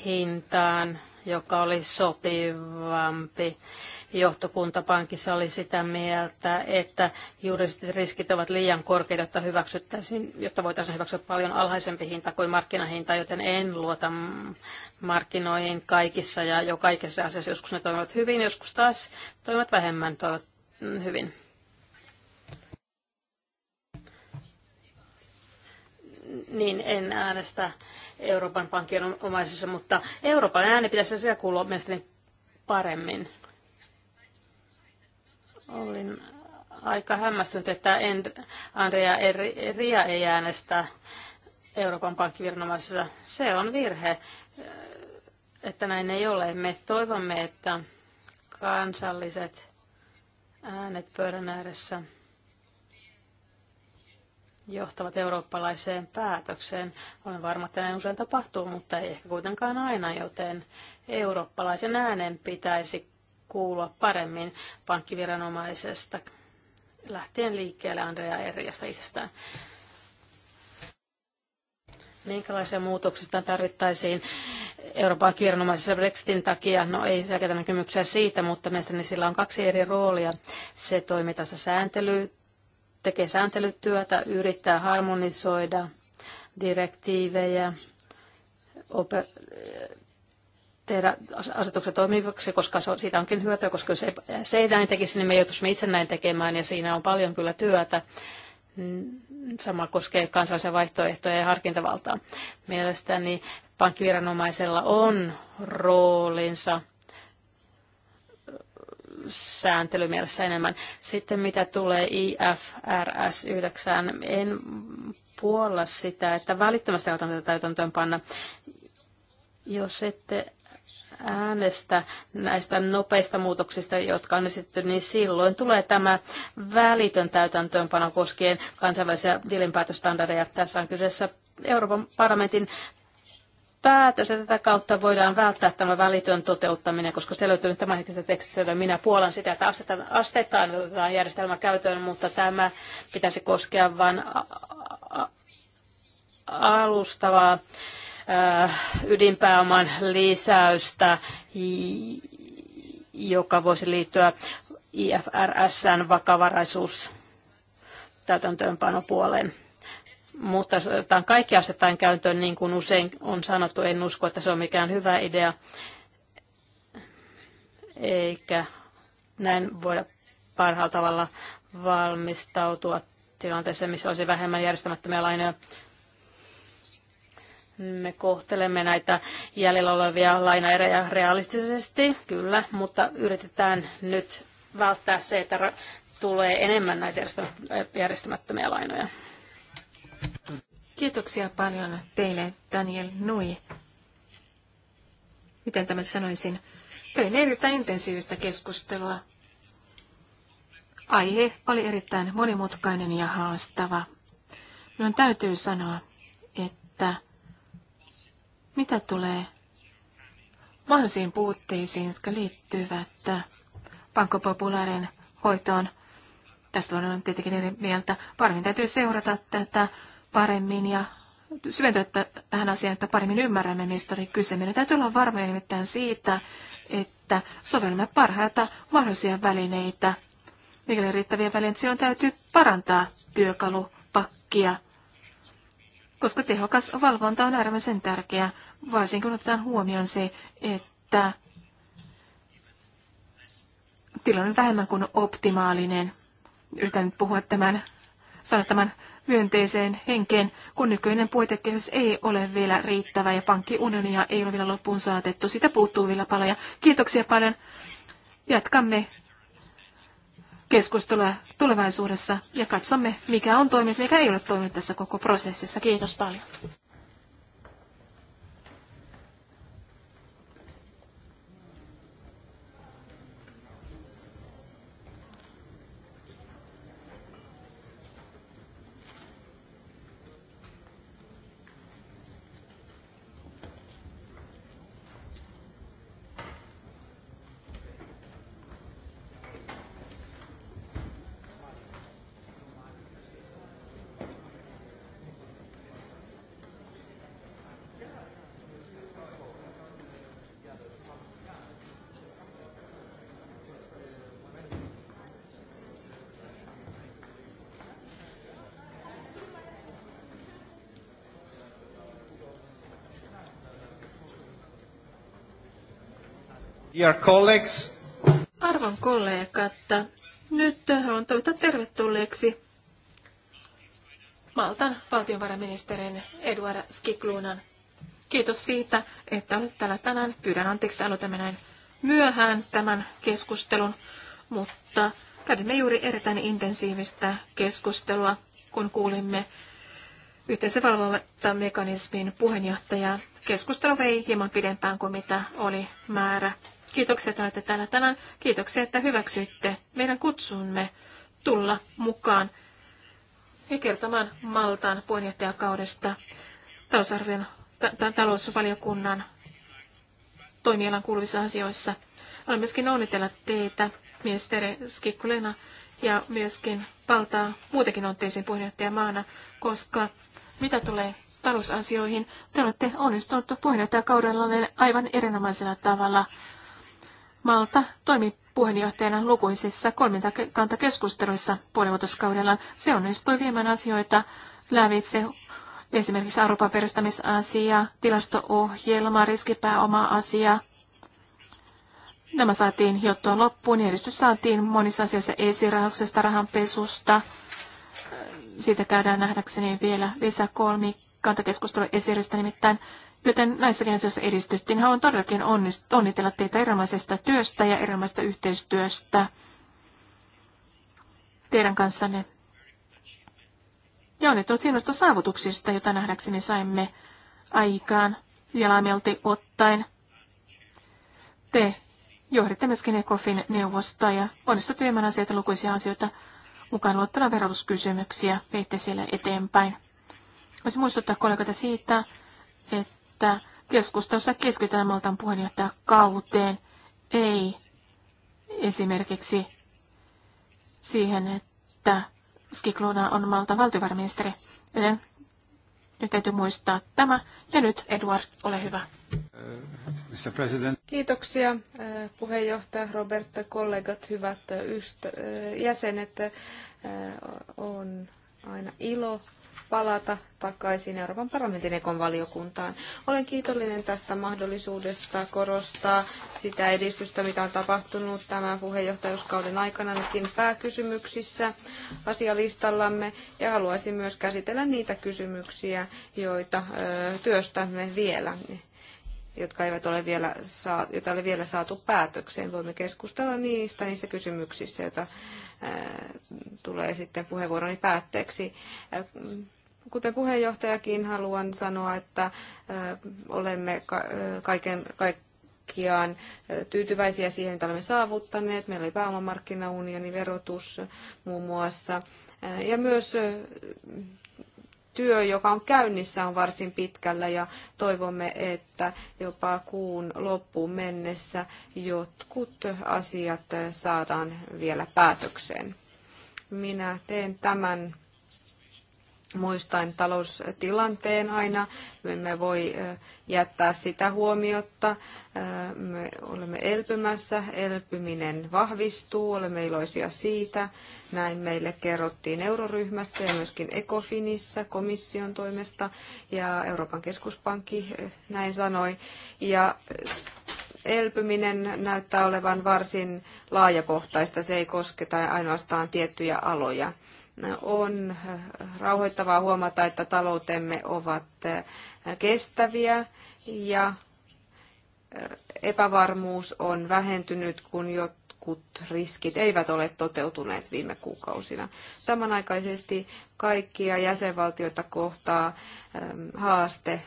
hintaan, joka oli sopivampi. Johtokuntapankissa oli sitä mieltä, että juuriset riskit ovat liian korkeita, jotta, hyväksyttäisiin, jotta voitaisiin hyväksyä paljon alhaisempi hinta kuin markkinahinta, joten en luota markkinoihin kaikissa ja jo kaikissa asiassa. Joskus ne toimivat hyvin, joskus taas toimivat vähemmän toimivat hyvin. niin en äänestä Euroopan pankin omaisessa, mutta Euroopan ääni pitäisi siellä kuulua mielestäni paremmin. Olin aika hämmästynyt, että Andrea Ria ei äänestä Euroopan pankkiviranomaisissa. Se on virhe, että näin ei ole. Me toivomme, että kansalliset äänet pöydän ääressä johtavat eurooppalaiseen päätökseen. Olen varma, että näin usein tapahtuu, mutta ei ehkä kuitenkaan aina, joten eurooppalaisen äänen pitäisi kuulua paremmin pankkiviranomaisesta lähtien liikkeelle Andrea Erjasta itsestään. Minkälaisia muutoksista tarvittaisiin Euroopan kirjanomaisessa Brexitin takia? No ei selkeitä näkemyksiä siitä, mutta mielestäni sillä on kaksi eri roolia. Se toimii tässä sääntelyyn tekee sääntelytyötä, yrittää harmonisoida direktiivejä, tehdä asetuksen toimivaksi, koska se on, siitä onkin hyötyä, koska jos se ei näin tekisi, niin me joutuisimme itse näin tekemään, ja siinä on paljon kyllä työtä. Sama koskee kansallisia vaihtoehtoja ja harkintavaltaa. Mielestäni pankkiviranomaisella on roolinsa – sääntelymielessä enemmän. Sitten mitä tulee IFRS 9, en puolla sitä, että välittömästi otan tätä täytäntöön panna. Jos ette äänestä näistä nopeista muutoksista, jotka on esitetty, niin silloin tulee tämä välitön täytäntöönpano koskien kansainvälisiä tilinpäätöstandardeja. Tässä on kyseessä Euroopan parlamentin päätös, ja tätä kautta voidaan välttää tämä välitön toteuttaminen, koska se löytyy nyt hetkisestä tekstistä, että minä puolan sitä, että asteittain otetaan järjestelmä käyttöön, mutta tämä pitäisi koskea vain alustavaa äh, ydinpääoman lisäystä, joka voisi liittyä IFRSn vakavaraisuus täytäntöönpanopuoleen. puoleen mutta otetaan kaikki asettaen käyttöön, niin kuin usein on sanottu, en usko, että se on mikään hyvä idea, eikä näin voida parhaalla tavalla valmistautua tilanteeseen, missä olisi vähemmän järjestämättömiä lainoja. Me kohtelemme näitä jäljellä olevia lainaerejä realistisesti, kyllä, mutta yritetään nyt välttää se, että tulee enemmän näitä järjestämättömiä lainoja. Kiitoksia paljon teille, Daniel Nui. Miten tämä sanoisin? Tein erittäin intensiivistä keskustelua. Aihe oli erittäin monimutkainen ja haastava. Minun täytyy sanoa, että mitä tulee mahdollisiin puutteisiin, jotka liittyvät pankkopopulaarin hoitoon. Tästä on tietenkin eri mieltä. parmin täytyy seurata tätä paremmin ja syventyä tähän asiaan, että paremmin ymmärrämme, mistä oli kyse. Meidän täytyy olla varmoja nimittäin siitä, että sovellamme parhaita mahdollisia välineitä. Mikäli riittäviä välineitä, silloin täytyy parantaa työkalupakkia, koska tehokas valvonta on äärimmäisen tärkeä, varsinkin kun otetaan huomioon se, että tilanne on vähemmän kuin optimaalinen. Yritän nyt puhua tämän saada tämän myönteiseen henkeen, kun nykyinen puitekehys ei ole vielä riittävä ja pankkiunionia ei ole vielä loppuun saatettu. Sitä puuttuu vielä paljon. Kiitoksia paljon. Jatkamme keskustelua tulevaisuudessa ja katsomme, mikä on toiminut, mikä ei ole toiminut tässä koko prosessissa. Kiitos paljon. Dear colleagues. Arvon kollegat, nyt haluan toivottaa tervetulleeksi Maltan valtionvarainministerin Eduard Skikluunan. Kiitos siitä, että olet täällä tänään. Pyydän anteeksi, aloitamme näin myöhään tämän keskustelun, mutta kävimme juuri erittäin intensiivistä keskustelua, kun kuulimme yhteisen valvontamekanismin puheenjohtajaa. Keskustelu vei hieman pidempään kuin mitä oli määrä. Kiitoksia, että olette täällä tänään. Kiitoksia, että hyväksyitte meidän kutsumme tulla mukaan ja kertomaan Maltaan puheenjohtajakaudesta talousarvion, talousvaliokunnan toimialan kuuluvissa asioissa. Olen myöskin onnitella teitä, ministeri Skikkulena, ja myöskin valtaa muutenkin otteisiin puheenjohtajamaana, koska mitä tulee talousasioihin, te olette onnistunut puheenjohtajakaudella aivan erinomaisella tavalla. Malta toimi puheenjohtajana lukuisissa kolmintakantakeskusteluissa puolivuotoskaudella. Se onnistui viemään asioita lävitse esimerkiksi Euroopan perustamisasia, tilastoohjelma, riskipääoma-asia. Nämä saatiin hiottua loppuun. Järjestys saatiin monissa asioissa esirahoksesta, rahanpesusta. Siitä käydään nähdäkseni vielä lisää kolmi esiristä nimittäin Joten näissäkin asioissa edistyttiin. Haluan todellakin onnitella teitä erilaisesta työstä ja erilaisesta yhteistyöstä teidän kanssanne. Ja onnittelut hienoista saavutuksista, joita nähdäkseni saimme aikaan jalamelti ottaen. Te johditte myöskin ECOFin neuvosta ja onnistutte viemään asioita lukuisia asioita mukaan luottuna verotuskysymyksiä veitte siellä eteenpäin. Voisin muistuttaa kollegoita siitä, että keskustassa keskitytään Maltan puheenjohtaja kauteen, ei esimerkiksi siihen, että Skikluna on Maltan valtiovarainministeri. Joten nyt täytyy muistaa tämä. Ja nyt Edward, ole hyvä. Kiitoksia äh, puheenjohtaja Roberta, kollegat, hyvät äh, ystä- äh, jäsenet. On aina ilo palata takaisin Euroopan parlamentin ekon valiokuntaan. Olen kiitollinen tästä mahdollisuudesta korostaa sitä edistystä, mitä on tapahtunut tämän puheenjohtajuuskauden aikana ainakin pääkysymyksissä asialistallamme ja haluaisin myös käsitellä niitä kysymyksiä, joita työstämme vielä jotka eivät ole vielä saa, joita ole vielä saatu päätökseen. Voimme keskustella niistä, niissä kysymyksissä, joita Äh, tulee sitten puheenvuoroni päätteeksi. Äh, kuten puheenjohtajakin haluan sanoa, että äh, olemme kaiken, kaikkiaan tyytyväisiä siihen, mitä olemme saavuttaneet. Meillä oli pääomamarkkinaunioni, verotus muun muassa. Ja myös työ, joka on käynnissä, on varsin pitkällä ja toivomme, että jopa kuun loppuun mennessä jotkut asiat saadaan vielä päätökseen. Minä teen tämän muistaen taloustilanteen aina. Me emme voi jättää sitä huomiota, Me olemme elpymässä, elpyminen vahvistuu, olemme iloisia siitä. Näin meille kerrottiin euroryhmässä ja myöskin Ecofinissa komission toimesta ja Euroopan keskuspankki näin sanoi. Ja elpyminen näyttää olevan varsin laajapohtaista, se ei kosketa ainoastaan tiettyjä aloja. On rauhoittavaa huomata, että taloutemme ovat kestäviä ja epävarmuus on vähentynyt, kun jotkut riskit eivät ole toteutuneet viime kuukausina. Samanaikaisesti kaikkia jäsenvaltioita kohtaa haaste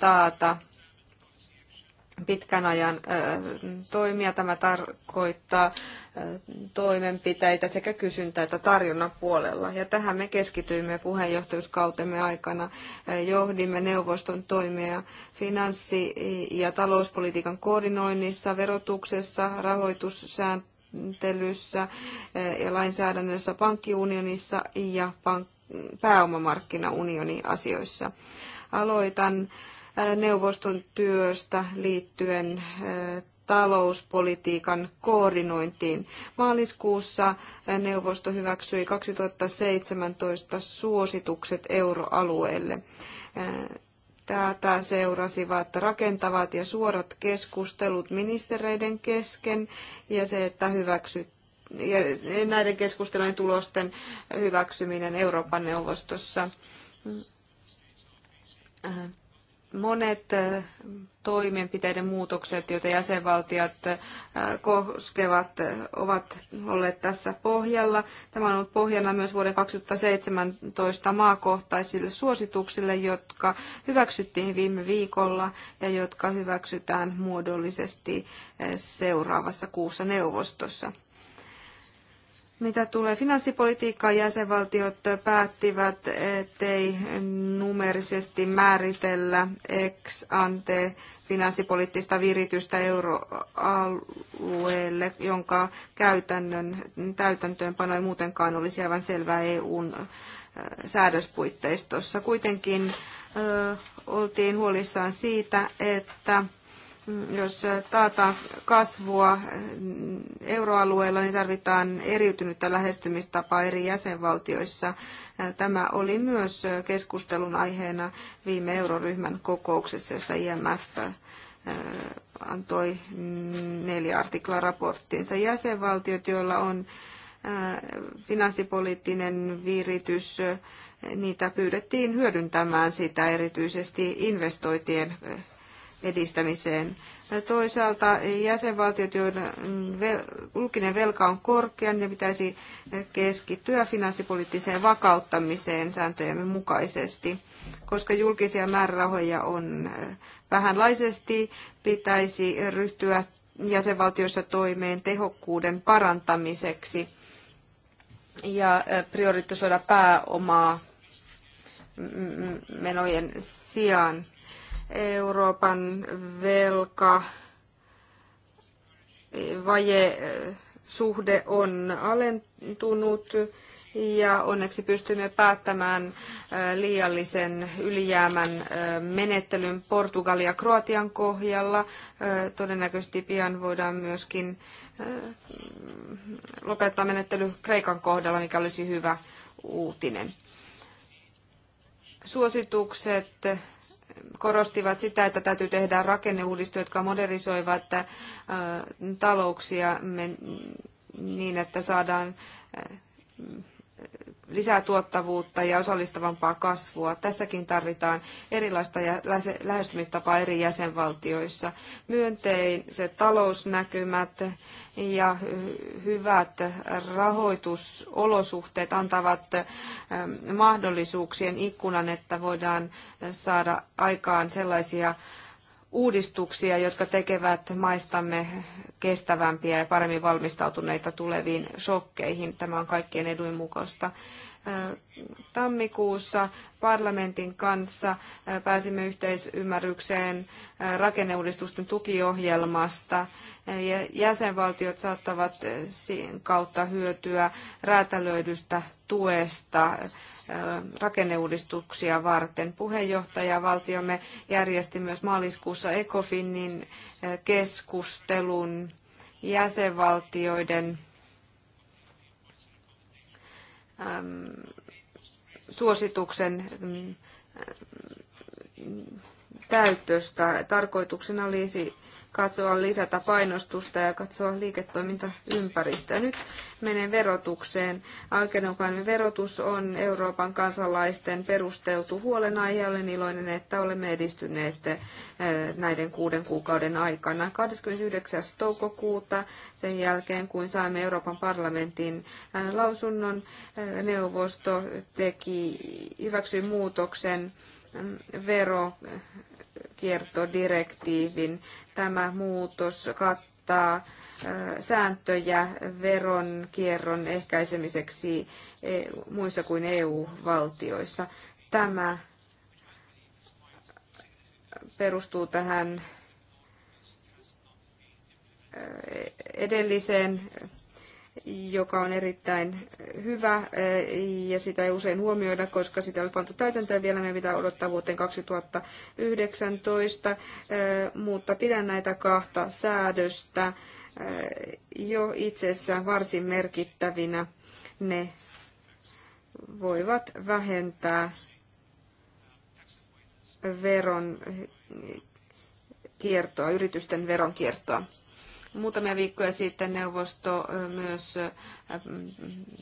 taata pitkän ajan toimia. Tämä tarkoittaa toimenpiteitä sekä kysyntä- että tarjonnan puolella. Ja tähän me keskityimme puheenjohtajuuskautemme aikana. Johdimme neuvoston toimia finanssi- ja talouspolitiikan koordinoinnissa, verotuksessa, rahoitussääntelyssä ja lainsäädännössä pankkiunionissa ja pank- pääomamarkkinaunioniasioissa. Aloitan neuvoston työstä liittyen talouspolitiikan koordinointiin. Maaliskuussa neuvosto hyväksyi 2017 suositukset euroalueelle. Tätä seurasivat rakentavat ja suorat keskustelut ministereiden kesken ja se, että hyväksyt ja näiden keskustelujen tulosten hyväksyminen Euroopan neuvostossa monet äh, toimenpiteiden muutokset, joita jäsenvaltiot äh, koskevat, äh, ovat olleet tässä pohjalla. Tämä on ollut pohjana myös vuoden 2017 maakohtaisille suosituksille, jotka hyväksyttiin viime viikolla ja jotka hyväksytään muodollisesti seuraavassa kuussa neuvostossa. Mitä tulee finanssipolitiikkaan, jäsenvaltiot päättivät, ettei numerisesti määritellä ex ante finanssipoliittista viritystä euroalueelle, jonka käytännön täytäntöönpano ei muutenkaan olisi aivan selvää EUn säädöspuitteistossa. Kuitenkin ö, oltiin huolissaan siitä, että jos taata kasvua euroalueella, niin tarvitaan eriytynyttä lähestymistapaa eri jäsenvaltioissa. Tämä oli myös keskustelun aiheena viime euroryhmän kokouksessa, jossa IMF äh, antoi neljä artikla raporttiinsa. Jäsenvaltiot, joilla on äh, finanssipoliittinen viritys, äh, niitä pyydettiin hyödyntämään sitä erityisesti investointien edistämiseen. Toisaalta jäsenvaltiot, joiden julkinen velka on korkea, ne pitäisi keskittyä finanssipoliittiseen vakauttamiseen sääntöjemme mukaisesti. Koska julkisia määrärahoja on vähänlaisesti, pitäisi ryhtyä jäsenvaltioissa toimeen tehokkuuden parantamiseksi ja prioritisoida pääomaa menojen sijaan Euroopan velka vaje suhde on alentunut ja onneksi pystymme päättämään liiallisen ylijäämän menettelyn Portugalia Kroatian kohdalla. Todennäköisesti pian voidaan myöskin lopettaa menettely Kreikan kohdalla, mikä olisi hyvä uutinen. Suositukset korostivat sitä, että täytyy tehdä rakenneuudistuksia, jotka modernisoivat äh, talouksia niin, että saadaan äh, lisää tuottavuutta ja osallistavampaa kasvua. Tässäkin tarvitaan erilaista lähestymistapaa eri jäsenvaltioissa. Myönteiset talousnäkymät ja hyvät rahoitusolosuhteet antavat mahdollisuuksien ikkunan, että voidaan saada aikaan sellaisia uudistuksia, jotka tekevät maistamme kestävämpiä ja paremmin valmistautuneita tuleviin shokkeihin. Tämä on kaikkien edun mukaista. Tammikuussa parlamentin kanssa pääsimme yhteisymmärrykseen rakenneuudistusten tukiohjelmasta. Jäsenvaltiot saattavat kautta hyötyä räätälöidystä tuesta rakenneuudistuksia varten. Puheenjohtaja valtiomme järjesti myös maaliskuussa ECOFINin keskustelun jäsenvaltioiden suosituksen täytöstä. Tarkoituksena olisi katsoa lisätä painostusta ja katsoa liiketoimintaympäristöä. Nyt menen verotukseen. Oikeudenmukainen verotus on Euroopan kansalaisten perusteltu huolenaihe. Olen iloinen, että olemme edistyneet eh, näiden kuuden kuukauden aikana. 29. toukokuuta sen jälkeen, kun saimme Euroopan parlamentin eh, lausunnon, eh, neuvosto teki, hyväksyi muutoksen mm, vero kiertodirektiivin tämä muutos kattaa sääntöjä veronkierron ehkäisemiseksi e, muissa kuin EU-valtioissa. Tämä perustuu tähän edelliseen joka on erittäin hyvä eh, ja sitä ei usein huomioida, koska sitä ei ole pantu täytäntöön vielä. Meidän pitää odottaa vuoteen 2019, eh, mutta pidän näitä kahta säädöstä eh, jo itsessään varsin merkittävinä. Ne voivat vähentää veron kiertoa, yritysten veronkiertoa. Muutamia viikkoja sitten neuvosto myös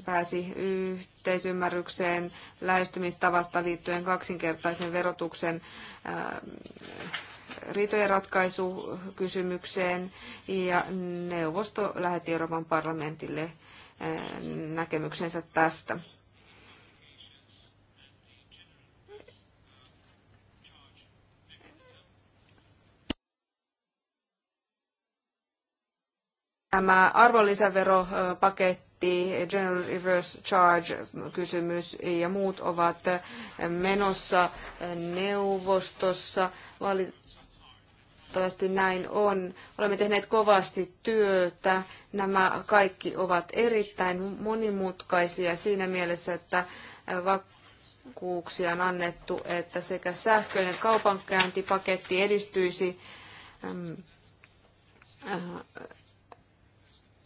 pääsi yhteisymmärrykseen lähestymistavasta liittyen kaksinkertaisen verotuksen riitojen ratkaisukysymykseen ja neuvosto lähetti Euroopan parlamentille näkemyksensä tästä. tämä arvonlisäveropaketti, General Reverse Charge-kysymys ja muut ovat menossa neuvostossa. Valitettavasti näin on. Olemme tehneet kovasti työtä. Nämä kaikki ovat erittäin monimutkaisia siinä mielessä, että vakuuksia on annettu, että sekä sähköinen kaupankäyntipaketti edistyisi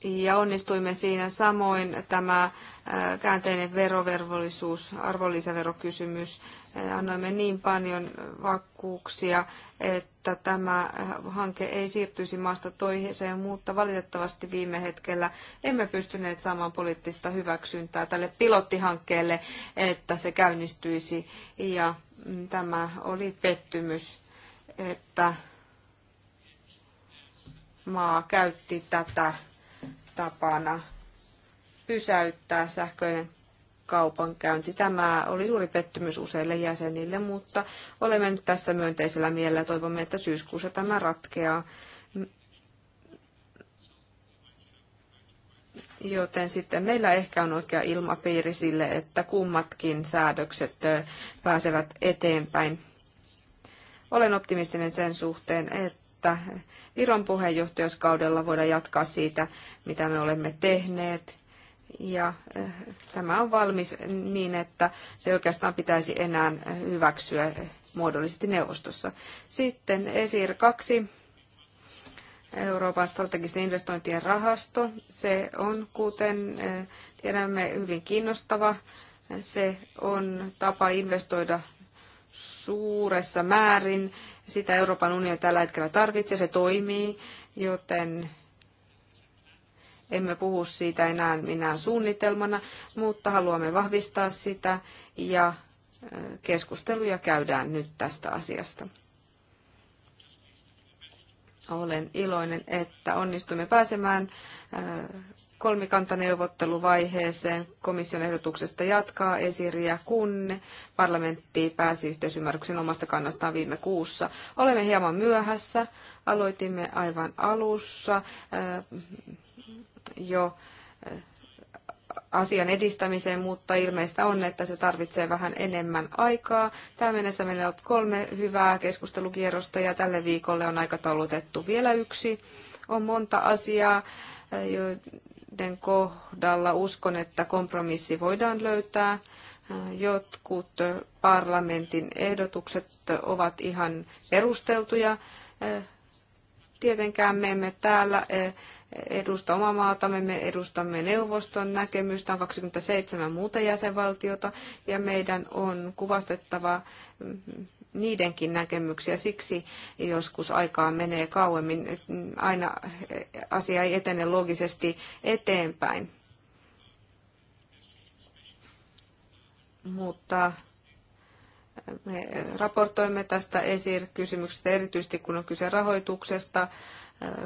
ja onnistuimme siinä. Samoin tämä äh, käänteinen verovervollisuus, arvonlisäverokysymys, äh, annoimme niin paljon vakuuksia, että tämä äh, hanke ei siirtyisi maasta toiseen, mutta valitettavasti viime hetkellä emme pystyneet saamaan poliittista hyväksyntää tälle pilottihankkeelle, että se käynnistyisi. Ja mm, tämä oli pettymys, että maa käytti tätä tapana pysäyttää sähköinen kaupankäynti. Tämä oli suuri pettymys useille jäsenille, mutta olemme nyt tässä myönteisellä mielellä ja toivomme, että syyskuussa tämä ratkeaa. Joten sitten meillä ehkä on oikea ilmapiiri sille, että kummatkin säädökset pääsevät eteenpäin. Olen optimistinen sen suhteen, että että Viron puheenjohtajuuskaudella voidaan jatkaa siitä, mitä me olemme tehneet. Ja eh, tämä on valmis niin, että se oikeastaan pitäisi enää hyväksyä muodollisesti neuvostossa. Sitten ESIR 2, Euroopan strategisten investointien rahasto. Se on, kuten eh, tiedämme, hyvin kiinnostava. Se on tapa investoida suuressa määrin. Sitä Euroopan unioni tällä hetkellä tarvitsee, se toimii, joten emme puhu siitä enää minä suunnitelmana, mutta haluamme vahvistaa sitä ja keskusteluja käydään nyt tästä asiasta. Olen iloinen, että onnistumme pääsemään kolmikantaneuvotteluvaiheeseen komission ehdotuksesta jatkaa esiriä, kun parlamentti pääsi yhteisymmärryksen omasta kannastaan viime kuussa. Olemme hieman myöhässä. Aloitimme aivan alussa äh, jo äh, asian edistämiseen, mutta ilmeistä on, että se tarvitsee vähän enemmän aikaa. Tähän mennessä meillä on ollut kolme hyvää keskustelukierrosta ja tälle viikolle on aikataulutettu vielä yksi. On monta asiaa äh, näiden kohdalla uskon, että kompromissi voidaan löytää. Jotkut parlamentin ehdotukset ovat ihan perusteltuja. Tietenkään me emme täällä edusta omaa maatamme, me edustamme neuvoston näkemystä, on 27 muuta jäsenvaltiota ja meidän on kuvastettava, niidenkin näkemyksiä. Siksi joskus aikaa menee kauemmin. Aina asia ei etene logisesti eteenpäin. Mutta me raportoimme tästä ESIR-kysymyksestä erityisesti, kun on kyse rahoituksesta,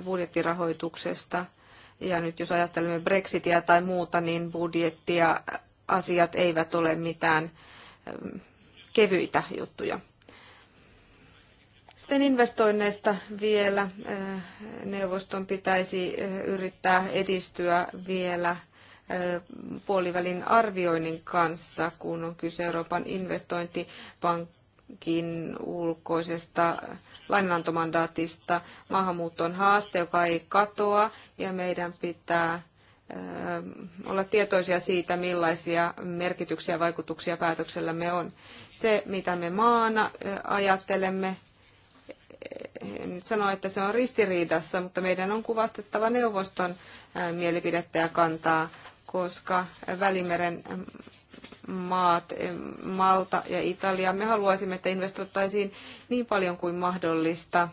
budjettirahoituksesta. Ja nyt jos ajattelemme Brexitia tai muuta, niin budjettia asiat eivät ole mitään kevyitä juttuja. Sitten investoinneista vielä. Äh, neuvoston pitäisi äh, yrittää edistyä vielä äh, puolivälin arvioinnin kanssa, kun on kyse Euroopan investointipankin ulkoisesta lainanantomandaatista. Maahanmuutto on haaste, joka ei katoa, ja meidän pitää olla tietoisia siitä, millaisia merkityksiä ja vaikutuksia päätöksellämme on. Se, mitä me maana ajattelemme, nyt sanoa, että se on ristiriidassa, mutta meidän on kuvastettava neuvoston mielipidettä ja kantaa, koska Välimeren maat, Malta ja Italia, me haluaisimme, että investoittaisiin niin paljon kuin mahdollista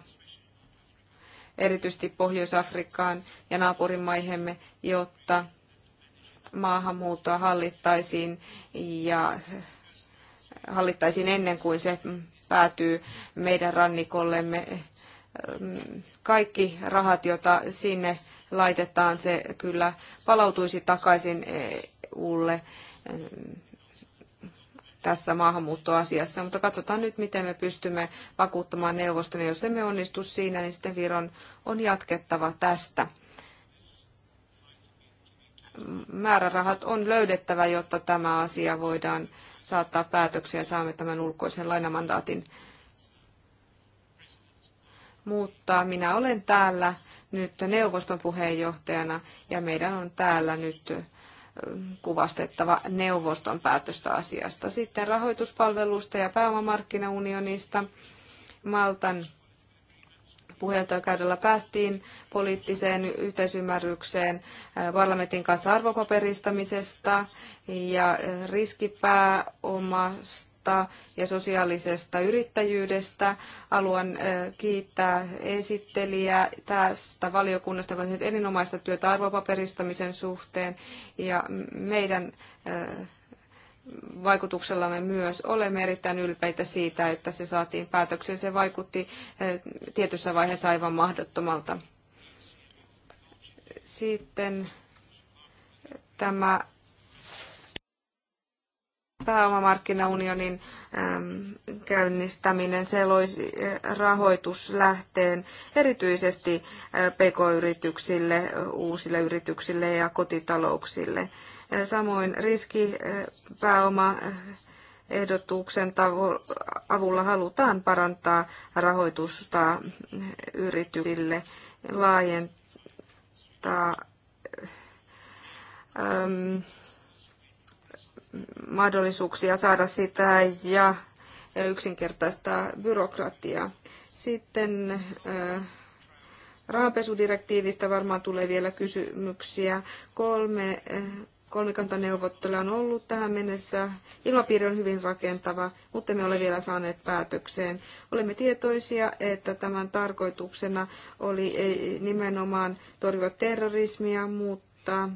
erityisesti Pohjois-Afrikkaan ja naapurimaihemme, jotta maahanmuuttoa hallittaisiin ja hallittaisiin ennen kuin se mm, päätyy meidän rannikollemme. Kaikki rahat, joita sinne laitetaan, se kyllä palautuisi takaisin EUlle tässä maahanmuuttoasiassa, mutta katsotaan nyt, miten me pystymme vakuuttamaan neuvoston, jos emme onnistu siinä, niin sitten Viron on jatkettava tästä. Määrärahat on löydettävä, jotta tämä asia voidaan saattaa päätöksiä ja saamme tämän ulkoisen lainamandaatin. Mutta minä olen täällä nyt neuvoston puheenjohtajana ja meidän on täällä nyt kuvastettava neuvoston päätöstä asiasta. Sitten rahoituspalvelusta ja pääomamarkkinaunionista. Maltan puheenjohtajakaudella päästiin poliittiseen yhteisymmärrykseen parlamentin kanssa arvopaperistamisesta ja riskipääomasta ja sosiaalisesta yrittäjyydestä. Haluan kiittää esittelijää tästä valiokunnasta, joka on nyt erinomaista työtä arvopaperistamisen suhteen ja meidän vaikutuksellamme myös olemme erittäin ylpeitä siitä, että se saatiin päätökseen. Se vaikutti eh, tietyssä vaiheessa aivan mahdottomalta. Sitten tämä pääomamarkkinaunionin ehm, käynnistäminen, se loisi eh, rahoituslähteen erityisesti eh, pk-yrityksille, uusille yrityksille ja kotitalouksille. Samoin riskipääoma eh, ehdotuksen avulla halutaan parantaa rahoitusta eh, yrityksille, laajentaa äm, ehm, mahdollisuuksia saada sitä ja yksinkertaistaa byrokratiaa. Sitten äh, eh, rahanpesudirektiivistä varmaan tulee vielä kysymyksiä. Kolme äh, kolmikantaneuvotteluja on ollut tähän mennessä. Ilmapiiri on hyvin rakentava, mutta me ole vielä saaneet päätökseen. Olemme tietoisia, että tämän tarkoituksena oli eh, nimenomaan torjua terrorismia, mutta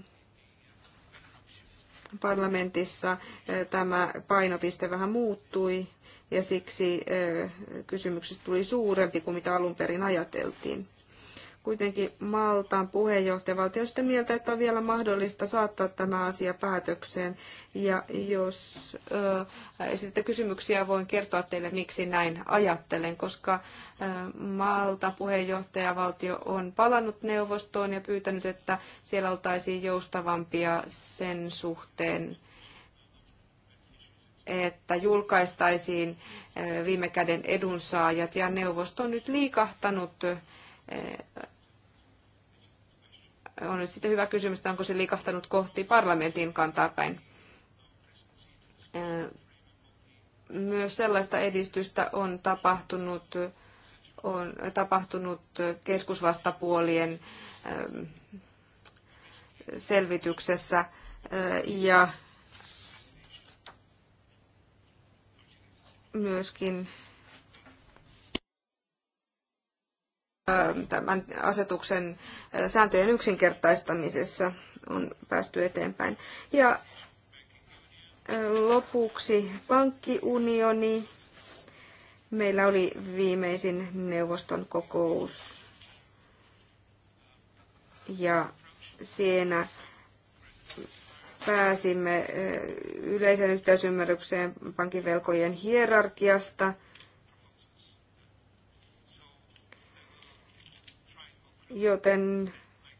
parlamentissa eh, tämä painopiste vähän muuttui ja siksi eh, kysymyksestä tuli suurempi kuin mitä alun perin ajateltiin. Kuitenkin Maltaan puheenjohtaja valtio sitä mieltä, että on vielä mahdollista saattaa tämä asia päätökseen. Ja jos äh, esitätte kysymyksiä, voin kertoa teille, miksi näin ajattelen, koska äh, Malta puheenjohtajavaltio on palannut neuvostoon ja pyytänyt, että siellä oltaisiin joustavampia sen suhteen, että julkaistaisiin viime käden edunsaajat ja neuvosto on nyt liikahtanut on nyt sitten hyvä kysymys, että onko se liikahtanut kohti parlamentin kantaa päin. Myös sellaista edistystä on tapahtunut, on tapahtunut keskusvastapuolien selvityksessä ja myöskin tämän asetuksen sääntöjen yksinkertaistamisessa on päästy eteenpäin. Ja lopuksi pankkiunioni. Meillä oli viimeisin neuvoston kokous ja siinä pääsimme yleisen yhteisymmärrykseen pankin hierarkiasta – Joten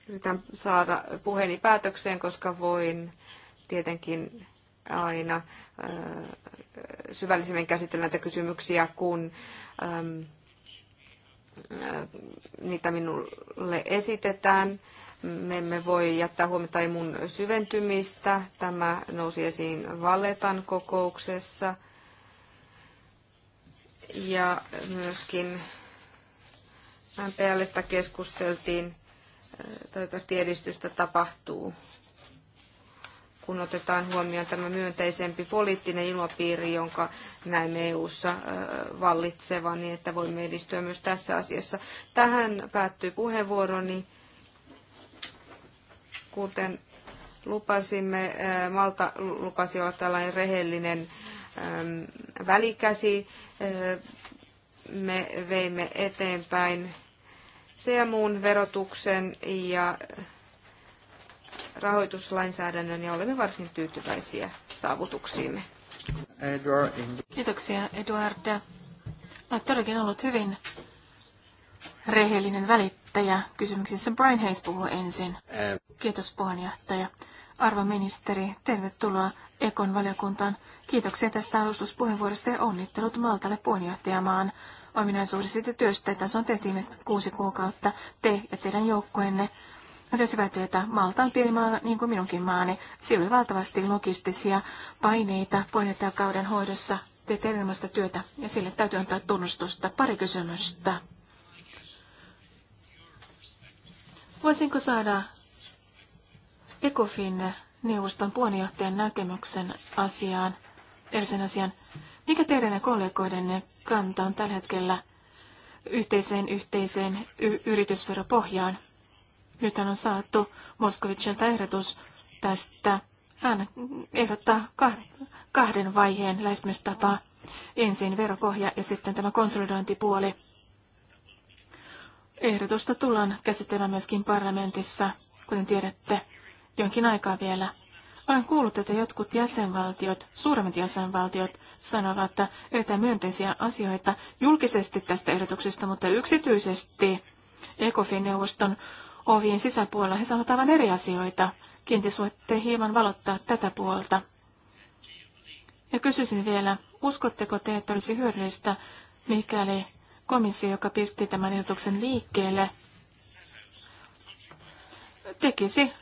yritän saada puheeni päätökseen, koska voin tietenkin aina syvällisemmin käsitellä näitä kysymyksiä, kun niitä minulle esitetään. Me emme voi jättää huomiota mun syventymistä. Tämä nousi esiin Valletan kokouksessa. Ja myöskin MPLstä keskusteltiin. Äh, toivottavasti edistystä tapahtuu, kun otetaan huomioon tämä myönteisempi poliittinen ilmapiiri, jonka näemme EU-ssa äh, vallitsevan, niin että voimme edistyä myös tässä asiassa. Tähän päättyy puheenvuoroni. Kuten lupasimme, äh, Malta lupasi olla tällainen rehellinen ähm, välikäsi. Me veimme eteenpäin muun verotuksen ja rahoituslainsäädännön ja olemme varsin tyytyväisiä saavutuksiimme. Kiitoksia Eduard. Olet no, todellakin ollut hyvin rehellinen välittäjä. Kysymyksessä Brian Hayes puhuu ensin. Eh. Kiitos puheenjohtaja. Arvo ministeri, tervetuloa Ekon valiokuntaan. Kiitoksia tästä alustuspuheenvuorosta ja onnittelut Maltalle puheenjohtajamaan ominaisuudesta siitä työstä. että Tässä on tehty viimeiset kuusi kuukautta. Te ja teidän joukkoenne on tehty hyvää työtä. Malta on pieni maa, niin kuin minunkin maani. Siellä oli valtavasti logistisia paineita kauden hoidossa. Teet erinomaista työtä ja sille täytyy antaa tunnustusta. Pari kysymystä. Voisinko saada ECOFIN neuvoston puheenjohtajan näkemyksen asiaan, erisen asian mikä teidän ja kollegoidenne kanta on tällä hetkellä yhteiseen yhteiseen y- yritysveropohjaan? Nythän on saatu Moskovitsilta ehdotus tästä. Hän ehdottaa kahden vaiheen lähestymistapaa. Ensin veropohja ja sitten tämä konsolidointipuoli. Ehdotusta tullaan käsittelemään myöskin parlamentissa, kuten tiedätte, jonkin aikaa vielä. Olen kuullut, että jotkut jäsenvaltiot, suuremmat jäsenvaltiot, sanovat erittäin myönteisiä asioita julkisesti tästä ehdotuksesta, mutta yksityisesti ECOFIN-neuvoston ovien sisäpuolella he sanovat aivan eri asioita. Kenties voitte hieman valottaa tätä puolta. Ja kysyisin vielä, uskotteko te, että olisi hyödyllistä, mikäli komissio, joka pisti tämän ehdotuksen liikkeelle, tekisi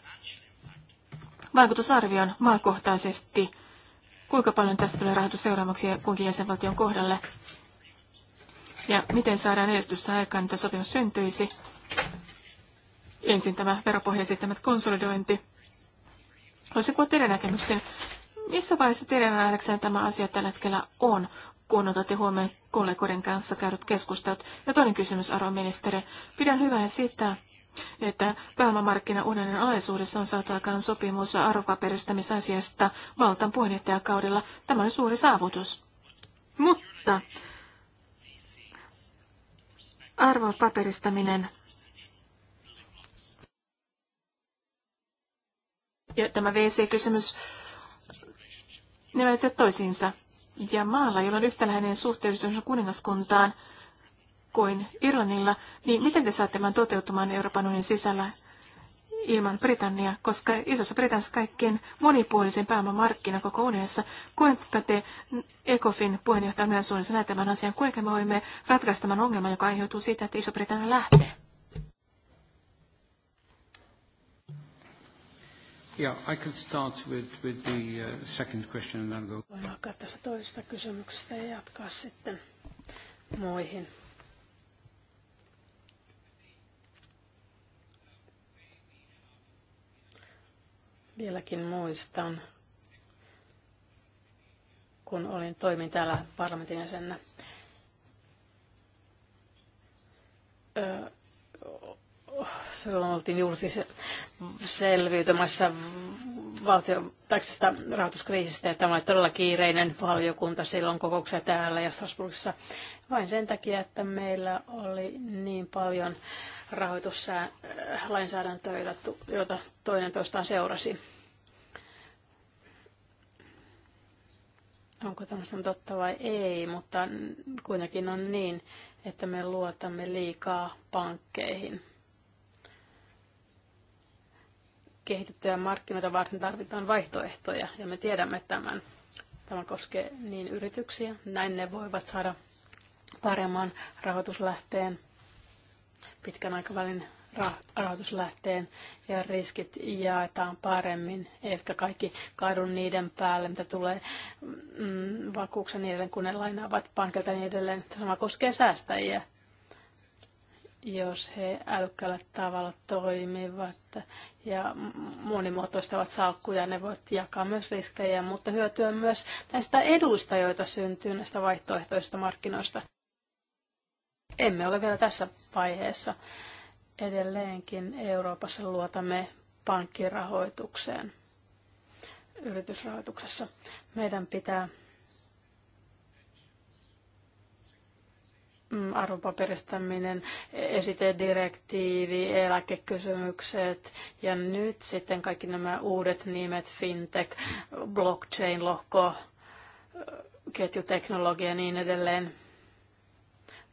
vaikutusarvion maakohtaisesti, kuinka paljon tästä tulee ja kunkin jäsenvaltion kohdalle, ja miten saadaan edistystä aikaan, että sopimus syntyisi. Ensin tämä veropohja esittämä konsolidointi. Voisin kuulla teidän näkemyksen. Missä vaiheessa teidän nähdäkseen tämä asia tällä hetkellä on, kun otatte huomioon kollegoiden kanssa käydyt keskustelut? Ja toinen kysymys, arvon ministeri. Pidän hyvänä sitä, että pääomamarkkinaunionin alaisuudessa on saatu aikaan sopimus arvopaperistamisasiasta valtan puheenjohtajakaudella. Tämä oli suuri saavutus. Mutta arvopaperistaminen ja tämä VC-kysymys, ne liittyvät toisiinsa. Ja maalla, jolla on yhtäläinen suhteellisuus kuningaskuntaan, kuin Irlannilla, niin miten te saatte tämän toteutumaan Euroopan unionin sisällä ilman Britanniaa, koska Isossa Britanniassa kaikkein monipuolisen pääomamarkkina koko unionissa. Kuinka te ECOFIN puheenjohtajana suunnassa näet tämän asian? Kuinka me voimme ratkaista tämän ongelman, joka aiheutuu siitä, että Iso-Britannia lähtee? Yeah, I can start with, with the uh, second question and then go. Voin alkaa tästä toisesta kysymyksestä ja jatkaa sitten muihin. Vieläkin muistan, kun olin toimin täällä parlamentin jäsenä. silloin oltiin juuri selviytymässä valtion tästä siis rahoituskriisistä ja tämä oli todella kiireinen valiokunta silloin kokouksessa täällä ja Strasbourgissa vain sen takia, että meillä oli niin paljon rahoituslainsäädäntöä, jota toinen toistaan seurasi. Onko tämmöistä totta vai ei, mutta kuitenkin on niin, että me luotamme liikaa pankkeihin. Kehitettyjä markkinoita varten tarvitaan vaihtoehtoja ja me tiedämme tämän. Tämä koskee niin yrityksiä, näin ne voivat saada paremman rahoituslähteen pitkän aikavälin rahoituslähteen ja riskit jaetaan paremmin, eivätkä kaikki kaadu niiden päälle, mitä tulee mm, vakuuksen niiden, kun ne lainaavat pankilta niin edelleen. Sama koskee säästäjiä, jos he älykkäällä tavalla toimivat ja monimuotoistavat salkkuja, ne voivat jakaa myös riskejä, mutta hyötyä myös näistä eduista, joita syntyy näistä vaihtoehtoisista markkinoista emme ole vielä tässä vaiheessa. Edelleenkin Euroopassa luotamme pankkirahoitukseen yritysrahoituksessa. Meidän pitää mm, arvopaperistaminen, esitedirektiivi, eläkekysymykset ja nyt sitten kaikki nämä uudet nimet, fintech, blockchain-lohko, ketjuteknologia ja niin edelleen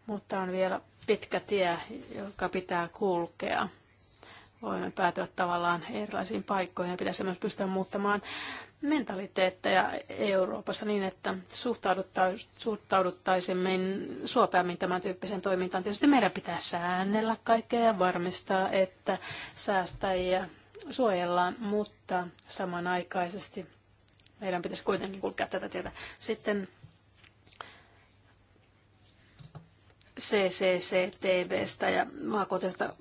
mutta on vielä pitkä tie, joka pitää kulkea. Voimme päätyä tavallaan erilaisiin paikkoihin ja pitäisi myös pystyä muuttamaan mentaliteetteja Euroopassa niin, että suhtauduttaisimme suopeammin tämän tyyppiseen toimintaan. Tietysti meidän pitää säännellä kaikkea ja varmistaa, että säästäjiä suojellaan, mutta samanaikaisesti meidän pitäisi kuitenkin kulkea tätä tietä. Sitten CCCTVstä ja maakohtaisesta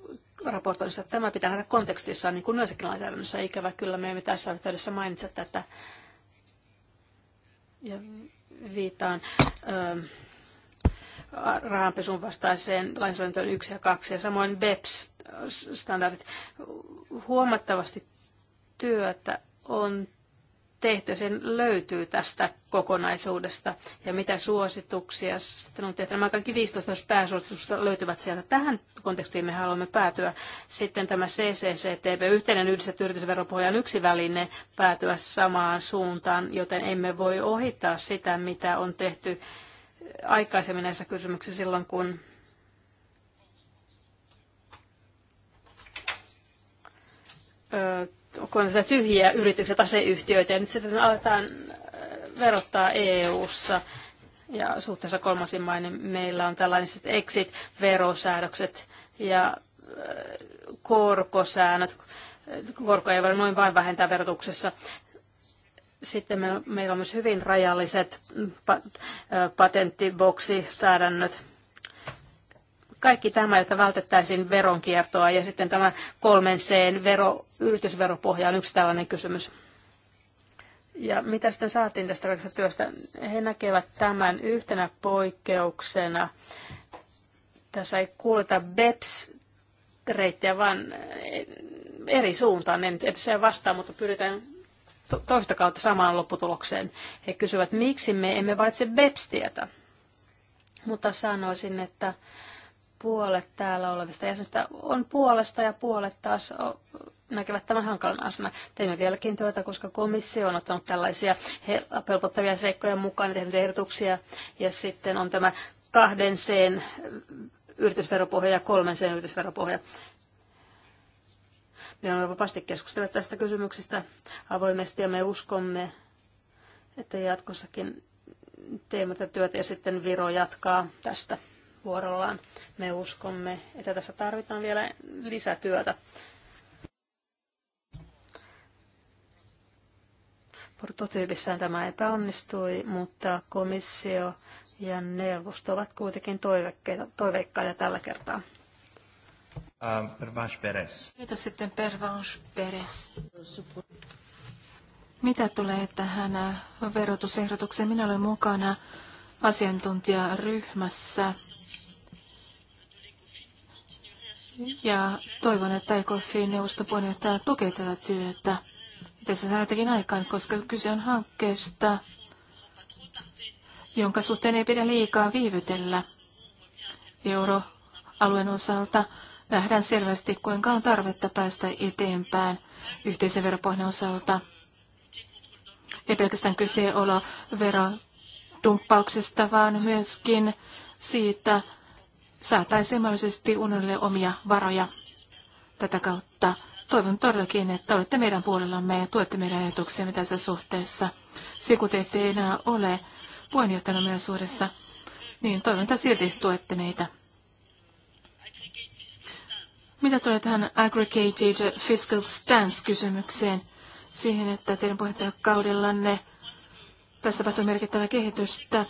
raportoinnista. Tämä pitää nähdä kontekstissa niin kuin yleensäkin lainsäädännössä. Ikävä kyllä me emme tässä yhteydessä mainitse tätä. Ja viitaan ö, ähm, rahanpesun vastaiseen lainsäädäntöön 1 ja 2 ja samoin BEPS-standardit. Huomattavasti työtä on tehty, sen löytyy tästä kokonaisuudesta ja mitä suosituksia sitten on tehty. Nämä kaikki 15 pääsuositusta löytyvät sieltä. Tähän kontekstiin me haluamme päätyä. Sitten tämä CCCTV, yhteinen yhdistetty yritysveropohja on yksi väline päätyä samaan suuntaan, joten emme voi ohittaa sitä, mitä on tehty aikaisemmin näissä kysymyksissä silloin, kun öö, kohdallisia tyhjiä yrityksiä, taseyhtiöitä, ja nyt niin sitten aletaan äh, verottaa EU-ssa. Ja suhteessa kolmansiin maihin niin meillä on tällaiset exit-verosäädökset ja äh, korkosäännöt. Korko ei voi noin vain vähentää verotuksessa. Sitten meillä on myös hyvin rajalliset äh, patenttiboksisäädännöt. säädännöt kaikki tämä, jotta vältettäisiin veronkiertoa ja sitten tämä kolmen C vero, yritysveropohja on yksi tällainen kysymys. Ja mitä sitten saatiin tästä kaikesta työstä? He näkevät tämän yhtenä poikkeuksena. Tässä ei kuuleta BEPS-reittiä, vaan eri suuntaan. En se vastaa, mutta pyritään toista kautta samaan lopputulokseen. He kysyvät, miksi me emme valitse BEPS-tietä. Mutta sanoisin, että puolet täällä olevista jäsenistä on puolesta ja puolet taas näkevät tämän hankalana asena. Teimme vieläkin työtä, koska komissio on ottanut tällaisia helpottavia seikkoja mukaan ja tehnyt ehdotuksia. Ja sitten on tämä kahden seen yritysveropohja ja kolmen seen yritysveropohja. Me olemme vapaasti keskustelleet tästä kysymyksistä avoimesti ja me uskomme, että jatkossakin teemme tätä työtä ja sitten Viro jatkaa tästä vuorollaan. Me uskomme, että tässä tarvitaan vielä lisätyötä. Prototyypissään tämä epäonnistui, mutta komissio ja neuvosto ovat kuitenkin toiveikkaita tällä kertaa. Uh, Perez. Kiitos sitten Pervanche Perez. Mitä tulee tähän äh, verotusehdotukseen? Minä olen mukana asiantuntijaryhmässä, ja toivon, että ECOFIN neuvosto puheenjohtaja tukee tätä työtä. se sanotakin aikaan, koska kyse on hankkeesta, jonka suhteen ei pidä liikaa viivytellä. Euroalueen osalta nähdään selvästi, kuinka on tarvetta päästä eteenpäin yhteisen veropohjan osalta. Ei pelkästään kyse ole verodumppauksesta, vaan myöskin siitä, saataisiin mahdollisesti unionille omia varoja tätä kautta. Toivon todellakin, että olette meidän puolellamme ja tuette meidän ajatuksiamme tässä suhteessa. kun te ette enää ole puheenjohtajana myösuudessa, niin toivon, että silti tuette meitä. Mitä tulee tähän aggregated fiscal stance-kysymykseen, siihen, että teidän puheenjohtajakaudellanne tässä tapahtuu merkittävää kehitystä,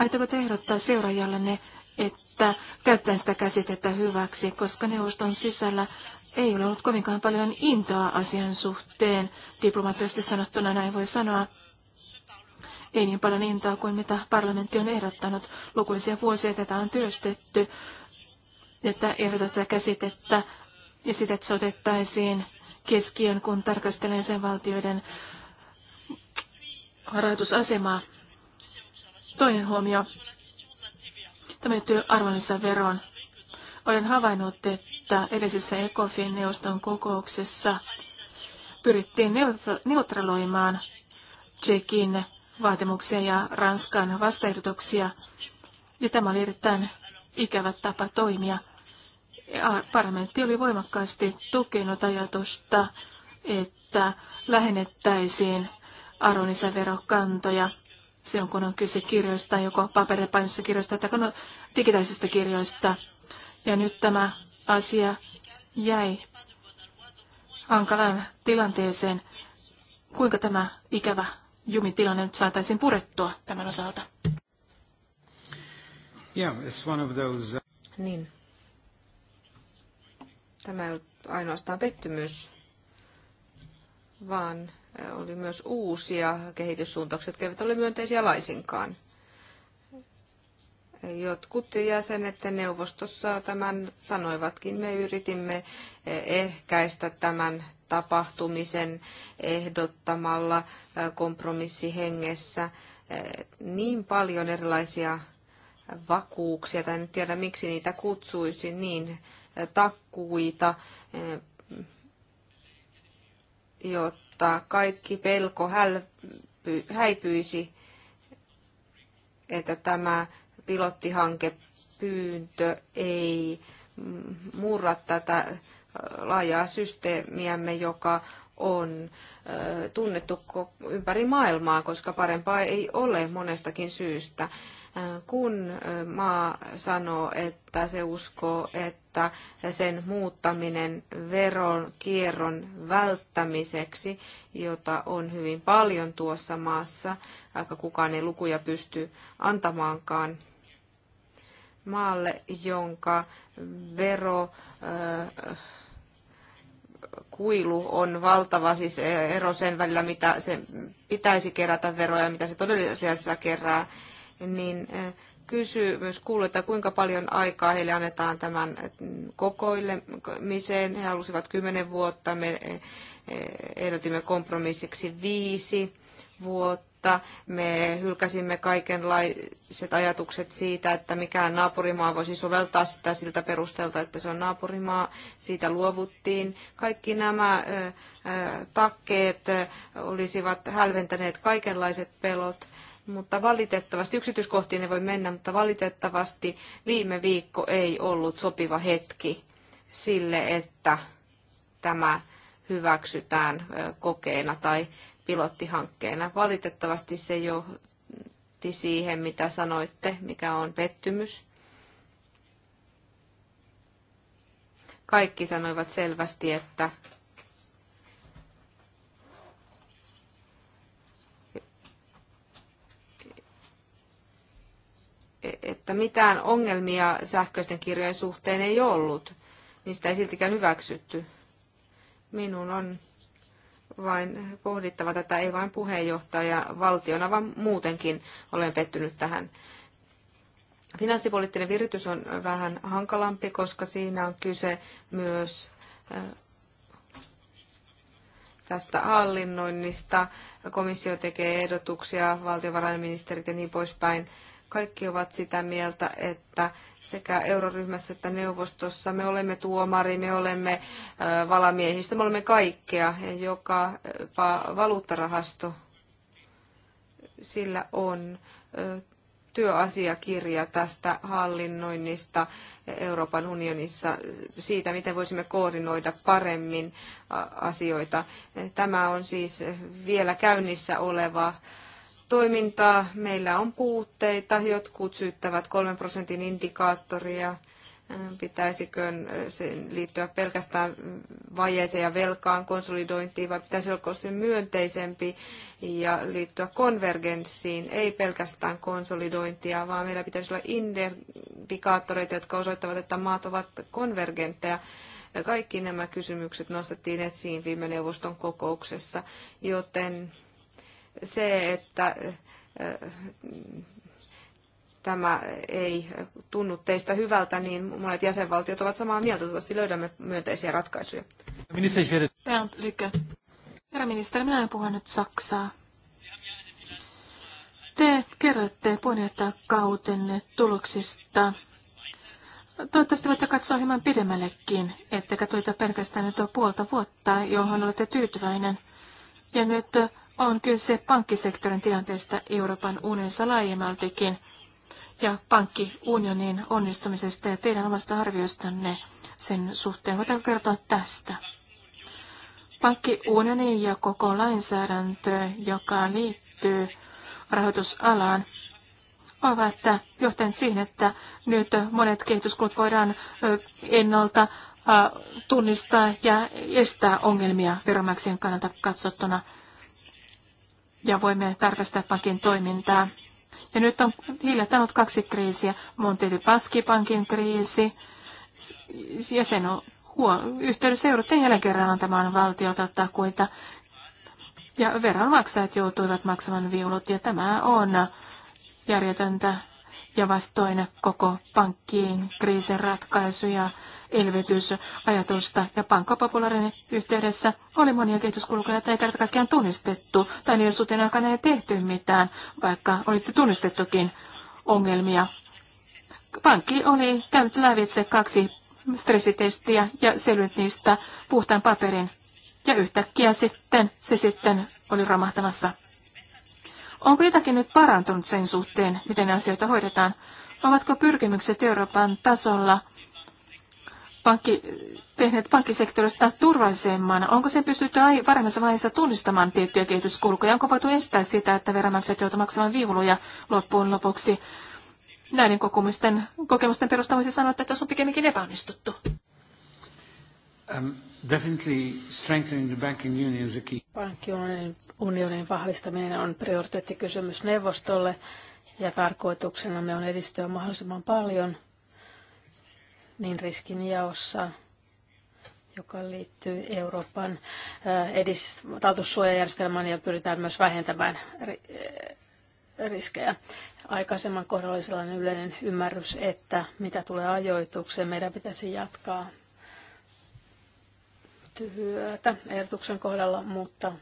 Aitako te ehdottaa seuraajallenne että käyttäen sitä käsitettä hyväksi, koska neuvoston sisällä ei ole ollut kovinkaan paljon intoa asian suhteen. Diplomaattisesti sanottuna näin voi sanoa. Ei niin paljon intoa kuin mitä parlamentti on ehdottanut. Lukuisia vuosia tätä on työstetty, että ehdotetaan käsitettä ja sitä, että se otettaisiin keskiön, kun tarkastelee sen valtioiden rahoitusasemaa. Toinen huomio Tämä liittyy veron Olen havainnut, että edellisessä ECOFIN neuvoston kokouksessa pyrittiin neutraloimaan Tsekin vaatimuksia ja Ranskan vastaehdotuksia. Ja tämä oli erittäin ikävä tapa toimia. Parlamentti oli voimakkaasti tukenut ajatusta, että lähennettäisiin arvonlisäverokantoja silloin, kun on kyse kirjoista, joko paperipainossa kirjoista tai digitaalisista kirjoista. Ja nyt tämä asia jäi hankalaan tilanteeseen. Kuinka tämä ikävä jumitilanne nyt saataisiin purettua tämän osalta? Yeah, it's one of those... Uh, niin. Tämä ei ole ainoastaan pettymys, vaan oli myös uusia kehityssuuntauksia, jotka eivät ole myönteisiä laisinkaan. Jotkut jäsenet neuvostossa tämän sanoivatkin. Me yritimme ehkäistä tämän tapahtumisen ehdottamalla kompromissihengessä niin paljon erilaisia vakuuksia, tai en tiedä miksi niitä kutsuisi, niin takkuita, jotta kohtaa kaikki pelko hälpy, häipyisi, että tämä pilottihankepyyntö ei murra tätä laajaa systeemiämme, joka on tunnettu ympäri maailmaa, koska parempaa ei ole monestakin syystä. Äh, kun äh, maa sanoo, että se uskoo, että sen muuttaminen veron kierron välttämiseksi, jota on hyvin paljon tuossa maassa, vaikka kukaan ei lukuja pysty antamaankaan maalle, jonka vero äh, kuilu on valtava, siis ero sen välillä, mitä se pitäisi kerätä veroja, mitä se todellisessa kerää, niin myös kuului, että kuinka paljon aikaa heille annetaan tämän kokoilemiseen. He halusivat kymmenen vuotta, me ehdotimme kompromissiksi viisi vuotta. Me hylkäsimme kaikenlaiset ajatukset siitä, että mikään naapurimaa voisi soveltaa sitä siltä perusteelta, että se on naapurimaa. Siitä luovuttiin. Kaikki nämä takkeet olisivat hälventäneet kaikenlaiset pelot mutta valitettavasti, yksityiskohtiin ei voi mennä, mutta valitettavasti viime viikko ei ollut sopiva hetki sille, että tämä hyväksytään kokeena tai pilottihankkeena. Valitettavasti se johti siihen, mitä sanoitte, mikä on pettymys. Kaikki sanoivat selvästi, että että mitään ongelmia sähköisten kirjojen suhteen ei ollut. Niistä ei siltikään hyväksytty. Minun on vain pohdittava tätä, ei vain puheenjohtaja valtiona, vaan muutenkin olen pettynyt tähän. Finanssipoliittinen viritys on vähän hankalampi, koska siinä on kyse myös äh, tästä hallinnoinnista. Komissio tekee ehdotuksia, valtiovarainministerit ja niin poispäin. Kaikki ovat sitä mieltä, että sekä euroryhmässä että neuvostossa me olemme tuomari, me olemme valamiehistö, me olemme kaikkea, ja joka valuuttarahasto sillä on työasiakirja tästä hallinnoinnista Euroopan unionissa, siitä miten voisimme koordinoida paremmin asioita. Tämä on siis vielä käynnissä oleva toimintaa. Meillä on puutteita. Jotkut syyttävät kolmen prosentin indikaattoria. Pitäisikö sen liittyä pelkästään vajeeseen ja velkaan konsolidointiin vai pitäisikö se myönteisempi ja liittyä konvergenssiin, ei pelkästään konsolidointia, vaan meillä pitäisi olla indikaattoreita, jotka osoittavat, että maat ovat konvergentteja. Kaikki nämä kysymykset nostettiin etsiin viime neuvoston kokouksessa, joten se, että tämä ei tunnu teistä hyvältä, niin monet jäsenvaltiot ovat samaa mieltä. Toivottavasti löydämme myönteisiä ratkaisuja. Ministeri Lykkö. Herra ministeri, minä en puhunut Saksaa. Te kerrotte kautenne tuloksista. Toivottavasti voitte katsoa hieman pidemmällekin, ettekä tuota pelkästään nyt tuo puolta vuotta, johon olette tyytyväinen. Ja nyt on kyse pankkisektorin tilanteesta Euroopan unionissa laajemmaltikin ja pankkiunionin onnistumisesta ja teidän omasta arviostanne sen suhteen. Voitanko kertoa tästä? Pankkiunioni ja koko lainsäädäntö, joka liittyy rahoitusalaan, ovat johtaneet siihen, että nyt monet kehityskulut voidaan ennalta tunnistaa ja estää ongelmia veronmaksajien kannalta katsottuna ja voimme tarkastaa pankin toimintaa. Ja nyt on hiljattanut kaksi kriisiä, Montevi Paskipankin kriisi, ja sen on huo, yhteydessä jouduttiin jälleen kerran antamaan valtiota takuita, ja veronmaksajat joutuivat maksamaan viulut, ja tämä on järjetöntä ja vastoin koko pankkiin kriisin ratkaisuja Elvytys, ajatusta Ja pankkopopulaarin yhteydessä oli monia kehityskulkuja, että ei kerta kaikkiaan tunnistettu, tai niiden suhteen aikana ei tehty mitään, vaikka olisi tunnistettukin ongelmia. Pankki oli käynyt lävitse kaksi stressitestiä ja selvinnyt niistä puhtaan paperin. Ja yhtäkkiä sitten se sitten oli romahtamassa. Onko jotakin nyt parantunut sen suhteen, miten asioita hoidetaan? Ovatko pyrkimykset Euroopan tasolla pankki, tehneet pankkisektorista turvallisemman? Onko se pystytty varhaisessa vaiheessa tunnistamaan tiettyjä kehityskulkuja? Onko voitu estää sitä, että veronmaksajat joutuvat maksamaan viivuluja loppuun lopuksi? Näiden kokemusten, kokemusten perusteella voisi sanoa, että tässä on pikemminkin epäonnistuttu. Um, definitely strengthening the banking union is a key. Pankkiunionin unionin vahvistaminen on prioriteettikysymys neuvostolle ja tarkoituksena me on edistyä mahdollisimman paljon – niin riskinjaossa, joka liittyy Euroopan edis- taltussuojajärjestelmään ja pyritään myös vähentämään riskejä. Aikaisemman kohdalla oli sellainen yleinen ymmärrys, että mitä tulee ajoitukseen, meidän pitäisi jatkaa työtä ehdotuksen kohdalla, mutta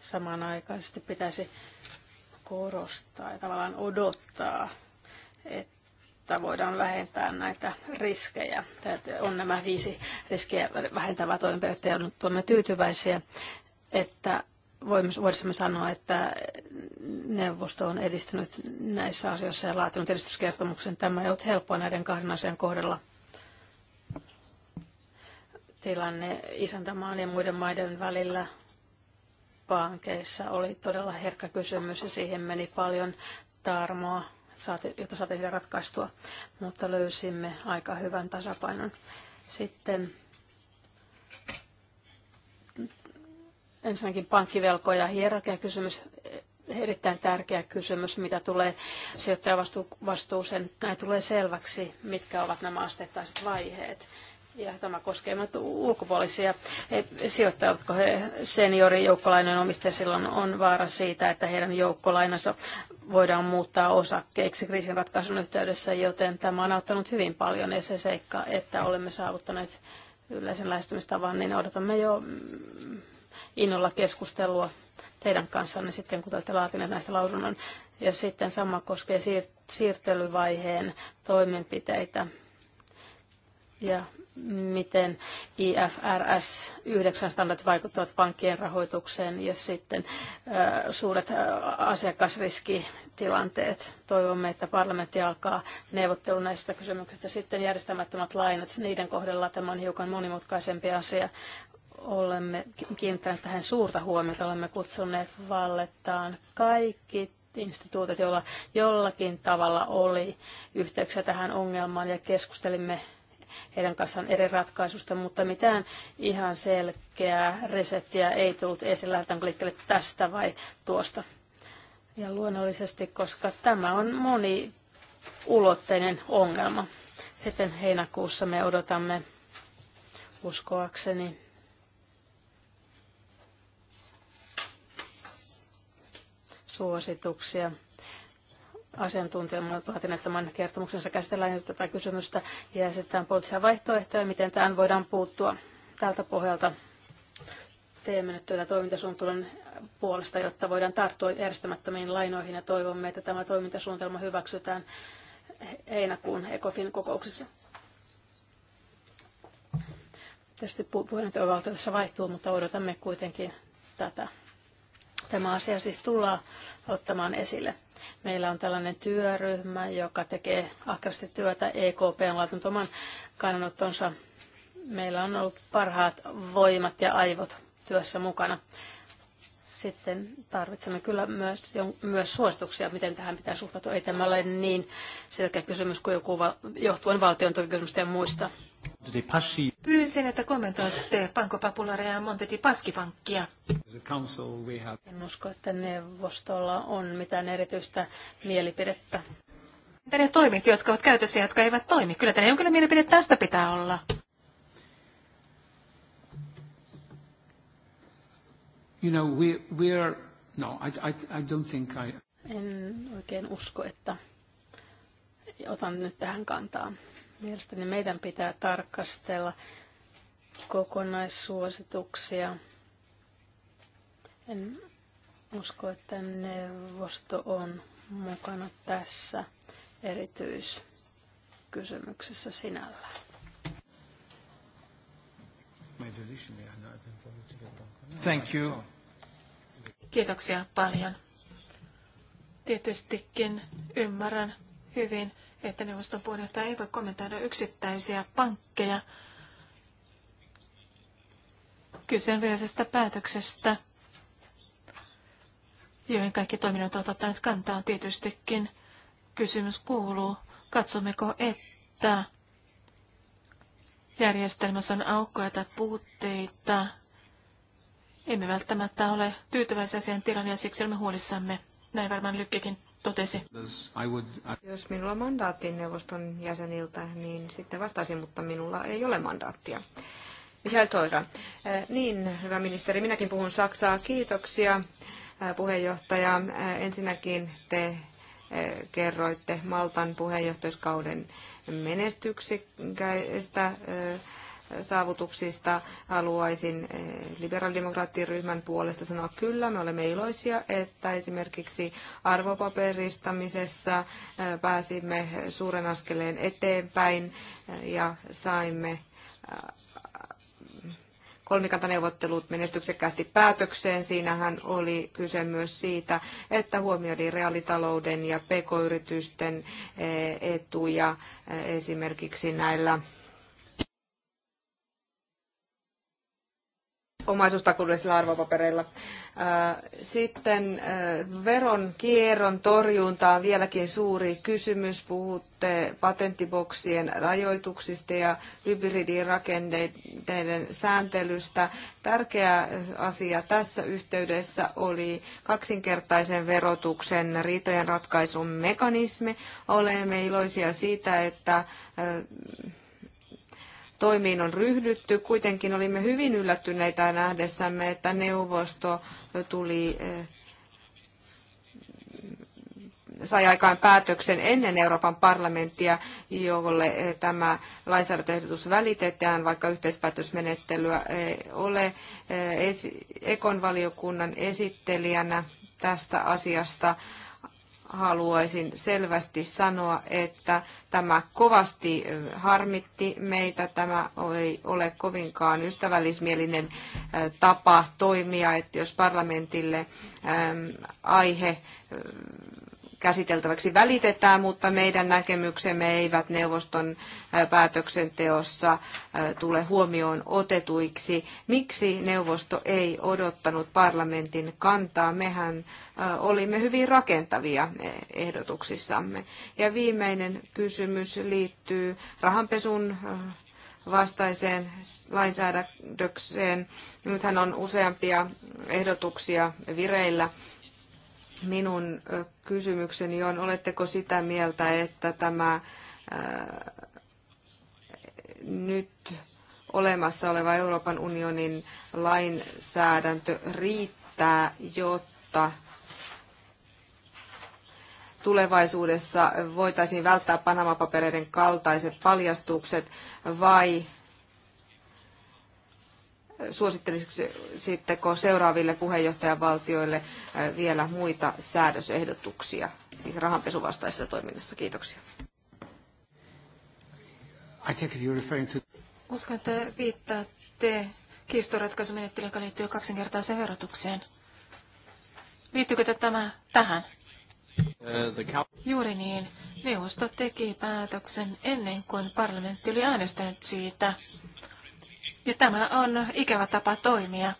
samanaikaisesti pitäisi korostaa ja tavallaan odottaa, että jotta voidaan vähentää näitä riskejä. Tätä on nämä viisi riskejä vähentävää toimenpidettä ja nyt olemme tyytyväisiä, että voisimme sanoa, että neuvosto on edistynyt näissä asioissa ja laatinut edistyskertomuksen. Tämä ei ollut helppoa näiden kahden asian kohdalla. Tilanne isäntämaan ja muiden maiden välillä pankeissa oli todella herkkä kysymys ja siihen meni paljon tarmoa jota saatiin vielä ratkaistua, mutta löysimme aika hyvän tasapainon. Sitten ensinnäkin pankkivelko ja hierarkiakysymys, erittäin tärkeä kysymys, mitä tulee sijoittajavastuuseen. Näin tulee selväksi, mitkä ovat nämä asteittaiset vaiheet. Ja tämä koskee myös ulkopuolisia sijoittajia, jotka he seniorijoukkolainojen omistajia silloin on vaara siitä, että heidän joukkolainansa voidaan muuttaa osakkeiksi kriisinratkaisun yhteydessä, joten tämä on auttanut hyvin paljon ja se seikka, että olemme saavuttaneet yleisen lähestymistavan, niin odotamme jo mm, innolla keskustelua teidän kanssanne sitten, kun te olette laatineet näistä lausunnon. Ja sitten sama koskee siirtelyvaiheen toimenpiteitä. Ja miten IFRS 9 standardit vaikuttavat pankkien rahoitukseen ja sitten suuret asiakasriskitilanteet. Toivomme, että parlamentti alkaa neuvottelu näistä kysymyksistä. Sitten järjestämättömät lainat, niiden kohdalla tämä on hiukan monimutkaisempi asia. Olemme kiinnittäneet tähän suurta huomiota, olemme kutsuneet vallettaan kaikki instituutit, joilla jollakin tavalla oli yhteyksiä tähän ongelmaan ja keskustelimme heidän kanssaan eri ratkaisusta, mutta mitään ihan selkeää reseptiä ei tullut esille, lähdetäänkö liikkeelle tästä vai tuosta. Ja luonnollisesti, koska tämä on moniulotteinen ongelma. Sitten heinäkuussa me odotamme uskoakseni suosituksia asiantuntijamme ovat että tämän kertomuksensa käsitellään nyt tätä kysymystä ja esitetään poliittisia vaihtoehtoja, miten tähän voidaan puuttua. Tältä pohjalta teemme nyt työtä toimintasuunnitelman puolesta, jotta voidaan tarttua järjestämättömiin lainoihin ja toivomme, että tämä toimintasuunnitelma hyväksytään heinäkuun ECOFIN kokouksessa. Tietysti puheenjohtajavalta tässä vaihtuu, mutta odotamme kuitenkin tätä. Tämä asia siis tullaan ottamaan esille. Meillä on tällainen työryhmä, joka tekee ahkerasti työtä. EKP on laitunut oman kannanottonsa. Meillä on ollut parhaat voimat ja aivot työssä mukana. Sitten tarvitsemme kyllä myös, myös suosituksia, miten tähän pitää suhtautua. Ei tämä ole niin selkeä kysymys kuin joku johtuen valtion ja muista. Pyysin, että kommentoitte Banco Popularia ja Monteti Paskipankkia. En usko, että neuvostolla on mitään erityistä mielipidettä. Entä ne toimit, jotka ovat käytössä ja jotka eivät toimi? Kyllä tänne jonkinlainen mielipide tästä pitää olla. You know, we, are, No, I, I, I don't think I... En oikein usko, että otan nyt tähän kantaa. Mielestäni meidän pitää tarkastella kokonaissuosituksia. En usko, että neuvosto on mukana tässä erityiskysymyksessä sinällä. Thank you. Kiitoksia paljon. Tietystikin ymmärrän hyvin että neuvoston puheenjohtaja ei voi kommentoida yksittäisiä pankkeja. Kyse päätöksestä, joihin kaikki toiminnot ovat ottaneet kantaa tietystikin. Kysymys kuuluu, katsommeko, että järjestelmässä on aukkoja tai puutteita. Emme välttämättä ole tyytyväisiä siihen tilanne ja siksi olemme huolissamme. Näin varmaan lykkikin totesi. Jos minulla on mandaatti neuvoston jäseniltä, niin sitten vastaisin, mutta minulla ei ole mandaattia. Michael Toira. Äh, niin, hyvä ministeri, minäkin puhun Saksaa. Kiitoksia äh, puheenjohtaja. Äh, ensinnäkin te kerroitte Maltan puheenjohtajuuskauden menestyksestä saavutuksista haluaisin eh, liberaalidemokraattiryhmän puolesta sanoa kyllä. Me olemme iloisia, että esimerkiksi arvopaperistamisessa eh, pääsimme suuren askeleen eteenpäin eh, ja saimme kolmikantaneuvottelut menestyksekkäästi päätökseen. Siinähän oli kyse myös siitä, että huomioitiin reaalitalouden ja pk-yritysten etuja esimerkiksi näillä omaisuustakuudellisilla arvopapereilla. Äh, sitten äh, veron kierron torjunta on vieläkin suuri kysymys. Puhutte patenttiboksien rajoituksista ja hybridirakenteiden sääntelystä. Tärkeä äh, asia tässä yhteydessä oli kaksinkertaisen verotuksen riitojen ratkaisun mekanismi. Olemme iloisia siitä, että toimiin on ryhdytty. Kuitenkin olimme hyvin yllättyneitä nähdessämme, että neuvosto tuli eh, sai aikaan päätöksen ennen Euroopan parlamenttia, jolle eh, tämä lainsäädäntöehdotus välitetään, vaikka yhteispäätösmenettelyä ei ole. Eh, Ekon valiokunnan esittelijänä tästä asiasta haluaisin selvästi sanoa, että tämä kovasti harmitti meitä. Tämä ei ole kovinkaan ystävällismielinen tapa toimia, että jos parlamentille aihe käsiteltäväksi välitetään, mutta meidän näkemyksemme eivät neuvoston päätöksenteossa tule huomioon otetuiksi. Miksi neuvosto ei odottanut parlamentin kantaa? Mehän olimme hyvin rakentavia ehdotuksissamme. Ja viimeinen kysymys liittyy rahanpesun vastaiseen lainsäädäntökseen. Nythän on useampia ehdotuksia vireillä Minun kysymykseni on, oletteko sitä mieltä, että tämä ää, nyt olemassa oleva Euroopan unionin lainsäädäntö riittää, jotta tulevaisuudessa voitaisiin välttää Panama-papereiden kaltaiset paljastukset vai suosittelisitko seuraaville puheenjohtajavaltioille vielä muita säädösehdotuksia, siis rahanpesuvastaisessa toiminnassa? Kiitoksia. Uskon, että viittaatte kiistoratkaisumenettelyyn, joka liittyy kaksinkertaiseen verotukseen. Liittyykö tämä tähän? Uh, Juuri niin. Neuvosto teki päätöksen ennen kuin parlamentti oli äänestänyt siitä. Ja tämä on ikävä tapa toimia.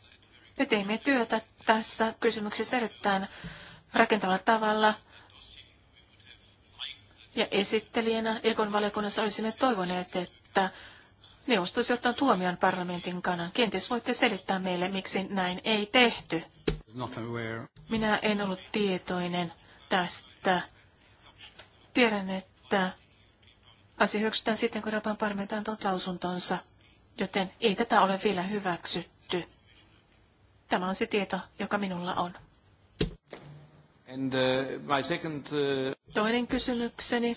Me teemme työtä tässä kysymyksessä erittäin rakentavalla tavalla. Ja esittelijänä Ekon valiokunnassa olisimme toivoneet, että neuvostosi ottaa tuomion parlamentin kannan. Kenties voitte selittää meille, miksi näin ei tehty. Minä en ollut tietoinen tästä. Tiedän, että asia hyöksytään sitten, kun Rapan parlamentti on lausuntonsa. Joten ei tätä ole vielä hyväksytty. Tämä on se tieto, joka minulla on. And, uh, my second, uh... Toinen kysymykseni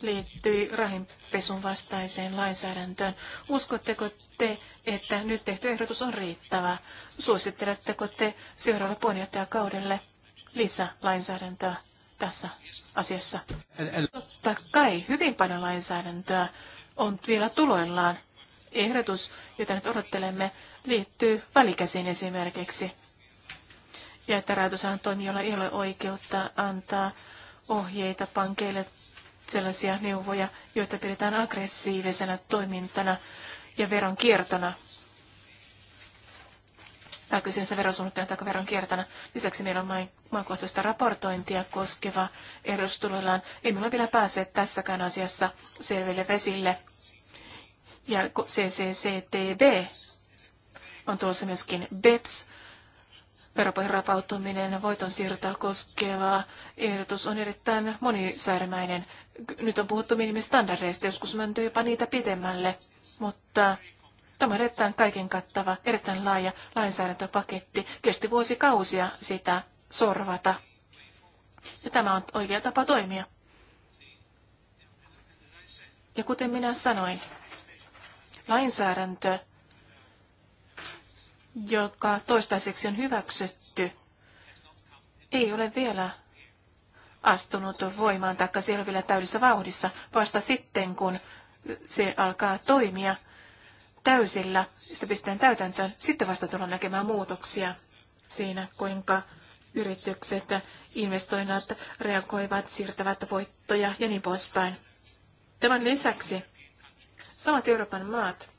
liittyi rahinpesun vastaiseen lainsäädäntöön. Uskotteko te, että nyt tehty ehdotus on riittävä? Suositteletteko te seuraavalle puheenjohtajakaudelle lisälainsäädäntöä tässä asiassa? Totta kai hyvin paljon lainsäädäntöä on vielä tuloillaan ehdotus, jota nyt odottelemme, liittyy välikäsiin esimerkiksi. Ja että rahoitusalan toimijoilla ei ole oikeutta antaa ohjeita pankeille sellaisia neuvoja, joita pidetään aggressiivisena toimintana ja veronkiertona. Tai kyseessä verosuunnittelun tai veronkiertona. Lisäksi meillä on maakohtaista raportointia koskeva ehdotus tuloillaan. Emme ole vielä pääse tässäkään asiassa selville vesille ja CCCTB on tulossa myöskin BEPS, veropohjan rapautuminen, voiton siirtoa koskeva ehdotus on erittäin monisärmäinen. Nyt on puhuttu minimistandardeista, joskus menty jopa niitä pidemmälle, mutta tämä on erittäin kaiken kattava, erittäin laaja lainsäädäntöpaketti. Kesti vuosikausia sitä sorvata. Ja tämä on oikea tapa toimia. Ja kuten minä sanoin, lainsäädäntö, joka toistaiseksi on hyväksytty, ei ole vielä astunut voimaan taikka se ei ole vielä täydessä vauhdissa. Vasta sitten, kun se alkaa toimia täysillä, sitä pistetään täytäntöön, sitten vasta tullaan näkemään muutoksia siinä, kuinka yritykset investoinnat reagoivat, siirtävät voittoja ja niin poispäin. Tämän lisäksi Samat Euroopan maat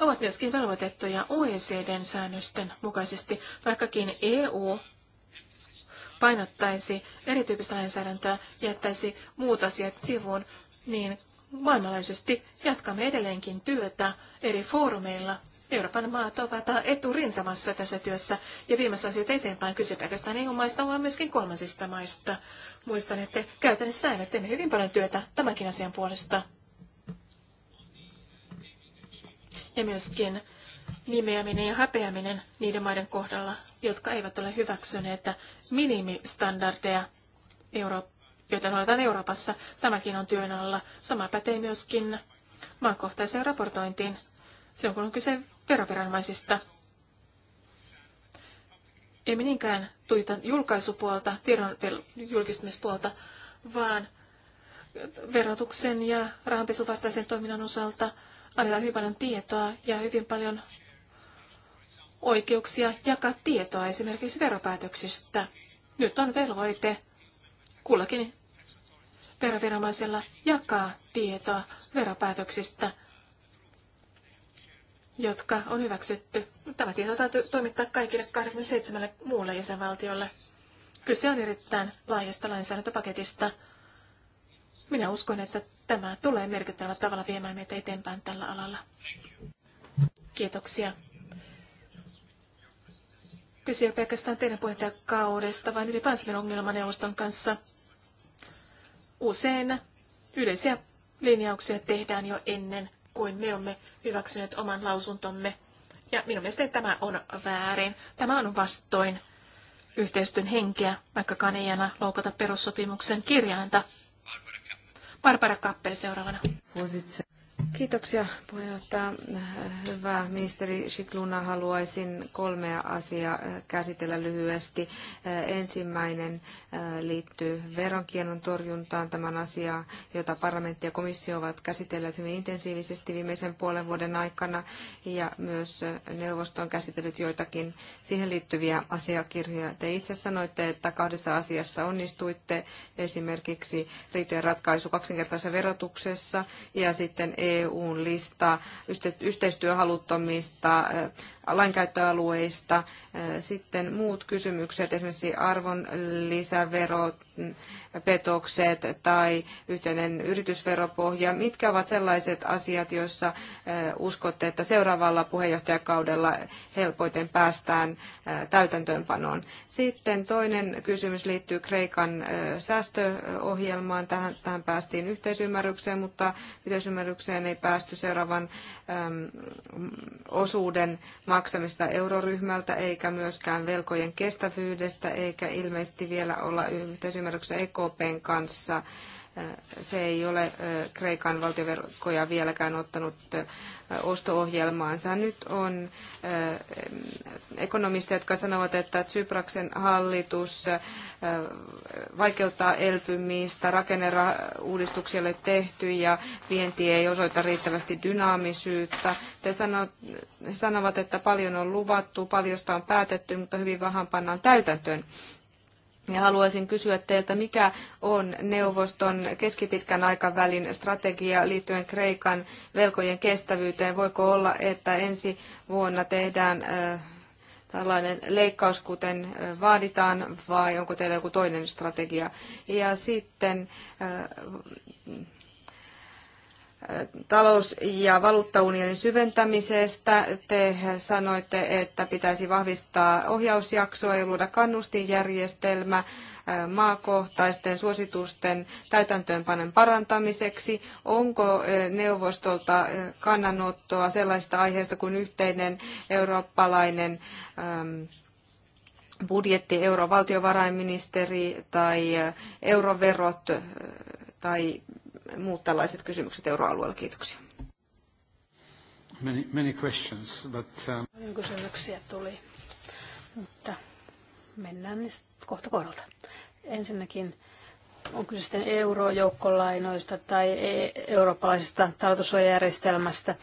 ovat myöskin velvoitettuja OECDn säännösten mukaisesti, vaikkakin EU painottaisi erityyppistä lainsäädäntöä, jättäisi muut asiat sivuun, niin maailmanlaajuisesti jatkamme edelleenkin työtä eri foorumeilla. Euroopan maat ovat eturintamassa tässä työssä ja viimeisessä asioita eteenpäin kyse pelkästään EU-maista, vaan myöskin kolmansista maista. Muistan, että käytännössä säännöt teemme hyvin paljon työtä tämänkin asian puolesta. ja myöskin nimeäminen ja häpeäminen niiden maiden kohdalla, jotka eivät ole hyväksyneet minimistandardeja, joita noudatetaan Euroopassa. Tämäkin on työn alla. Sama pätee myöskin maakohtaiseen raportointiin, silloin kun on kyse veroviranomaisista. Emme niinkään tuita julkaisupuolta, tiedon julkistamispuolta, vaan verotuksen ja rahanpesuvastaisen toiminnan osalta – annetaan hyvin paljon tietoa ja hyvin paljon oikeuksia jakaa tietoa esimerkiksi veropäätöksistä. Nyt on velvoite kullakin veroviranomaisella jakaa tietoa veropäätöksistä, jotka on hyväksytty. Tämä tieto täytyy toimittaa kaikille 27 muulle jäsenvaltiolle. Kyse on erittäin laajasta lainsäädäntöpaketista – minä uskon, että tämä tulee merkittävällä tavalla viemään meitä eteenpäin tällä alalla. Kiitoksia. Kysyä pelkästään teidän puheenjohtajakaudesta, vaan ylipäänsä meidän ongelmaneuvoston kanssa. Usein yleisiä linjauksia tehdään jo ennen kuin me olemme hyväksyneet oman lausuntomme. Ja minun mielestäni tämä on väärin. Tämä on vastoin yhteistyön henkeä, vaikkakaan ei aina loukata perussopimuksen kirjainta. Barbara Kappel seuraavana. Kiitoksia puheenjohtaja. Hyvä ministeri Shikluna, haluaisin kolmea asiaa käsitellä lyhyesti. Ensimmäinen äh, liittyy veronkierron torjuntaan. Tämän asia, jota parlamentti ja komissio ovat käsitelleet hyvin intensiivisesti viimeisen puolen vuoden aikana ja myös äh, neuvosto on käsitellyt joitakin siihen liittyviä asiakirjoja. Te itse sanoitte, että kahdessa asiassa onnistuitte esimerkiksi riitojen ratkaisu kaksinkertaisessa verotuksessa ja sitten EU EUn lista yhteistyöhaluttomista lainkäyttöalueista. Äh, sitten muut kysymykset, esimerkiksi arvonlisäverot, petokset tai yhteinen yritysveropohja. Mitkä ovat sellaiset asiat, joissa äh, uskotte, että seuraavalla puheenjohtajakaudella helpoiten päästään äh, täytäntöönpanoon? Sitten toinen kysymys liittyy Kreikan säästöohjelmaan. Tähän, tähän päästiin yhteisymmärrykseen, mutta yhteisymmärrykseen ei päästy seuraavan osuuden maksamista euroryhmältä, eikä myöskään velkojen kestävyydestä, eikä ilmeisesti vielä olla yhteisymmärryksessä EKPn kanssa se ei ole Kreikan valtioverkkoja vieläkään ottanut osto-ohjelmaansa. Nyt on ekonomisteja, jotka sanovat, että Tsipraksen hallitus vaikeuttaa elpymistä, rakenneuudistuksia ei tehty ja vienti ei osoita riittävästi dynaamisyyttä. Te sanovat, että paljon on luvattu, paljosta on päätetty, mutta hyvin vähän pannaan täytäntöön. Ja haluaisin kysyä teiltä, mikä on neuvoston keskipitkän aikavälin strategia liittyen Kreikan velkojen kestävyyteen? Voiko olla, että ensi vuonna tehdään tällainen leikkaus, kuten vaaditaan, vai onko teillä joku toinen strategia? Ja sitten talous- ja valuuttaunionin syventämisestä. Te sanoitte, että pitäisi vahvistaa ohjausjaksoa ja luoda kannustinjärjestelmä maakohtaisten suositusten täytäntöönpanen parantamiseksi. Onko neuvostolta kannanottoa sellaista aiheista kuin yhteinen eurooppalainen budjetti, eurovaltiovarainministeri tai euroverot tai muut tällaiset kysymykset euroalueella. Kiitoksia. Many, many questions, but, um... kysymyksiä tuli, mutta mennään kohta kohdalta. Ensinnäkin on kyse sitten eurojoukkolainoista tai e- eurooppalaisesta talletussuojajärjestelmästä.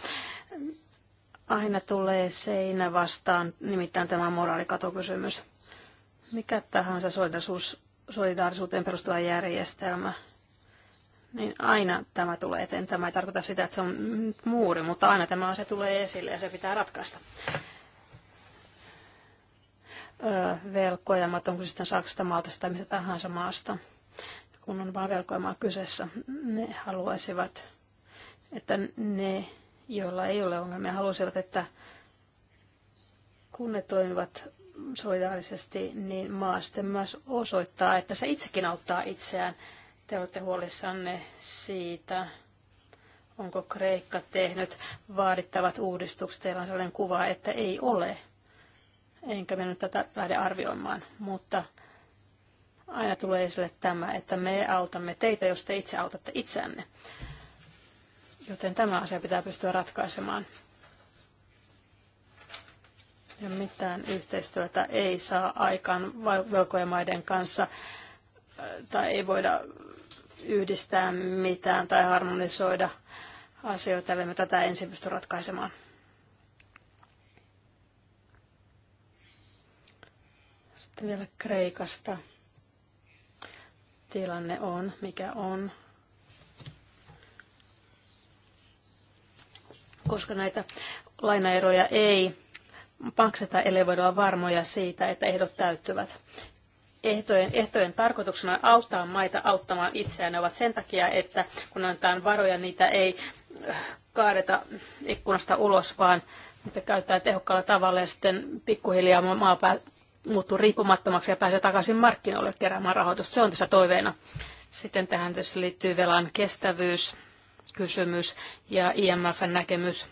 Aina tulee seinä vastaan, nimittäin tämä moraalikatokysymys. Mikä tahansa solidaarisuuteen perustuva järjestelmä niin aina tämä tulee eteen. Tämä ei tarkoita sitä, että se on muuri, mutta aina tämä asia tulee esille ja se pitää ratkaista. Öö, velkojamat, onko se sitten Saksasta, Maltasta tai mistä tahansa maasta, kun on vain velkoimaa kyseessä, ne haluaisivat, että ne, joilla ei ole ongelmia, haluaisivat, että kun ne toimivat solidaarisesti, niin maa sitten myös osoittaa, että se itsekin auttaa itseään – te olette huolissanne siitä, onko Kreikka tehnyt vaadittavat uudistukset. Teillä on sellainen kuva, että ei ole. Enkä me nyt tätä lähde arvioimaan, mutta aina tulee esille tämä, että me autamme teitä, jos te itse autatte itseänne. Joten tämä asia pitää pystyä ratkaisemaan. Ja mitään yhteistyötä ei saa aikaan maiden kanssa tai ei voida yhdistää mitään tai harmonisoida asioita, eli me tätä ensin pysty ratkaisemaan. Sitten vielä Kreikasta. Tilanne on, mikä on. Koska näitä lainaeroja ei makseta, ellei voida olla varmoja siitä, että ehdot täyttyvät ehtojen, ehtojen tarkoituksena on auttaa maita auttamaan itseään. Ne ovat sen takia, että kun annetaan varoja, niitä ei äh, kaadeta ikkunasta ulos, vaan niitä käytetään tehokkaalla tavalla ja sitten pikkuhiljaa maa muuttuu riippumattomaksi ja pääsee takaisin markkinoille keräämään rahoitusta. Se on tässä toiveena. Sitten tähän tietysti liittyy velan kestävyys, kysymys ja IMFn näkemys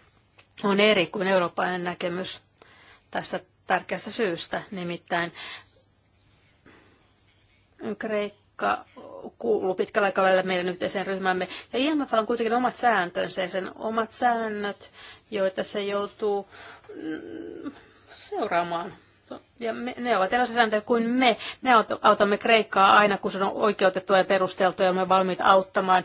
on eri kuin eurooppalainen näkemys tästä tärkeästä syystä. Nimittäin Kreikka kuuluu pitkällä aikavälillä meidän yhteiseen ryhmämme. Ja IMF on kuitenkin omat sääntönsä ja sen omat säännöt, joita se joutuu mm, seuraamaan. Ja me, ne ovat erilaisia sääntöjä kuin me. Me autamme Kreikkaa aina, kun se on oikeutettua ja perusteltu ja me valmiit auttamaan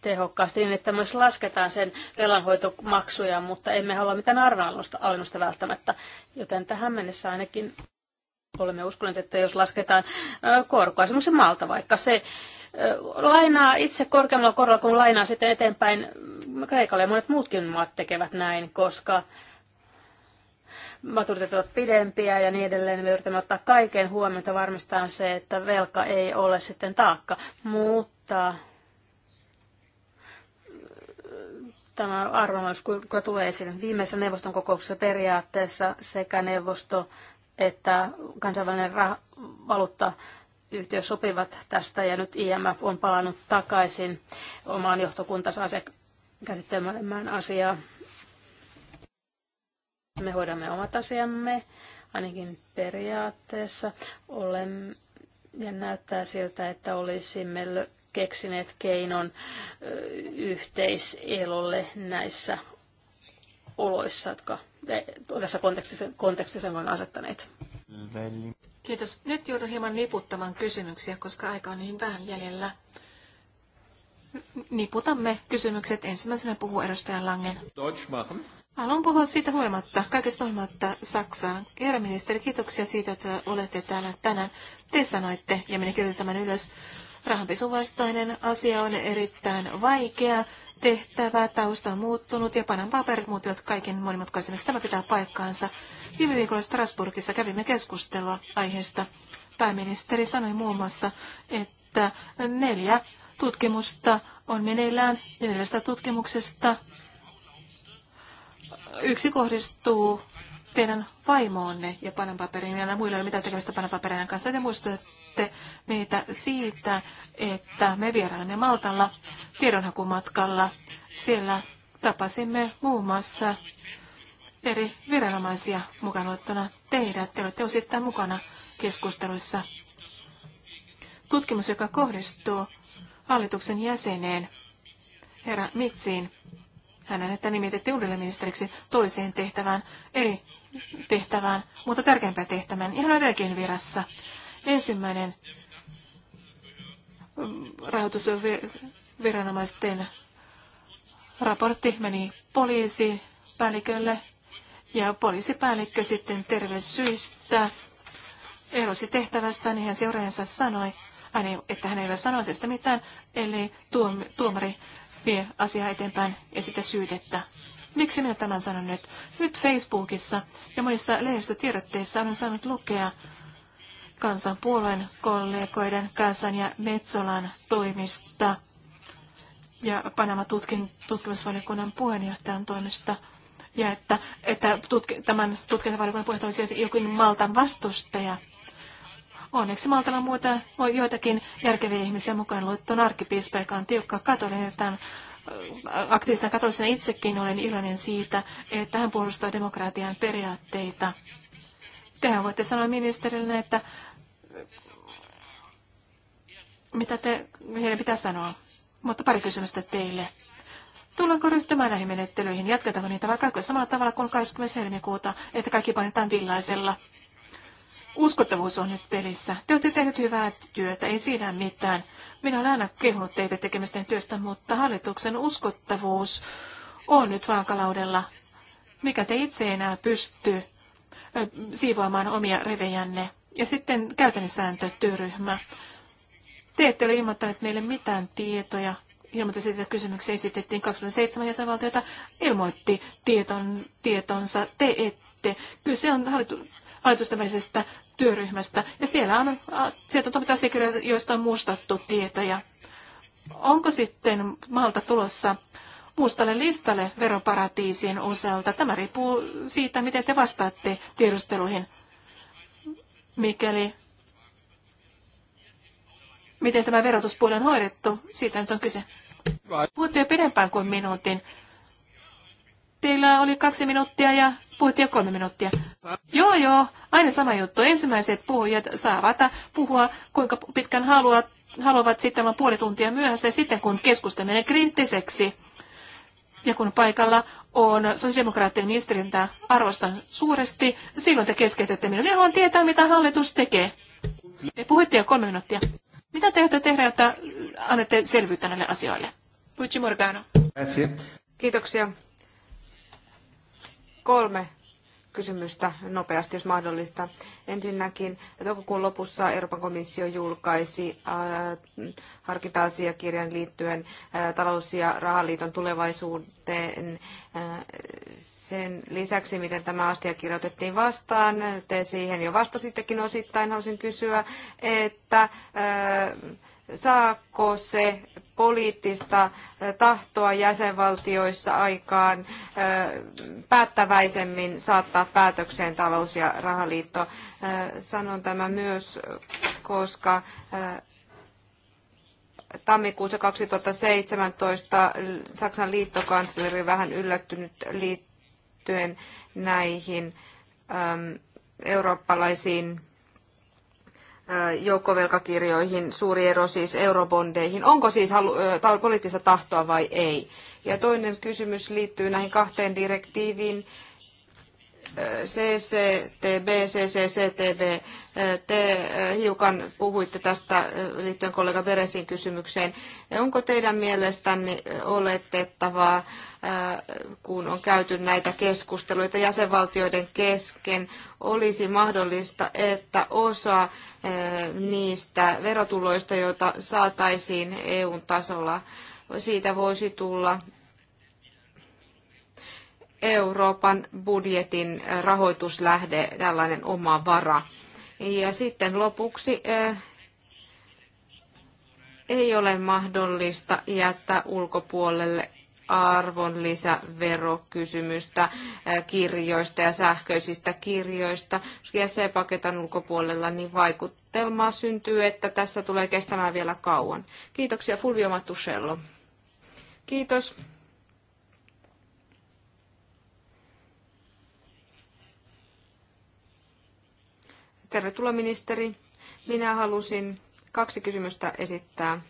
tehokkaasti niin, että myös lasketaan sen velanhoitomaksuja, mutta emme halua mitään arvonalennusta välttämättä. Joten tähän mennessä ainakin olemme uskoneet, että jos lasketaan korkoa, esimerkiksi maalta vaikka se lainaa itse korkeammalla korolla kuin lainaa sitten eteenpäin Kreikalle ja monet muutkin maat tekevät näin, koska maturiteet ovat pidempiä ja niin edelleen. Me yritämme ottaa kaiken huomioon, että varmistaa se, että velka ei ole sitten taakka. Mutta tämä arvomaisuus, kun tulee esille viimeisessä neuvoston kokouksessa periaatteessa sekä neuvosto että kansainvälinen rah- valuutta yhtiö sopivat tästä ja nyt IMF on palannut takaisin omaan johtokuntansa asia- käsittelemään asiaa. Me hoidamme omat asiamme, ainakin periaatteessa. Olemme, ja näyttää siltä, että olisimme keksineet keinon yhteiselolle näissä oloissa, jotka tässä kontekstissa, kontekstissa on asettaneet. Kiitos. Nyt joudun hieman niputtamaan kysymyksiä, koska aika on niin vähän jäljellä. Niputamme kysymykset. Ensimmäisenä puhuu edustaja Langen. Haluan puhua siitä huolimatta, kaikesta huolimatta Saksaan. Herra ministeri, kiitoksia siitä, että olette täällä tänään. Te sanoitte, ja minä kirjoitan tämän ylös, Rahanpesuvastainen vastainen asia on erittäin vaikea tehtävä, tausta on muuttunut ja panan paperit muuttuvat kaiken monimutkaisemmiksi. Tämä pitää paikkaansa. Viime viikolla Strasbourgissa kävimme keskustelua aiheesta. Pääministeri sanoi muun muassa, että neljä tutkimusta on meneillään neljästä tutkimuksesta. Yksi kohdistuu teidän vaimoonne ja paperin ja muilla ei ole mitään tekemistä Panan kanssa. Te muistatte, muistutte meitä siitä, että me vierailimme Maltalla tiedonhakumatkalla. Siellä tapasimme muun muassa eri viranomaisia mukana ottona teidät. Te olette osittain mukana keskusteluissa. Tutkimus, joka kohdistuu hallituksen jäseneen, herra Mitsiin, hänen, että nimitettiin uudelle ministeriksi toiseen tehtävään, eri tehtävään, mutta tärkeämpään tehtävään, ihan edelläkin virassa. Ensimmäinen rahoitusviranomaisten raportti meni poliisipäällikölle ja poliisipäällikkö sitten terveyssyistä erosi tehtävästä, niin hän seuraajansa sanoi, että hän ei ole sanoa sitä mitään, eli tuomari vie asiaa eteenpäin ja sitä syytettä. Miksi minä tämän sanon nyt? Nyt Facebookissa ja monissa lehdistötiedotteissa olen saanut lukea kansanpuolueen kollegoiden kansan ja Metsolan toimista ja Panama-tutkimusvaliokunnan puheenjohtajan toimesta ja että, että tutki, tämän tutkintavaliokunnan puheenjohtaja olisi jokin Maltan vastustaja. Onneksi Maltalla on muuta, joitakin järkeviä ihmisiä mukaan luettuna arkkipiispa, joka on tiukka katolinen, tämän äh, aktiivisena katolisena itsekin olen iloinen siitä, että hän puolustaa demokratian periaatteita. Tehän voitte sanoa ministerille, että mitä te, heille pitää sanoa. Mutta pari kysymystä teille. Tullaanko ryhtymään näihin menettelyihin? Jatketaanko niitä vai kaikkea samalla tavalla kuin 20. helmikuuta, että kaikki painetaan villaisella? Uskottavuus on nyt pelissä. Te olette tehneet hyvää työtä, ei siinä mitään. Minä olen aina kehunut teitä tekemistä työstä, mutta hallituksen uskottavuus on nyt vaakalaudella. Mikä te itse enää pysty siivoamaan omia revejänne? Ja sitten käytännössääntötyöryhmä. Te ette ole ilmoittaneet meille mitään tietoja. Ilmoitti siitä, että kysymyksiä esitettiin 27 jäsenvaltiota. Ilmoitti tieton, tietonsa. Te ette. se on hallitusten välisestä työryhmästä. Ja siellä on, sieltä on toimittu asiakirjoja, joista on mustattu tietoja. Onko sitten maalta tulossa mustalle listalle veroparatiisien osalta? Tämä riippuu siitä, miten te vastaatte tiedusteluihin mikäli miten tämä verotuspuoli on hoidettu, siitä nyt on kyse. Puhutte jo pidempään kuin minuutin. Teillä oli kaksi minuuttia ja puhutte jo kolme minuuttia. Joo, joo, aina sama juttu. Ensimmäiset puhujat saavat puhua kuinka pitkän haluavat, haluavat sitten olla puoli tuntia myöhässä ja sitten kun menee kriittiseksi ja kun paikalla on sosiaalidemokraattien ministeri, jota arvostan suuresti, silloin te keskeytätte minua. Minä haluan tietää, mitä hallitus tekee. Te puhuitte jo kolme minuuttia. Mitä te aiotte tehdä, jotta annette selvyyttä näille asioille? Luigi Morgano. Kiitoksia. Kolme kysymystä nopeasti, jos mahdollista. Ensinnäkin toukokuun lopussa Euroopan komissio julkaisi äh, harkinta-asiakirjan liittyen äh, talous- ja rahaliiton tulevaisuuteen. Äh, sen lisäksi, miten tämä asia kirjoitettiin vastaan, te siihen jo vastasittekin osittain, haluaisin kysyä, että saako se poliittista eh, tahtoa jäsenvaltioissa aikaan eh, päättäväisemmin saattaa päätökseen talous- ja rahaliitto. Eh, sanon tämä myös, koska tammikuussa 2017 Saksan liittokansleri vähän yllättynyt liittyen näihin ehm, eurooppalaisiin Äh, joukkovelkakirjoihin, suuri ero siis eurobondeihin. Onko siis halu- poliittista tahtoa vai ei? Ja toinen kysymys liittyy näihin kahteen direktiiviin, CCTB, CCCTB, te eh, hiukan puhuitte tästä eh, liittyen kollega Beresin kysymykseen. Onko teidän mielestänne eh, oletettavaa, kun on käyty näitä keskusteluita jäsenvaltioiden kesken, olisi mahdollista, että osa niistä verotuloista, joita saataisiin EUn tasolla, siitä voisi tulla Euroopan budjetin rahoituslähde, tällainen oma vara. Ja sitten lopuksi ei ole mahdollista jättää ulkopuolelle arvonlisäverokysymystä kirjoista ja sähköisistä kirjoista. Jos se ulkopuolella, niin vaikutelmaa syntyy, että tässä tulee kestämään vielä kauan. Kiitoksia Fulvio Mattusello. Kiitos. Tervetuloa ministeri. Minä halusin kaksi kysymystä esittää.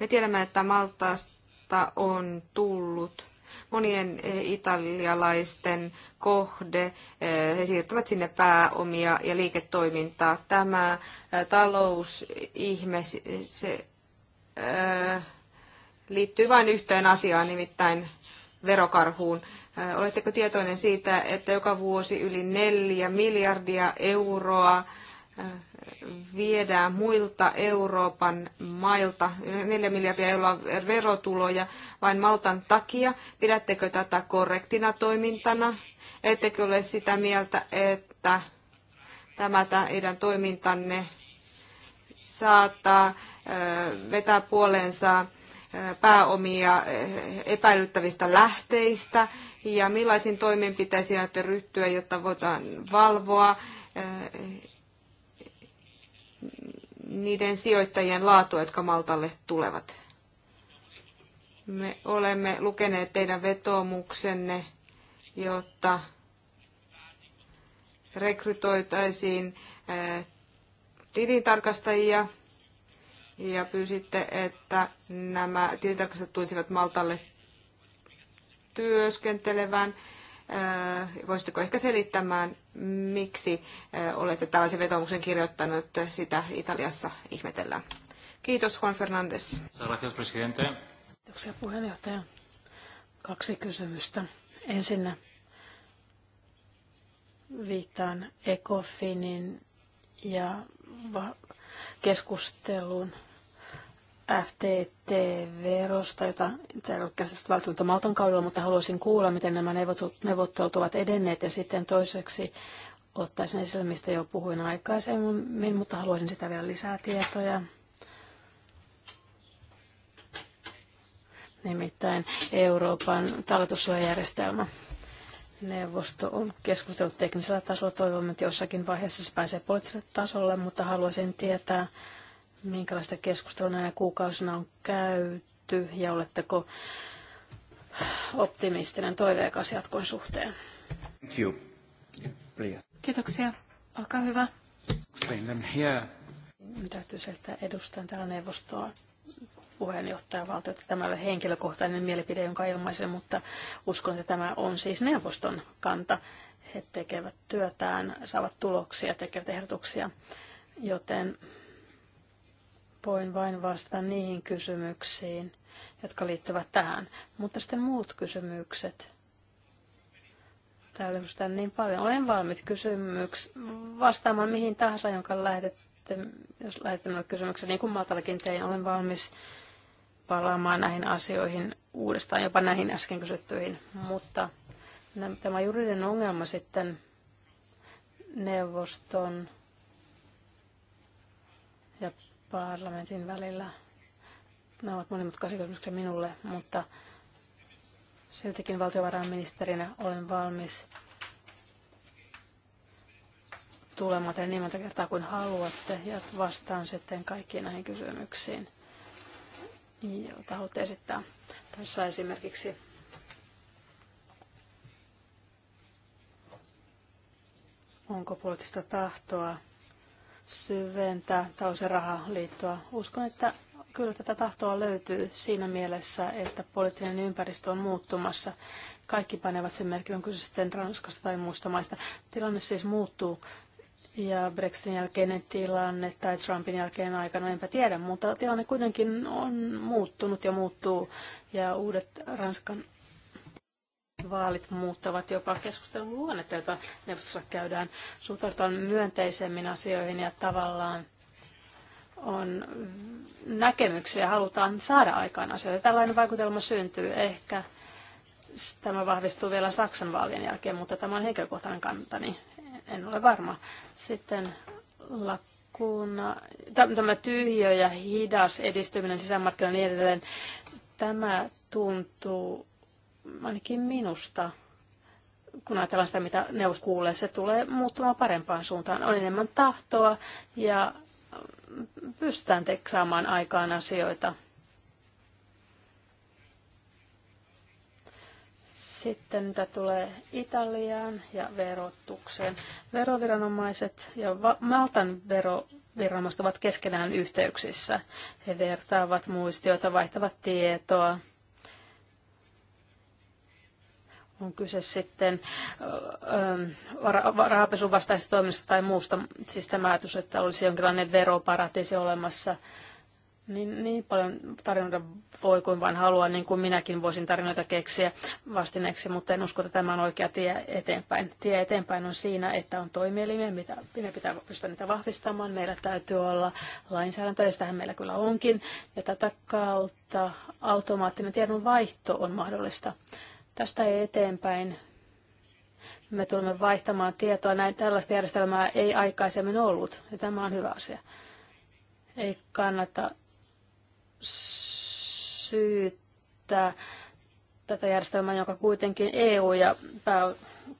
Me tiedämme, että Maltaasta on tullut monien eh, italialaisten kohde. Eh, he siirtävät sinne pääomia ja liiketoimintaa. Tämä eh, talousihme se, se, liittyy vain yhteen asiaan, nimittäin verokarhuun. Oletteko tietoinen siitä, että joka vuosi yli neljä miljardia euroa viedään muilta Euroopan mailta, neljä miljardia euroa verotuloja vain Maltan takia. Pidättekö tätä korrektina toimintana? Ettekö ole sitä mieltä, että tämä teidän toimintanne saattaa vetää puoleensa pääomia epäilyttävistä lähteistä ja millaisiin toimenpiteisiin näytte ryhtyä, jotta voidaan valvoa eh, niiden sijoittajien laatua, jotka Maltalle tulevat. Me olemme lukeneet teidän vetoomuksenne, jotta rekrytoitaisiin eh, tilintarkastajia ja pyysitte, että nämä tilintarkastajat tulisivat Maltalle työskentelevän. Äh, voisitteko ehkä selittämään, miksi äh, olette tällaisen vetomuksen kirjoittanut? Sitä Italiassa ihmetellään. Kiitos Juan Fernandes. Kiitoksia puheenjohtaja. Kaksi kysymystä. Ensinnä viittaan ECOFINin ja keskusteluun FTT-verosta, jota täällä välttämättä Maltan kaudella, mutta haluaisin kuulla, miten nämä neuvottelut ovat edenneet. Ja sitten toiseksi ottaisin esille, mistä jo puhuin aikaisemmin, mutta haluaisin sitä vielä lisää tietoja. Nimittäin Euroopan talletussuojajärjestelmä. Neuvosto on keskustellut teknisellä tasolla. toivon että jossakin vaiheessa se pääsee poliittiselle tasolle, mutta haluaisin tietää, minkälaista keskustelua näinä kuukausina on käyty ja oletteko optimistinen toiveikas jatkon suhteen? Thank you. Kiitoksia. Olkaa hyvä. täytyy selittää edustajan täällä neuvostoa puheenjohtaja että Tämä ei ole henkilökohtainen mielipide, jonka ilmaisen, mutta uskon, että tämä on siis neuvoston kanta. He tekevät työtään, saavat tuloksia, tekevät ehdotuksia, joten voin vain vastata niihin kysymyksiin, jotka liittyvät tähän. Mutta sitten muut kysymykset. Täällä on niin paljon. Olen valmis kysymyks vastaamaan mihin tahansa, jonka lähdette, jos lähetätte minulle kysymyksen, niin kuin matalakin tein. Olen valmis palaamaan näihin asioihin uudestaan, jopa näihin äsken kysyttyihin. Mutta tämä juridinen ongelma sitten neuvoston ja parlamentin välillä. Nämä ovat monimutkaisia kysymyksiä minulle, mutta siltikin valtiovarainministerinä olen valmis tulemaan teille niin monta kertaa kuin haluatte ja vastaan sitten kaikkiin näihin kysymyksiin, joita haluatte esittää. Tässä esimerkiksi onko poliittista tahtoa syventää talous- rahaliittoa. Uskon, että kyllä tätä tahtoa löytyy siinä mielessä, että poliittinen ympäristö on muuttumassa. Kaikki panevat sen merkin, on kyse sitten Ranskasta tai muusta maista. Tilanne siis muuttuu ja Brexitin jälkeinen tilanne tai Trumpin jälkeen aikana, enpä tiedä, mutta tilanne kuitenkin on muuttunut ja muuttuu ja uudet Ranskan vaalit muuttavat jopa keskustelun luonnetta, jota neuvostossa käydään. Suhtaudutaan myönteisemmin asioihin ja tavallaan on näkemyksiä, halutaan saada aikaan asioita. Tällainen vaikutelma syntyy ehkä. Tämä vahvistuu vielä Saksan vaalien jälkeen, mutta tämä on henkilökohtainen kantani. En ole varma. Sitten lakuna, tämä tyhjö ja hidas edistyminen sisämarkkinoilla niin edelleen. Tämä tuntuu ainakin minusta, kun ajatellaan sitä, mitä neuvos kuulee, se tulee muuttumaan parempaan suuntaan. On enemmän tahtoa ja mm, pystytään saamaan aikaan asioita. Sitten mitä tulee Italiaan ja verotukseen. Veroviranomaiset ja Maltan veroviranomaiset ovat keskenään yhteyksissä. He vertaavat muistioita, vaihtavat tietoa on kyse sitten rahapesun vastaisesta toiminnasta tai muusta, siis tämä ajatus, että olisi jonkinlainen veroparatiisi olemassa, niin, niin paljon tarinoita voi kuin vain haluaa, niin kuin minäkin voisin tarinoita keksiä vastineeksi, mutta en usko, että tämä on oikea tie eteenpäin. Tie eteenpäin on siinä, että on toimielimiä, mitä minä pitää pystyä niitä vahvistamaan. Meillä täytyy olla lainsäädäntö, ja sitähän meillä kyllä onkin. Ja tätä kautta automaattinen tiedonvaihto on mahdollista. Tästä eteenpäin me tulemme vaihtamaan tietoa. Näin tällaista järjestelmää ei aikaisemmin ollut, ja tämä on hyvä asia. Ei kannata syyttää tätä järjestelmää, joka kuitenkin EU ja pää,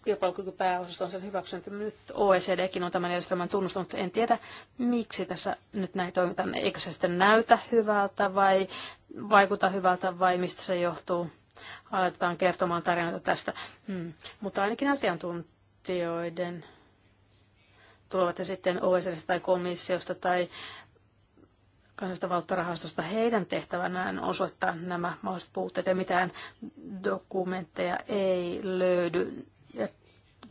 kilpailukykypääosasto on sen hyväksynyt. Nyt OECDkin on tämän järjestelmän tunnustanut. En tiedä, miksi tässä nyt näin toimitaan. Eikö se sitten näytä hyvältä vai vaikuta hyvältä vai mistä se johtuu? aletaan kertomaan tarinoita tästä. Hmm. Mutta ainakin asiantuntijoiden tulevat ja sitten OECD tai komissiosta tai kansallisesta valttorahastosta heidän tehtävänään osoittaa nämä mahdolliset puutteet ja mitään dokumentteja ei löydy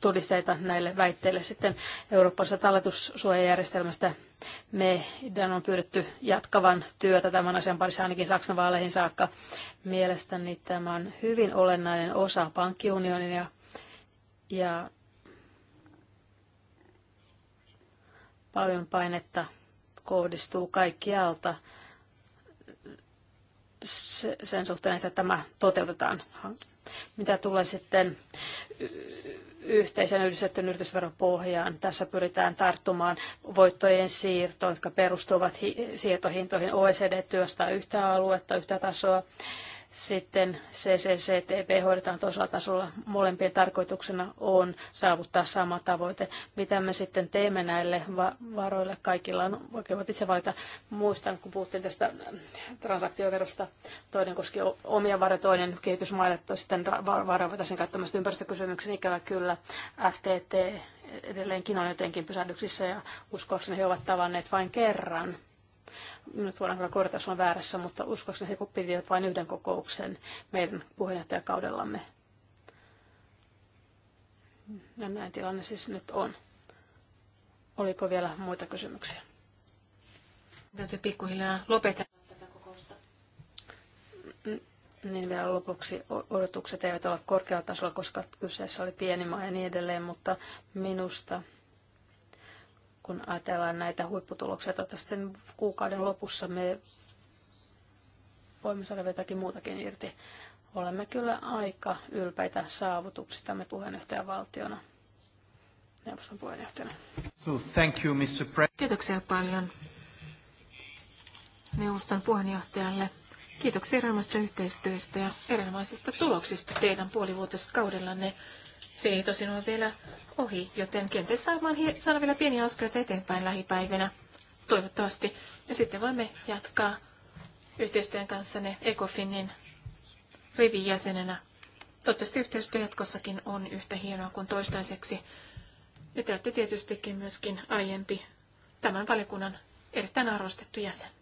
todisteita näille väitteille. Sitten Euroopassa talletussuojajärjestelmästä meidän on pyydetty jatkavan työtä tämän asian parissa ainakin Saksan vaaleihin saakka. Mielestäni tämä on hyvin olennainen osa pankkiunionin ja, ja paljon painetta kohdistuu kaikkialta sen suhteen, että tämä toteutetaan. Mitä tulee sitten yhteisen yhdistetyn yritysveropohjaan. Tässä pyritään tarttumaan voittojen siirtoon, jotka perustuvat siirtohintoihin. OECD työstää yhtä aluetta, yhtä tasoa sitten CCCTP hoidetaan toisella tasolla. Molempien tarkoituksena on saavuttaa sama tavoite. Mitä me sitten teemme näille varoille? Kaikilla on voivat itse valita. Muistan, kun puhuttiin tästä äh, transaktioverosta, toinen koski omia varoja, toinen kehitysmaille, sitten varoja voitaisiin käyttää ympäristökysymyksen. Ikävä kyllä FTT edelleenkin on jotenkin pysähdyksissä ja uskoakseni he ovat tavanneet vain kerran nyt voidaan kyllä korjata, jos on väärässä, mutta että he pitivät vain yhden kokouksen meidän puheenjohtajakaudellamme. Ja näin tilanne siis nyt on. Oliko vielä muita kysymyksiä? Täytyy pikkuhiljaa lopettaa tätä kokousta. Niin vielä lopuksi odotukset eivät ole korkealla tasolla, koska kyseessä oli pieni maa ja niin edelleen, mutta minusta kun ajatellaan näitä huipputuloksia, toivottavasti sitten kuukauden lopussa me voimme saada jotakin muutakin irti. Olemme kyllä aika ylpeitä saavutuksistamme valtiona. neuvoston puheenjohtajana. So, thank you, Mr. Pre- Kiitoksia paljon neuvoston puheenjohtajalle. Kiitoksia erilaisesta yhteistyöstä ja erilaisista tuloksista teidän puolivuotiskaudellanne. Se ei tosin ole vielä ohi, joten kenties saamaan, saadaan vielä pieniä askelta eteenpäin lähipäivinä, toivottavasti. Ja sitten voimme jatkaa yhteistyön kanssanne Ecofinin jäsenenä. Toivottavasti yhteistyö jatkossakin on yhtä hienoa kuin toistaiseksi. Ja te olette tietystikin myöskin aiempi tämän valiokunnan erittäin arvostettu jäsen.